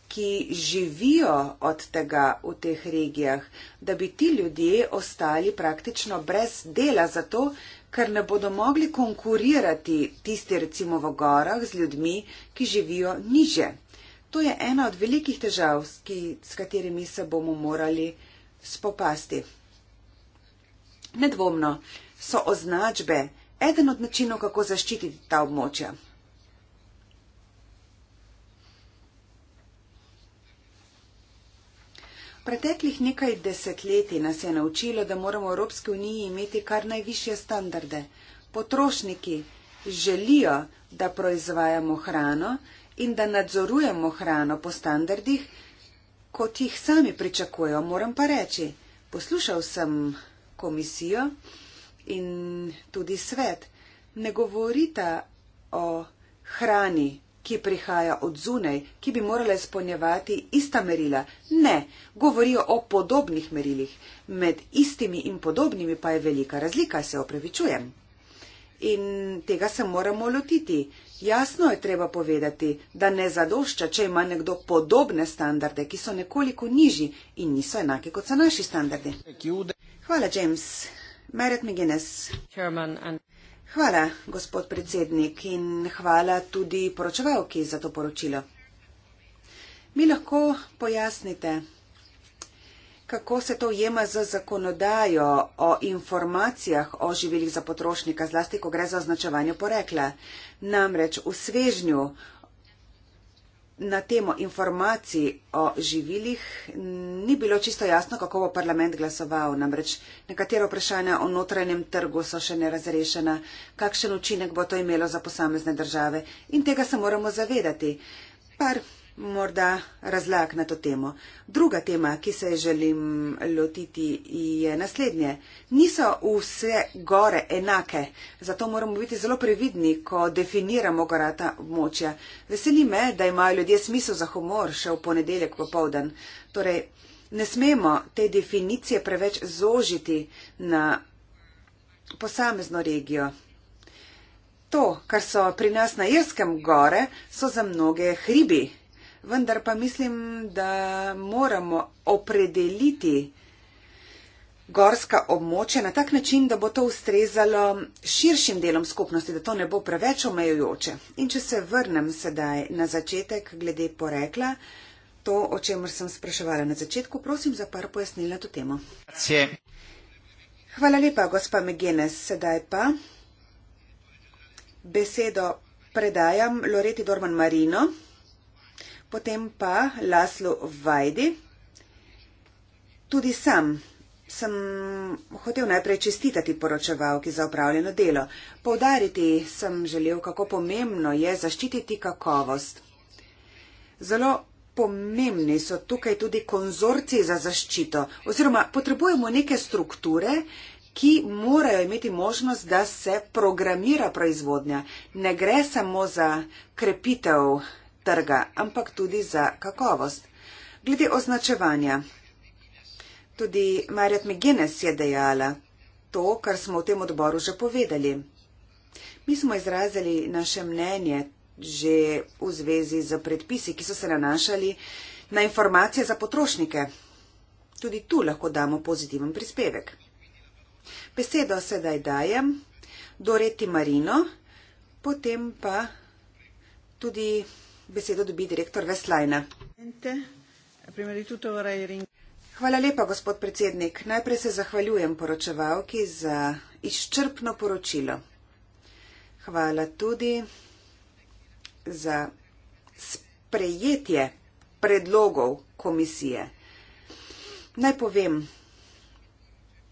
ki živijo od tega v teh regijah, da bi ti ljudje ostali praktično brez dela zato, ker ne bodo mogli konkurirati tisti recimo v gorah z ljudmi, ki živijo niže. To je ena od velikih težav, ki, s katerimi se bomo morali spopasti. Nedvomno so označbe eden od načinov, kako zaščititi ta območja. preteklih nekaj desetletij nas je naučilo, da moramo v Evropski uniji imeti kar najvišje standarde. Potrošniki želijo, da proizvajamo hrano in da nadzorujemo hrano po standardih, kot jih sami pričakujejo. Moram pa reči, poslušal sem komisijo in tudi svet, ne govorita o hrani ki prihaja od zunaj, ki bi morale izpolnjevati ista merila. Ne, govorijo o podobnih merilih. Med istimi in podobnimi pa je velika razlika, se opravičujem. In tega se moramo lotiti. Jasno je treba povedati, da ne zadošča, če ima nekdo podobne standarde, ki so nekoliko nižji in niso enake kot so naši standardi. Hvala, James. Meret McGuinness. Hvala, gospod predsednik, in hvala tudi poročevalki za to poročilo. Mi lahko pojasnite, kako se to jema z zakonodajo o informacijah o živilih za potrošnika, zlasti ko gre za označevanje porekla. Namreč v svežnju na temo informacij o živilih ni bilo čisto jasno, kako bo parlament glasoval. Namreč nekatera vprašanja o notranjem trgu so še nerazrešena, kakšen učinek bo to imelo za posamezne države in tega se moramo zavedati. Par morda razlag na to temo. Druga tema, ki se želim lotiti, je naslednje. Niso vse gore enake, zato moramo biti zelo previdni, ko definiramo gorata območja. Veseli me, da imajo ljudje smisel za humor še v ponedeljek popovdan. Torej, ne smemo te definicije preveč zožiti na posamezno regijo. To, kar so pri nas na Irskem gore, so za mnoge hribi vendar pa mislim, da moramo opredeliti gorska območja na tak način, da bo to ustrezalo širšim delom skupnosti, da to ne bo preveč omejujoče. In če se vrnem sedaj na začetek glede porekla, to, o čemer sem spraševala na začetku, prosim za par pojasnila to temo. Cie. Hvala lepa, gospa Megenes. Sedaj pa besedo predajam Loreti Dorman Marino potem pa Laslo Vajdi. Tudi sam sem hotel najprej čestitati poročevalki za upravljeno delo. Poudariti sem želel, kako pomembno je zaščititi kakovost. Zelo pomembni so tukaj tudi konzorci za zaščito, oziroma potrebujemo neke strukture, ki morajo imeti možnost, da se programira proizvodnja. Ne gre samo za krepitev trga, ampak tudi za kakovost. Glede označevanja. Tudi Marjat McGuinness je dejala to, kar smo v tem odboru že povedali. Mi smo izrazili naše mnenje že v zvezi z predpisi, ki so se nanašali na informacije za potrošnike. Tudi tu lahko damo pozitiven prispevek. Besedo sedaj dajem Doreti Marino, potem pa tudi Besedo dobi direktor Veslajna. Hvala lepa, gospod predsednik. Najprej se zahvaljujem poročevalki za izčrpno poročilo. Hvala tudi za sprejetje predlogov komisije. Naj povem,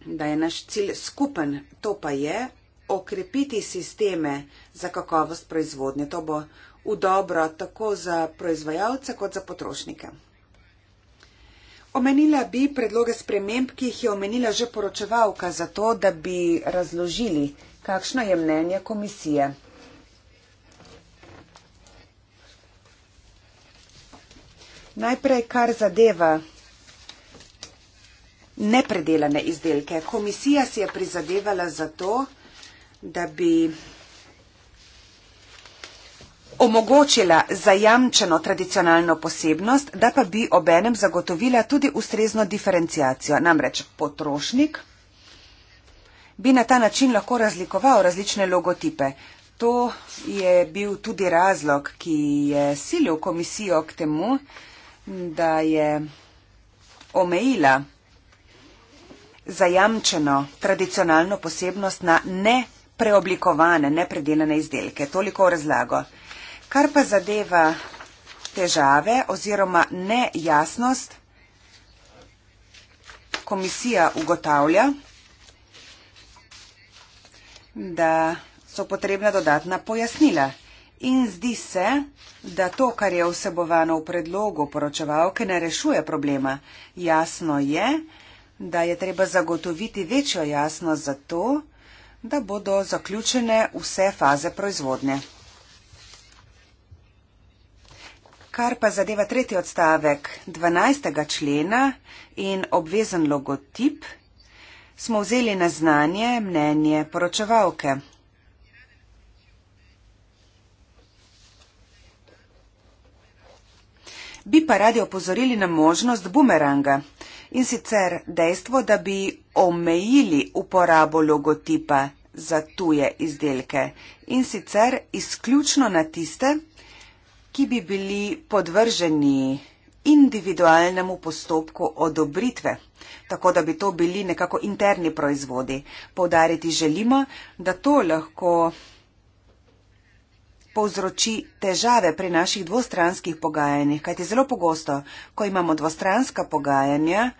da je naš cilj skupen, to pa je okrepiti sisteme za kakovost proizvodnje. To bo v dobro tako za proizvajalce kot za potrošnike. Omenila bi predloge sprememb, ki jih je omenila že poročevalka, zato da bi razložili, kakšno je mnenje komisije. Najprej, kar zadeva nepredelane izdelke. Komisija si je prizadevala za to, da bi omogočila zajamčeno tradicionalno posebnost, da pa bi obenem zagotovila tudi ustrezno diferencijacijo. Namreč potrošnik bi na ta način lahko razlikoval različne logotipe. To je bil tudi razlog, ki je silil komisijo k temu, da je omejila zajamčeno tradicionalno posebnost na ne preoblikovane, nepredelane izdelke. Toliko o razlago. Kar pa zadeva težave oziroma nejasnost, komisija ugotavlja, da so potrebna dodatna pojasnila. In zdi se, da to, kar je vsebovano v predlogu poročevalke, ne rešuje problema. Jasno je, da je treba zagotoviti večjo jasnost za to, da bodo zaključene vse faze proizvodnje. Kar pa zadeva tretji odstavek 12. člena in obvezen logotip, smo vzeli na znanje mnenje poročevalke. Bi pa radi opozorili na možnost bumeranga in sicer dejstvo, da bi omejili uporabo logotipa za tuje izdelke in sicer izključno na tiste, ki bi bili podvrženi individualnemu postopku odobritve, tako da bi to bili nekako interni proizvodi. Povdariti želimo, da to lahko povzroči težave pri naših dvostranskih pogajanjih, kajti zelo pogosto, ko imamo dvostranska pogajanja,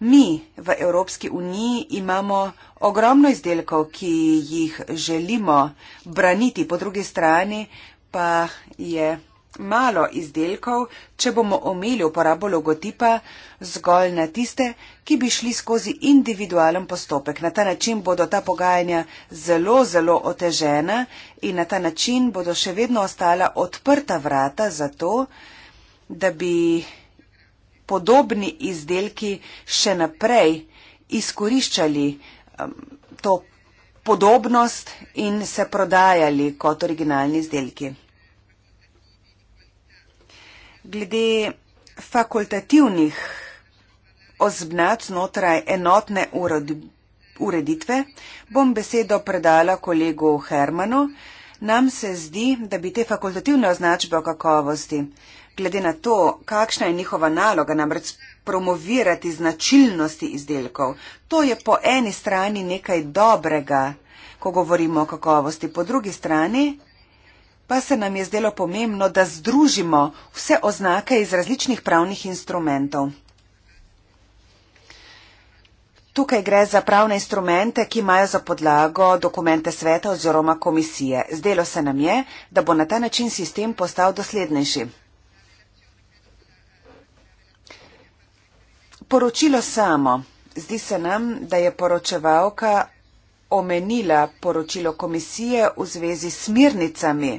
mi v Evropski uniji imamo ogromno izdelkov, ki jih želimo braniti, po drugi strani pa je malo izdelkov, če bomo omeli uporabo logotipa zgolj na tiste, ki bi šli skozi individualen postopek. Na ta način bodo ta pogajanja zelo, zelo otežena in na ta način bodo še vedno ostala odprta vrata za to, da bi podobni izdelki še naprej izkoriščali um, to podobnost in se prodajali kot originalni izdelki glede fakultativnih oznac znotraj enotne ureditve, bom besedo predala kolegu Hermanu. Nam se zdi, da bi te fakultativne označbe o kakovosti, glede na to, kakšna je njihova naloga, namreč promovirati značilnosti izdelkov, to je po eni strani nekaj dobrega, ko govorimo o kakovosti, po drugi strani pa se nam je zdelo pomembno, da združimo vse oznake iz različnih pravnih instrumentov. Tukaj gre za pravne instrumente, ki imajo za podlago dokumente sveta oziroma komisije. Zdelo se nam je, da bo na ta način sistem postal doslednejši. Poročilo samo. Zdi se nam, da je poročevalka omenila poročilo komisije v zvezi s smirnicami,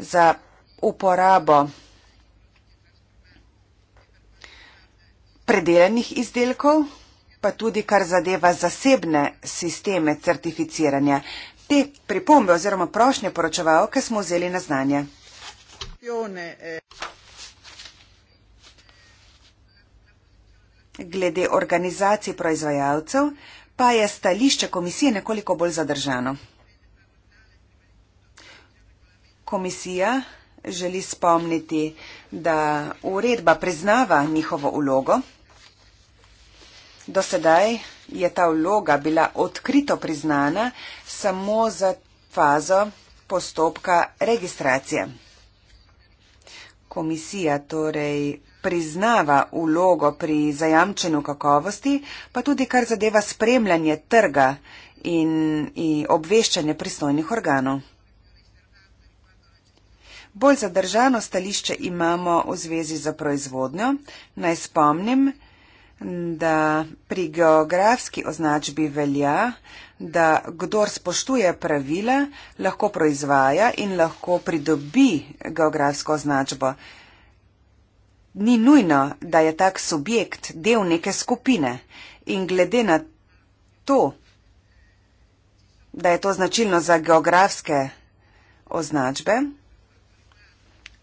za uporabo predelanih izdelkov, pa tudi kar zadeva zasebne sisteme certificiranja. Te pripombe oziroma prošnje poročevalke smo vzeli na znanje. Glede organizacij proizvajalcev pa je stališče komisije nekoliko bolj zadržano. Komisija želi spomniti, da uredba priznava njihovo ulogo. Do sedaj je ta vloga bila odkrito priznana samo za fazo postopka registracije. Komisija torej priznava vlogo pri zajamčenju kakovosti, pa tudi kar zadeva spremljanje trga in, in obveščanje pristojnih organov. Bolj zadržano stališče imamo v zvezi z proizvodnjo. Naj spomnim, da pri geografski označbi velja, da kdor spoštuje pravila, lahko proizvaja in lahko pridobi geografsko označbo. Ni nujno, da je tak subjekt del neke skupine in glede na to, da je to značilno za geografske označbe,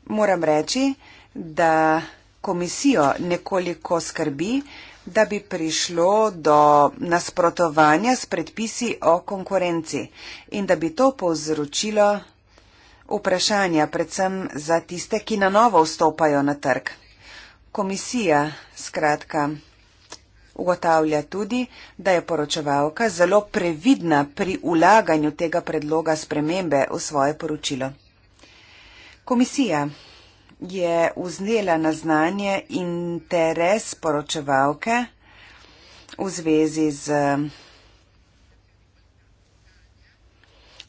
Moram reči, da komisijo nekoliko skrbi, da bi prišlo do nasprotovanja s predpisi o konkurenci in da bi to povzročilo vprašanja predvsem za tiste, ki na novo vstopajo na trg. Komisija skratka ugotavlja tudi, da je poročevalka zelo previdna pri ulaganju tega predloga spremembe v svoje poročilo. Komisija je vznela na znanje interes poročevalke v zvezi z um,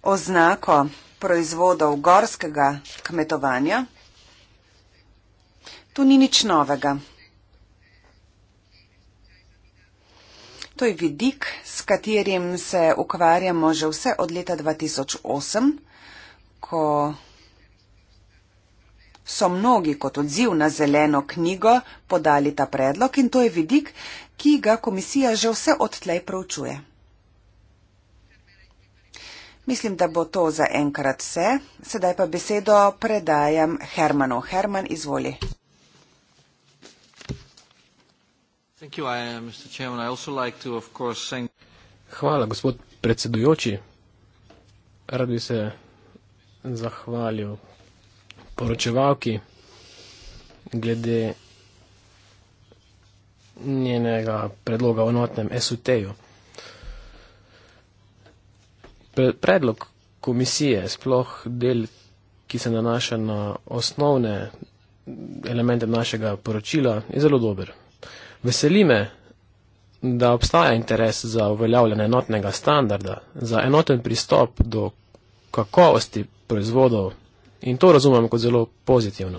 oznako proizvodov gorskega kmetovanja. Tu ni nič novega. To je vidik, s katerim se ukvarjamo že vse od leta 2008, ko so mnogi kot odziv na zeleno knjigo podali ta predlog in to je vidik, ki ga komisija že vse odtlej proučuje. Mislim, da bo to za enkrat vse. Sedaj pa besedo predajam Hermanu. Herman, izvoli. Hvala, gospod predsedujoči. Rad bi se zahvalil poročevalki glede njenega predloga o notnem SUT-ju. Predlog komisije, sploh del, ki se nanaša na osnovne elemente našega poročila, je zelo dober. Veseli me, da obstaja interes za uveljavljanje enotnega standarda, za enoten pristop do kakovosti proizvodov In to razumem kot zelo pozitivno.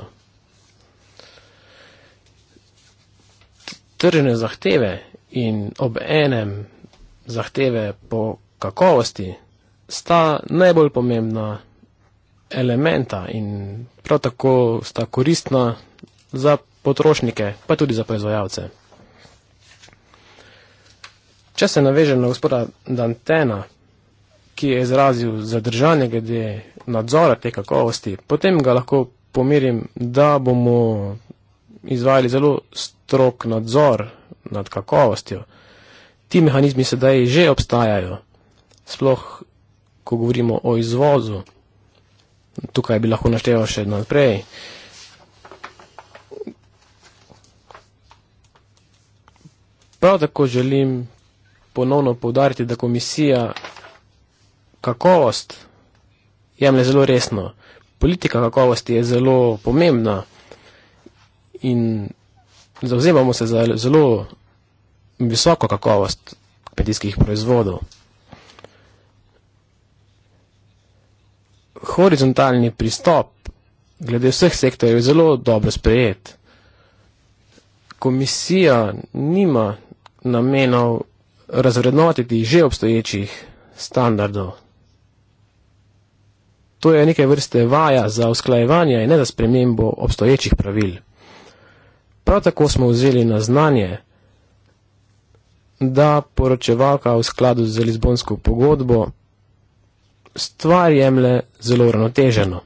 Tržne zahteve in ob enem zahteve po kakovosti sta najbolj pomembna elementa in prav tako sta koristna za potrošnike, pa tudi za proizvajalce. Če se naveže na gospoda Dantena, ki je izrazil zadržanje glede nadzora te kakovosti, potem ga lahko pomirim, da bomo izvajali zelo strok nadzor nad kakovostjo. Ti mehanizmi sedaj že obstajajo, sploh ko govorimo o izvozu. Tukaj bi lahko našteval še naprej. Prav tako želim ponovno povdariti, da komisija kakovost jemlje zelo resno. Politika kakovosti je zelo pomembna in zauzemamo se za zelo visoko kakovost kmetijskih proizvodov. Horizontalni pristop glede vseh sektorjev je zelo dobro sprejet. Komisija nima namenov razrednotiti že obstoječih standardov To je nekaj vrste vaja za usklajevanje in ne za spremembo obstoječih pravil. Prav tako smo vzeli na znanje, da poročevalka v skladu z Lizbonsko pogodbo stvar jemlje zelo ravnoteženo.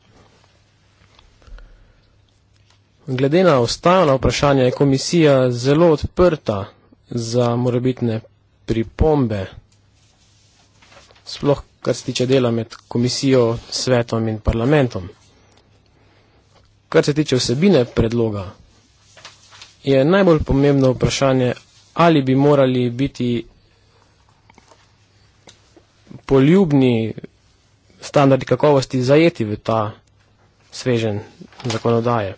Glede na ostajala vprašanja je komisija zelo odprta za morebitne pripombe, sploh kar se tiče dela med komisijo, svetom in parlamentom. Kar se tiče vsebine predloga, je najbolj pomembno vprašanje, ali bi morali biti poljubni standardi kakovosti zajeti v ta svežen zakonodaje.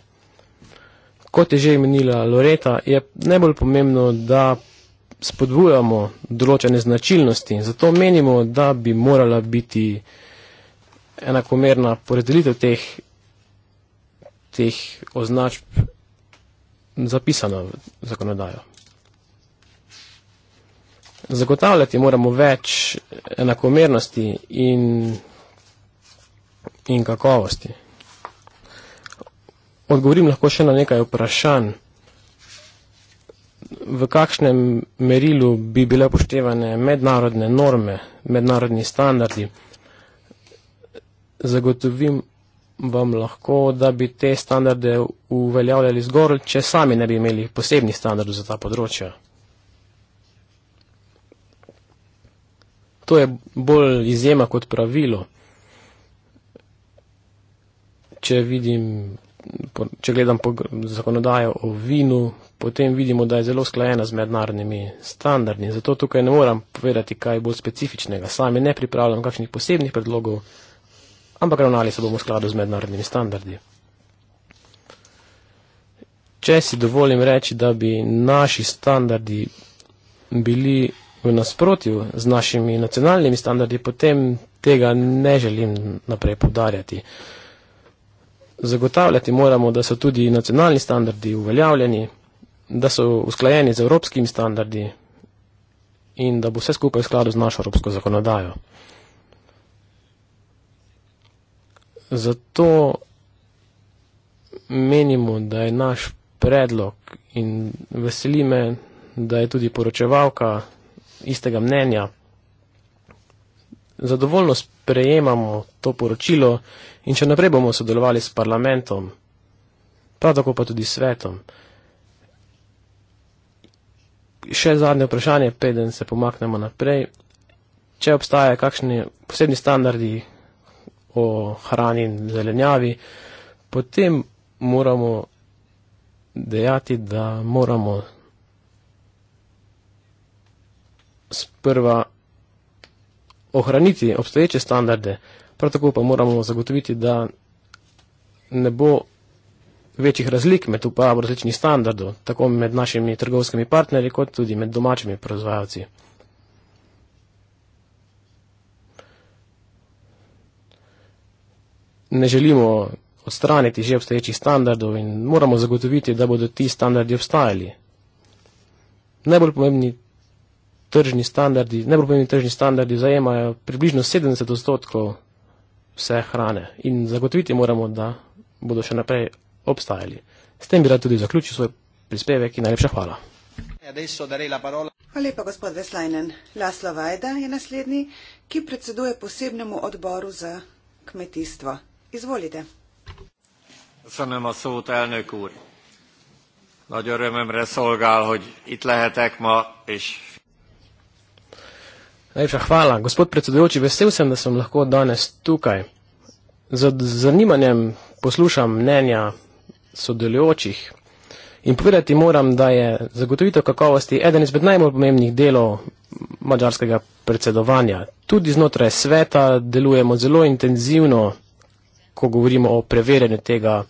Kot je že imenila Loreta, je najbolj pomembno, da spodbujamo določene značilnosti in zato menimo, da bi morala biti enakomerna porazdelitev teh, teh označb zapisana v zakonodajo. Zagotavljati moramo več enakomernosti in, in kakovosti. Odgovorim lahko še na nekaj vprašanj v kakšnem merilu bi bile poštevane mednarodne norme, mednarodni standardi. Zagotovim vam lahko, da bi te standarde uveljavljali zgor, če sami ne bi imeli posebnih standardov za ta področja. To je bolj izjema kot pravilo. Če vidim če gledam po zakonodajo o vinu, potem vidimo, da je zelo sklajena z mednarodnimi standardi. Zato tukaj ne moram povedati, kaj je bolj specifičnega. Sami ne pripravljam kakšnih posebnih predlogov, ampak ravnali se bomo v skladu z mednarodnimi standardi. Če si dovolim reči, da bi naši standardi bili v nasprotju z našimi nacionalnimi standardi, potem tega ne želim naprej podarjati. Uh, Zagotavljati moramo, da so tudi nacionalni standardi uveljavljeni, da so usklajeni z evropskimi standardi in da bo vse skupaj v skladu z našo evropsko zakonodajo. Zato menimo, da je naš predlog in veseli me, da je tudi poročevalka istega mnenja zadovoljno sprejemamo to poročilo in še naprej bomo sodelovali s parlamentom, prav tako pa tudi svetom. Še zadnje vprašanje, preden se pomaknemo naprej. Če obstaja kakšni posebni standardi o hrani in zelenjavi, potem moramo dejati, da moramo sprva ohraniti obstoječe standarde, prav tako pa moramo zagotoviti, da ne bo večjih razlik med uporabo različnih standardov, tako med našimi trgovskimi partnerji, kot tudi med domačimi proizvajalci. Ne želimo odstraniti že obstoječih standardov in moramo zagotoviti, da bodo ti standardi obstajali. Najbolj pomembni tržni standardi, neprofitni tržni standardi zajemajo približno 70 odstotkov vse hrane in zagotoviti moramo, da bodo še naprej obstajali. S tem bi rad tudi zaključil svoj prispevek in najlepša hvala. Hvala lepa, gospod Veslajnen. Laslo Vajda je naslednji, ki predseduje posebnemu odboru za kmetijstvo. Izvolite. Nagyon örömömre szolgál, hogy itt lehetek ma, és Najlepša hvala. Gospod predsedujoči, vesel sem, da sem lahko danes tukaj. Z zanimanjem poslušam mnenja sodelujočih in povedati moram, da je zagotovitev kakovosti eden izmed najbolj pomembnih delov mačarskega predsedovanja. Tudi znotraj sveta delujemo zelo intenzivno, ko govorimo o preverjanju tega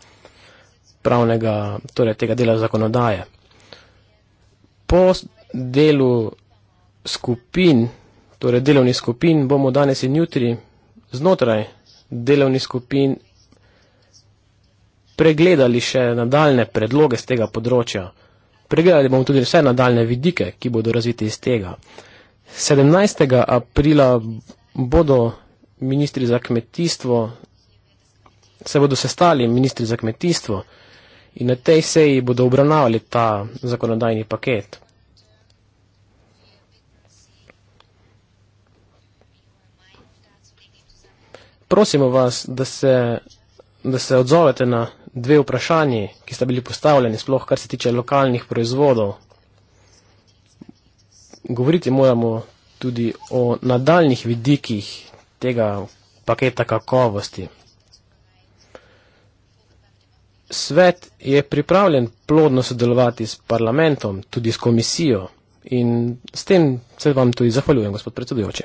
pravnega, torej tega dela zakonodaje. Po delu skupin torej delovnih skupin, bomo danes in jutri znotraj delovnih skupin pregledali še nadaljne predloge z tega področja. Pregledali bomo tudi vse nadaljne vidike, ki bodo razviti iz tega. 17. aprila bodo ministri za kmetijstvo, se bodo sestali ministri za kmetijstvo in na tej seji bodo obravnavali ta zakonodajni paket. prosimo vas, da se, da se odzovete na dve vprašanje, ki sta bili postavljeni, sploh kar se tiče lokalnih proizvodov. Govoriti moramo tudi o nadaljnih vidikih tega paketa kakovosti. Svet je pripravljen plodno sodelovati s parlamentom, tudi s komisijo in s tem se vam tudi zahvaljujem, gospod predsedujoči.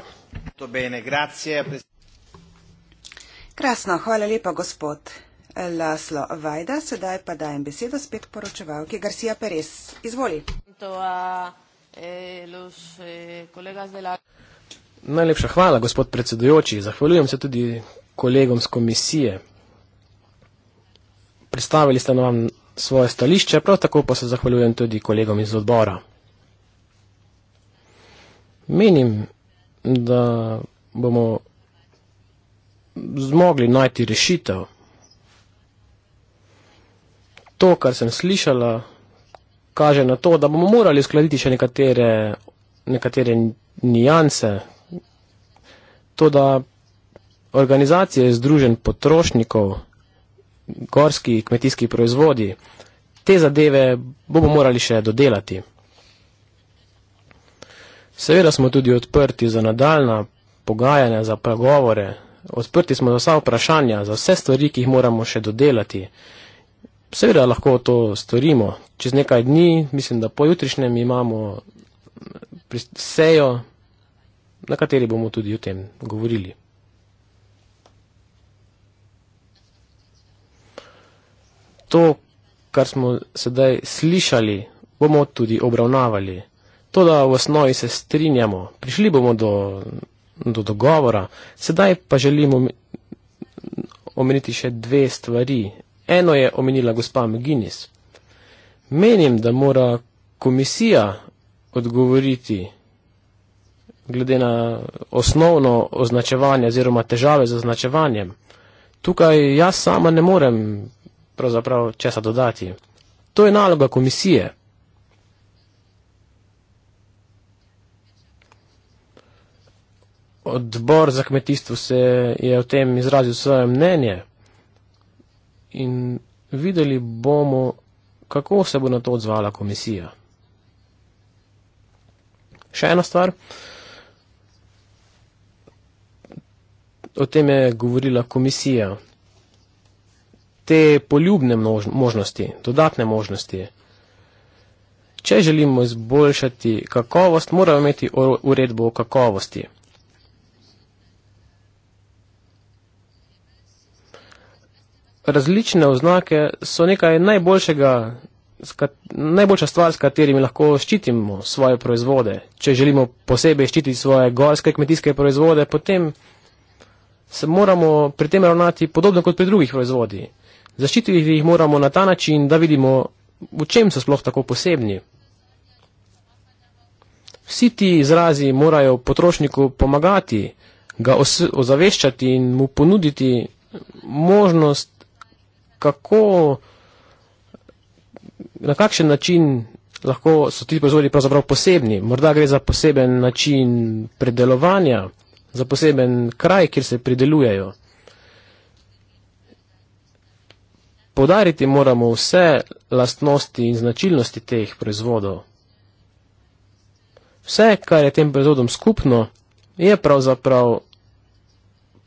Krasno, hvala lepa, gospod Laslo Vajda. Sedaj pa dajem besedo spet poročevalki Garcia Perez. Izvoli. Najlepša hvala, gospod predsedujoči. Zahvaljujem se tudi kolegom z komisije. Predstavili ste nam svoje stališče, prav tako pa se zahvaljujem tudi kolegom iz odbora. Menim, da bomo zmogli najti rešitev. To, kar sem slišala, kaže na to, da bomo morali uskladiti še nekatere, nekatere nijanse. To, da organizacije združen potrošnikov, gorski kmetijski proizvodi, te zadeve bomo morali še dodelati. Seveda smo tudi odprti za nadaljna pogajanja, za pregovore, odprti smo za vsa vprašanja, za vse stvari, ki jih moramo še dodelati. Seveda lahko to storimo. Čez nekaj dni, mislim, da pojutrišnjem imamo mm, sejo, na kateri bomo tudi o tem govorili. To, kar smo sedaj slišali, bomo tudi obravnavali. To, da v osnovi se strinjamo, prišli bomo do do dogovora. Sedaj pa želim omeniti še dve stvari. Eno je omenila gospa McGuinness. Menim, da mora komisija odgovoriti glede na osnovno označevanje oziroma težave z označevanjem. Tukaj jaz sama ne morem pravzaprav česa dodati. To je naloga komisije. odbor za kmetijstvo se je o tem izrazil svoje mnenje in videli bomo, kako se bo na to odzvala komisija. Še ena stvar. O tem je govorila komisija. Te poljubne možnosti, dodatne možnosti. Če želimo izboljšati kakovost, moramo imeti uredbo o kakovosti. različne oznake so nekaj najboljšega, najboljša stvar, s katerimi lahko ščitimo svoje proizvode. Če želimo posebej ščititi svoje gorske kmetijske proizvode, potem se moramo pri tem ravnati podobno kot pri drugih proizvodih. Zaščititi jih moramo na ta način, da vidimo, v čem so sploh tako posebni. Vsi ti izrazi morajo potrošniku pomagati, ga ozaveščati in mu ponuditi možnost kako, na kakšen način lahko so ti proizvodi pravzaprav posebni. Morda gre za poseben način predelovanja, za poseben kraj, kjer se pridelujejo. Podariti moramo vse lastnosti in značilnosti teh proizvodov. Vse, kar je tem proizvodom skupno, je pravzaprav,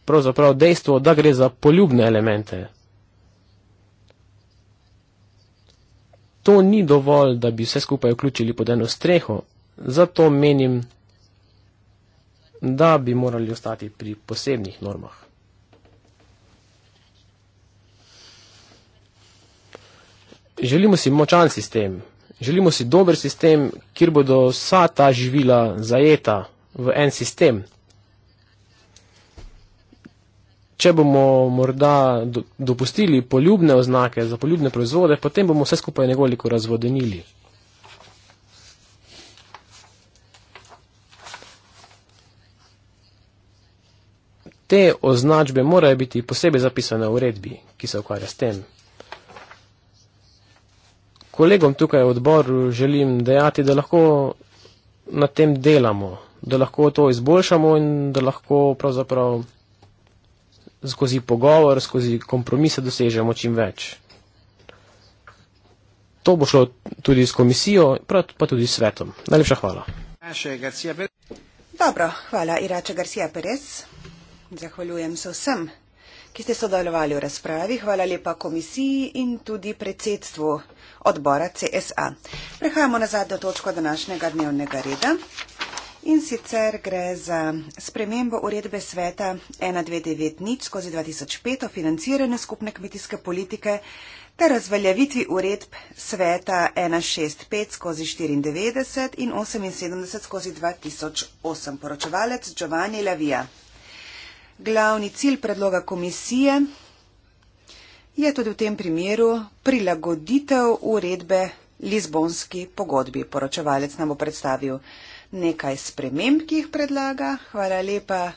pravzaprav dejstvo, da gre za poljubne elemente. to ni dovolj, da bi vse skupaj vključili pod eno streho, zato menim, da bi morali ostati pri posebnih normah. Želimo si močan sistem, želimo si dober sistem, kjer bodo vsa ta živila zajeta v en sistem če bomo morda dopustili poljubne oznake za poljubne proizvode, potem bomo vse skupaj nekoliko razvodenili. Te označbe morajo biti posebej zapisane v uredbi, ki se ukvarja s tem. Kolegom tukaj v odboru želim dejati, da lahko na tem delamo, da lahko to izboljšamo in da lahko pravzaprav skozi pogovor, skozi kompromise dosežemo čim več. To bo šlo tudi s komisijo, pa tudi s svetom. Najlepša hvala. Dobro, hvala Irače Garcia Perez. Zahvaljujem se vsem, ki ste sodelovali v razpravi. Hvala lepa komisiji in tudi predsedstvu odbora CSA. Prehajamo na zadnjo točko današnjega dnevnega reda. In sicer gre za spremembo uredbe sveta 1290 skozi 2005 o financiranju skupne kmetijske politike ter razveljavitvi uredb sveta 165 skozi 94 in 78 skozi 2008. Poročevalec Giovanni Lavia. Glavni cilj predloga komisije je tudi v tem primeru prilagoditev uredbe Lizbonski pogodbi. Poročevalec nam bo predstavil nekaj sprememb, ki jih predlaga. Hvala lepa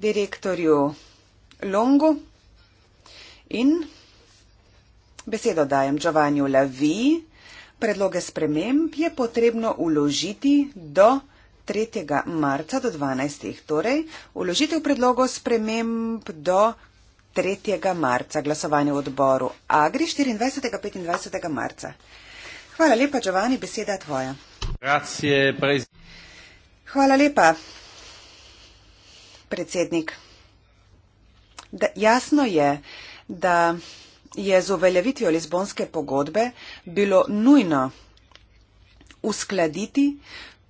direktorju Longu. In besedo dajem Giovanniu Lavi. Predloge sprememb je potrebno uložiti do 3. marca do 12. Torej, uložitev predlogov sprememb do 3. marca. Glasovanje v odboru Agri 24. 25. marca. Hvala lepa, Giovanni, beseda tvoja. Grazie, prezident. Hvala lepa, predsednik. Da, jasno je, da je z uveljavitvijo Lizbonske pogodbe bilo nujno uskladiti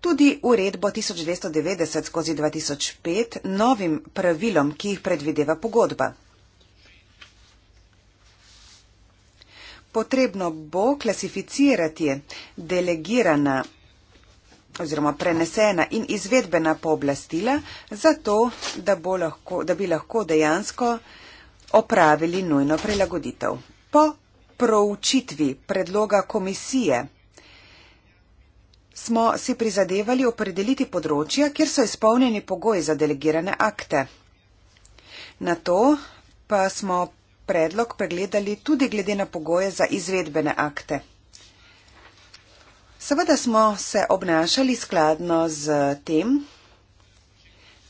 tudi uredbo 1990 skozi 2005 novim pravilom, ki jih predvideva pogodba. Potrebno bo klasificirati delegirana oziroma prenesena in izvedbena pooblastila, zato da, bo lahko, da bi lahko dejansko opravili nujno prilagoditev. Po proučitvi predloga komisije smo si prizadevali opredeliti področja, kjer so izpolnjeni pogoji za delegirane akte. Na to pa smo predlog pregledali tudi glede na pogoje za izvedbene akte. Seveda smo se obnašali skladno z tem,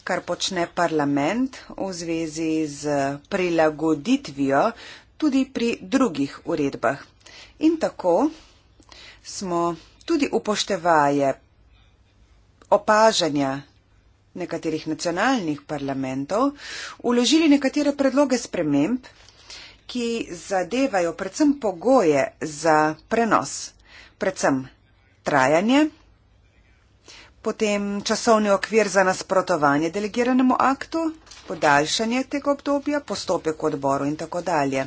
kar počne parlament v zvezi z prilagoditvijo tudi pri drugih uredbah. In tako smo tudi upoštevaje opažanja nekaterih nacionalnih parlamentov uložili nekatere predloge sprememb, ki zadevajo predvsem pogoje za prenos, predvsem trajanje, potem časovni okvir za nasprotovanje delegiranemu aktu, podaljšanje tega obdobja, postopek odboru in tako dalje.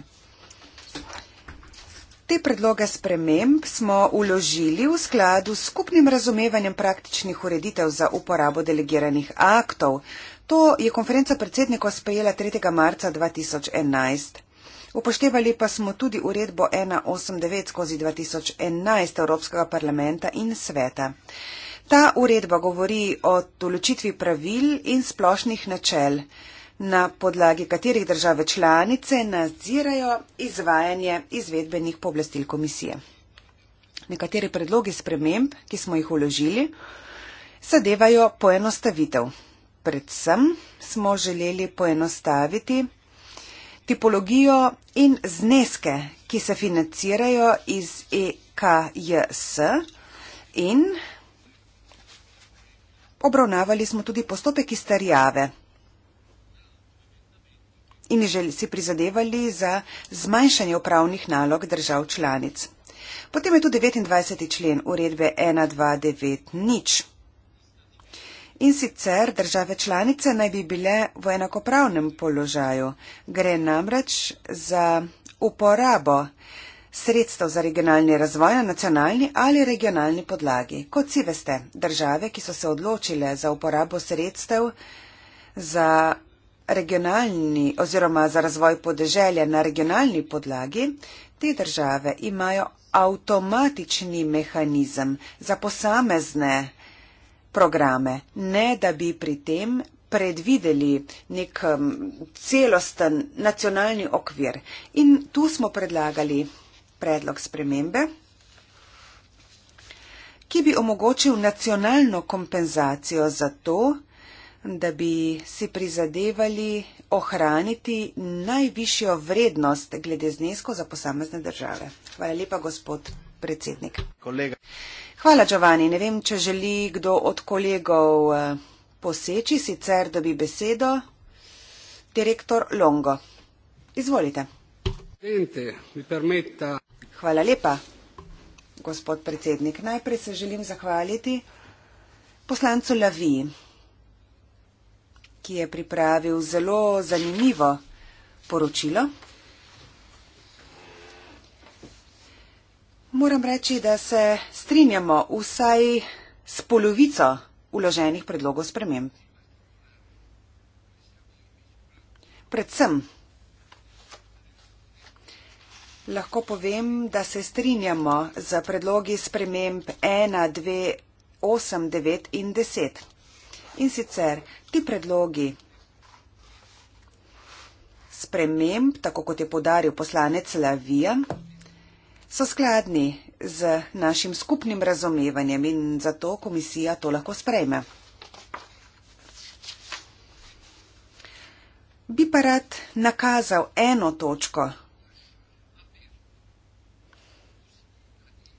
Te predloge sprememb smo uložili v skladu s skupnim razumevanjem praktičnih ureditev za uporabo delegiranih aktov. To je konferenca predsednikov sprejela 3. marca 2011. Upoštevali pa smo tudi uredbo 189-2011 Evropskega parlamenta in sveta. Ta uredba govori o določitvi pravil in splošnih načel, na podlagi katerih države članice nadzirajo izvajanje izvedbenih pooblastil komisije. Nekateri predlogi sprememb, ki smo jih uložili, zadevajo poenostavitev. Predvsem smo želeli poenostaviti tipologijo in zneske, ki se financirajo iz EKJS in obravnavali smo tudi postopek izterjave in si prizadevali za zmanjšanje upravnih nalog držav članic. Potem je tudi 29. člen uredbe 1290. In sicer države članice naj bi bile v enakopravnem položaju. Gre namreč za uporabo sredstev za regionalni razvoj na nacionalni ali regionalni podlagi. Kot si veste, države, ki so se odločile za uporabo sredstev za regionalni oziroma za razvoj podeželja na regionalni podlagi, te države imajo avtomatični mehanizem za posamezne programe, ne da bi pri tem predvideli nek um, celosten nacionalni okvir. In tu smo predlagali predlog spremembe, ki bi omogočil nacionalno kompenzacijo za to, da bi si prizadevali ohraniti najvišjo vrednost glede znesko za posamezne države. Hvala lepa, gospod predsednik. Kolega. Hvala, Giovanni. Ne vem, če želi kdo od kolegov eh, poseči, sicer dobi besedo. Direktor Longo. Izvolite. Hvala lepa, gospod predsednik. Najprej se želim zahvaliti poslancu Lavi, ki je pripravil zelo zanimivo poročilo. Moram reči, da se strinjamo vsaj s polovico uloženih predlogov sprememb. Predvsem lahko povem, da se strinjamo z predlogi sprememb 1, 2, 8, 9 in 10. In sicer ti predlogi sprememb, tako kot je podaril poslanec Lavija, so skladni z našim skupnim razumevanjem in zato komisija to lahko sprejme. Bi pa rad nakazal eno točko,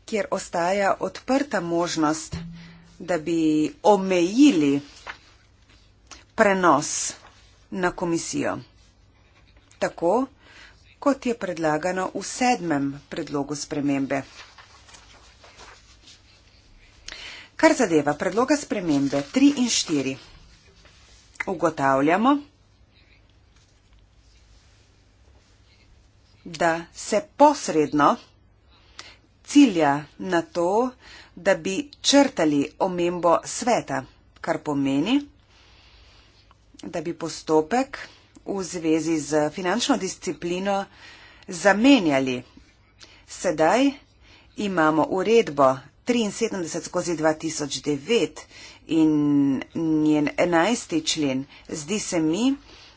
kjer ostaja odprta možnost, da bi omejili prenos na komisijo. Tako, kot je predlagano v sedmem predlogu spremembe. Kar zadeva predloga spremembe 3 in 4, ugotavljamo, da se posredno cilja na to, da bi črtali omembo sveta, kar pomeni, da bi postopek v zvezi z finančno disciplino zamenjali. Sedaj imamo uredbo 73 skozi 2009 in njen 11. člen. Zdi se mi,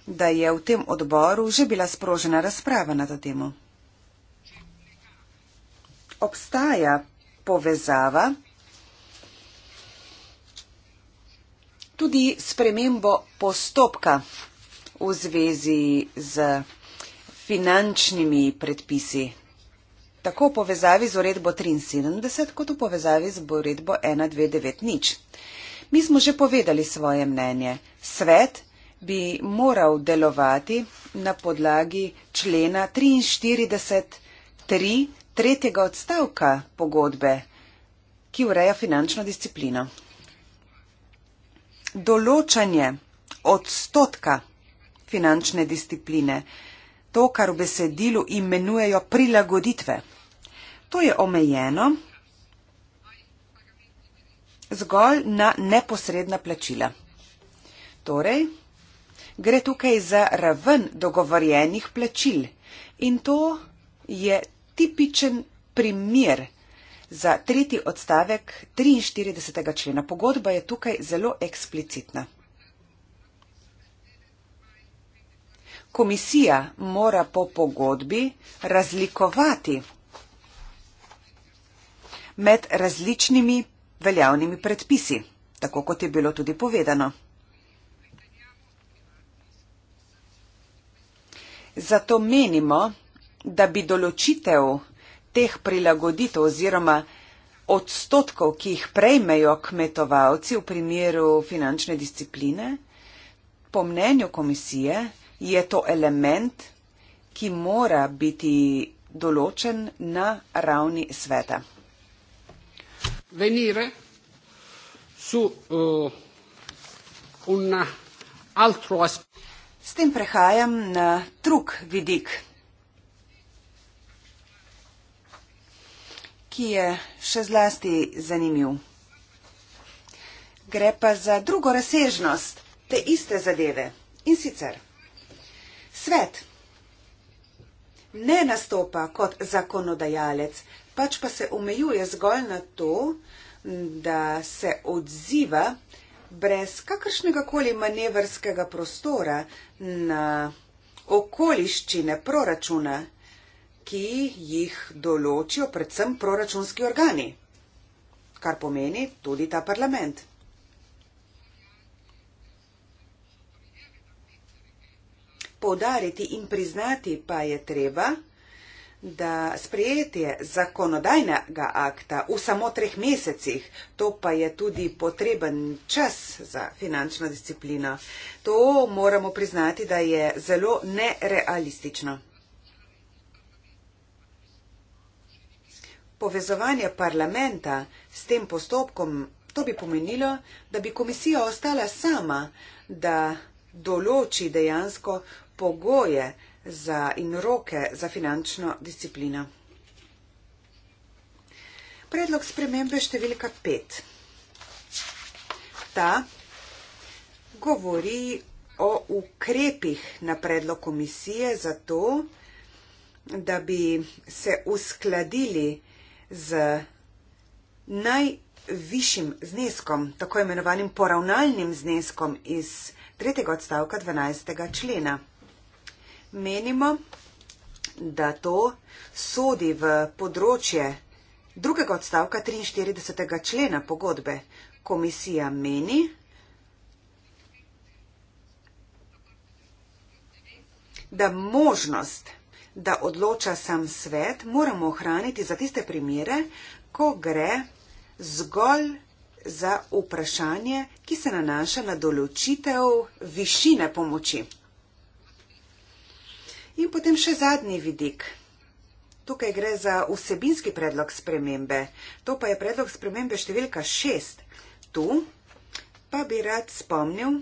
da je v tem odboru že bila sprožena razprava na to temo. Obstaja povezava tudi spremembo postopka v zvezi z finančnimi predpisi, tako v povezavi z uredbo 73, kot v povezavi z uredbo 1290. Mi smo že povedali svoje mnenje. Svet bi moral delovati na podlagi člena 43.3. tretjega odstavka pogodbe, ki ureja finančno disciplino. Določanje odstotka finančne discipline, to, kar v besedilu imenujejo prilagoditve. To je omejeno zgolj na neposredna plačila. Torej, gre tukaj za raven dogovorjenih plačil in to je tipičen primer za tretji odstavek 43. člena. Pogodba je tukaj zelo eksplicitna. Komisija mora po pogodbi razlikovati med različnimi veljavnimi predpisi, tako kot je bilo tudi povedano. Zato menimo, da bi določitev teh prilagoditev oziroma odstotkov, ki jih prejmejo kmetovalci v primeru finančne discipline, po mnenju komisije, je to element, ki mora biti določen na ravni sveta. Venire su uh, un altro aspetto. S tem prehajam na drug vidik, ki je še zlasti zanimiv. Gre pa za drugo razsežnost te iste zadeve in sicer. Svet ne nastopa kot zakonodajalec, pač pa se omejuje zgolj na to, da se odziva brez kakršnega koli manevrskega prostora na okoliščine proračuna, ki jih določijo predvsem proračunski organi, kar pomeni tudi ta parlament. Poudariti in priznati pa je treba, da sprejetje zakonodajnega akta v samo treh mesecih, to pa je tudi potreben čas za finančno disciplino, to moramo priznati, da je zelo nerealistično. Povezovanje parlamenta s tem postopkom, to bi pomenilo, da bi komisija ostala sama, da določi dejansko pogoje za in roke za finančno disciplino. Predlog spremembe številka 5. Ta govori o ukrepih na predlog komisije za to, da bi se uskladili z najvišjim zneskom, tako imenovanim poravnalnim zneskom iz tretjega odstavka 12. člena menimo, da to sodi v področje drugega odstavka 43. člena pogodbe. Komisija meni, da možnost, da odloča sam svet, moramo ohraniti za tiste primere, ko gre zgolj za vprašanje, ki se nanaša na določitev višine pomoči. In potem še zadnji vidik. Tukaj gre za vsebinski predlog spremembe. To pa je predlog spremembe številka šest. Tu pa bi rad spomnil,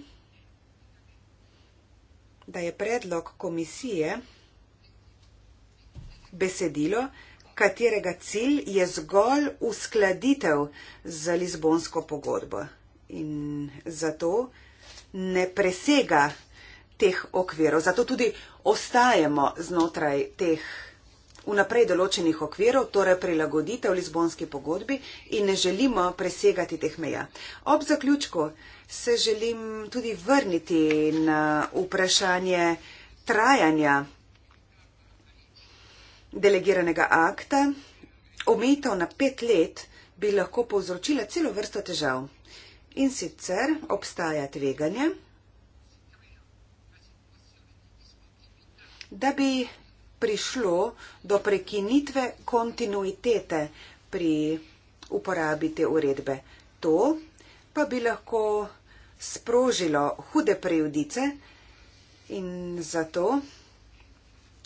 da je predlog komisije besedilo, katerega cilj je zgolj uskladitev z Lizbonsko pogodbo. In zato ne presega teh okvirov. Zato tudi ostajamo znotraj teh vnaprej določenih okvirov, torej prilagoditev Lizbonski pogodbi in ne želimo presegati teh meja. Ob zaključku se želim tudi vrniti na vprašanje trajanja delegiranega akta. Omejitev na pet let bi lahko povzročila celo vrsto težav. In sicer obstaja tveganje, da bi prišlo do prekinitve kontinuitete pri uporabi te uredbe. To pa bi lahko sprožilo hude prejudice in zato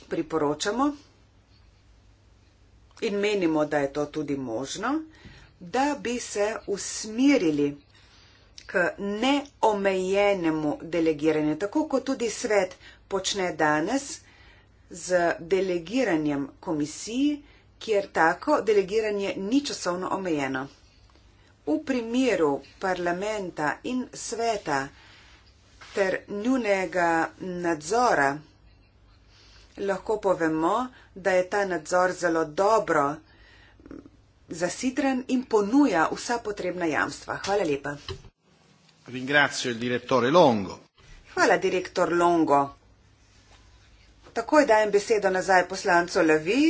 priporočamo in menimo, da je to tudi možno, da bi se usmirili k neomejenemu delegiranju, tako kot tudi svet počne danes, z delegiranjem komisiji, kjer tako delegiranje ni časovno omejeno. V primeru parlamenta in sveta ter njunega nadzora lahko povemo, da je ta nadzor zelo dobro zasidren in ponuja vsa potrebna jamstva. Hvala lepa. Ringrazio il direttore Longo. Hvala, direktor Longo. Takoj dajem besedo nazaj poslancu Lavi.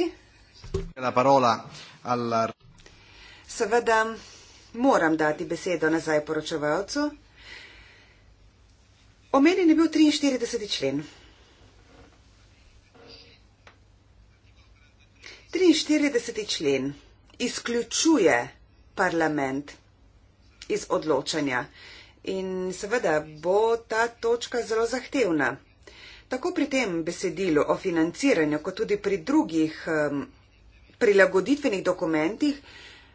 Seveda moram dati besedo nazaj poročevalcu. Omenjen je bil 43. člen. 43. člen izključuje parlament iz odločanja in seveda bo ta točka zelo zahtevna tako pri tem besedilu o financiranju, kot tudi pri drugih um, prilagoditvenih dokumentih,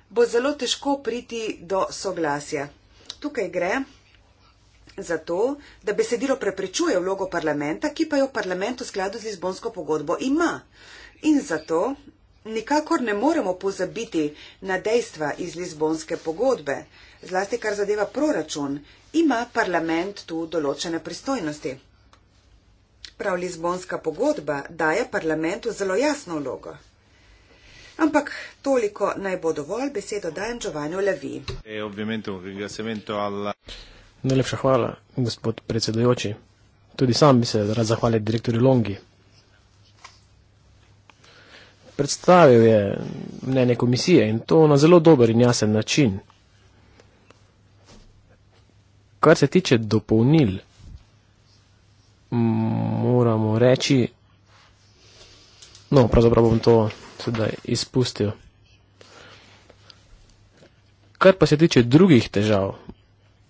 bo zelo težko priti do soglasja. Tukaj gre za to, da besedilo preprečuje vlogo parlamenta, ki pa jo parlament v skladu z Lizbonsko pogodbo ima. In zato nikakor ne moremo pozabiti na dejstva iz Lizbonske pogodbe, zlasti kar zadeva proračun, ima parlament tu določene pristojnosti. Prav Lizbonska pogodba daje parlamentu zelo jasno vlogo. Ampak toliko naj bo dovolj, besedo dajem Giovanniu Levi. E, Najlepša hvala, gospod predsedujoči. Tudi sam bi se rad zahvalil direktorju Longi. Predstavil je mnenje komisije in to na zelo dober in jasen način. Kar se tiče dopolnil moramo reči, no, pravzaprav bom to sedaj izpustil. Kar pa se tiče drugih težav,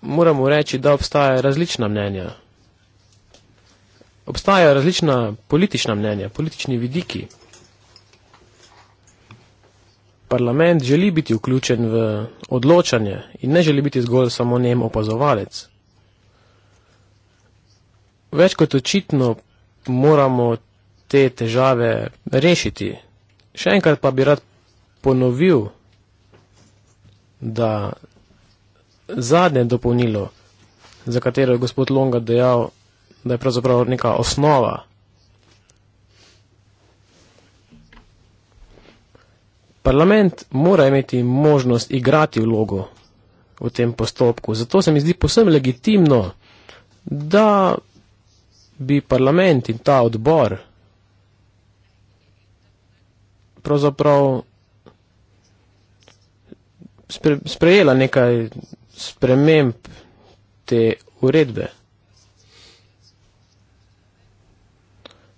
moramo reči, da obstajajo različna mnenja. Obstajajo različna politična mnenja, politični vidiki. Parlament želi biti vključen v odločanje in ne želi biti zgolj samo nem opazovalec. Več kot očitno moramo te težave rešiti. Še enkrat pa bi rad ponovil, da zadnje dopolnilo, za katero je gospod Longa dejal, da je pravzaprav neka osnova, Parlament mora imeti možnost igrati vlogo v tem postopku. Zato se mi zdi posebno legitimno, da bi parlament in ta odbor pravzaprav spre, sprejela nekaj sprememb te uredbe.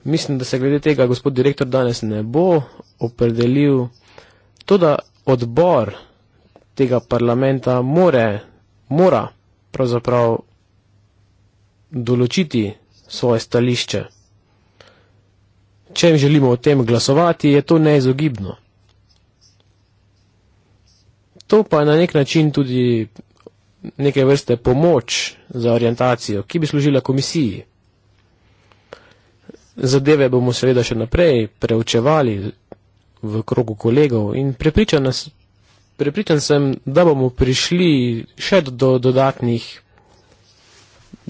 Mislim, da se glede tega gospod direktor danes ne bo opredelil. To, da odbor tega parlamenta more, mora pravzaprav določiti svoje stališče. Čem želimo o tem glasovati, je to neizogibno. To pa je na nek način tudi neke vrste pomoč za orientacijo, ki bi služila komisiji. Zadeve bomo seveda še naprej preučevali v krogu kolegov in prepričan, nas, prepričan sem, da bomo prišli še do dodatnih. Do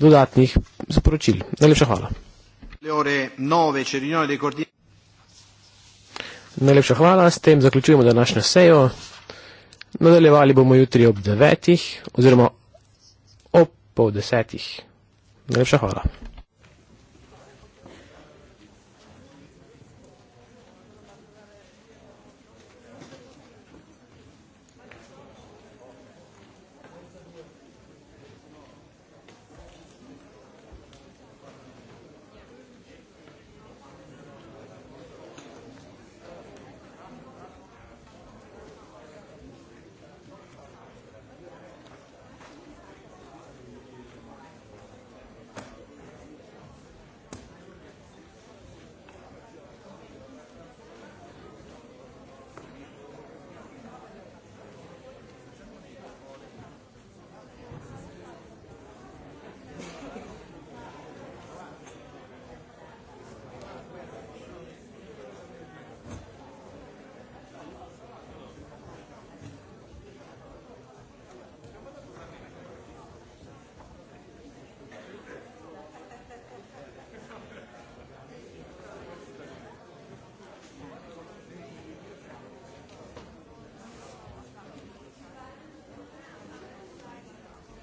dodatnih sporočil. Najlepša hvala. Najlepša hvala, s tem zaključujemo današnjo sejo. Nadaljevali bomo jutri ob devetih oziroma ob pol desetih. Najlepša hvala.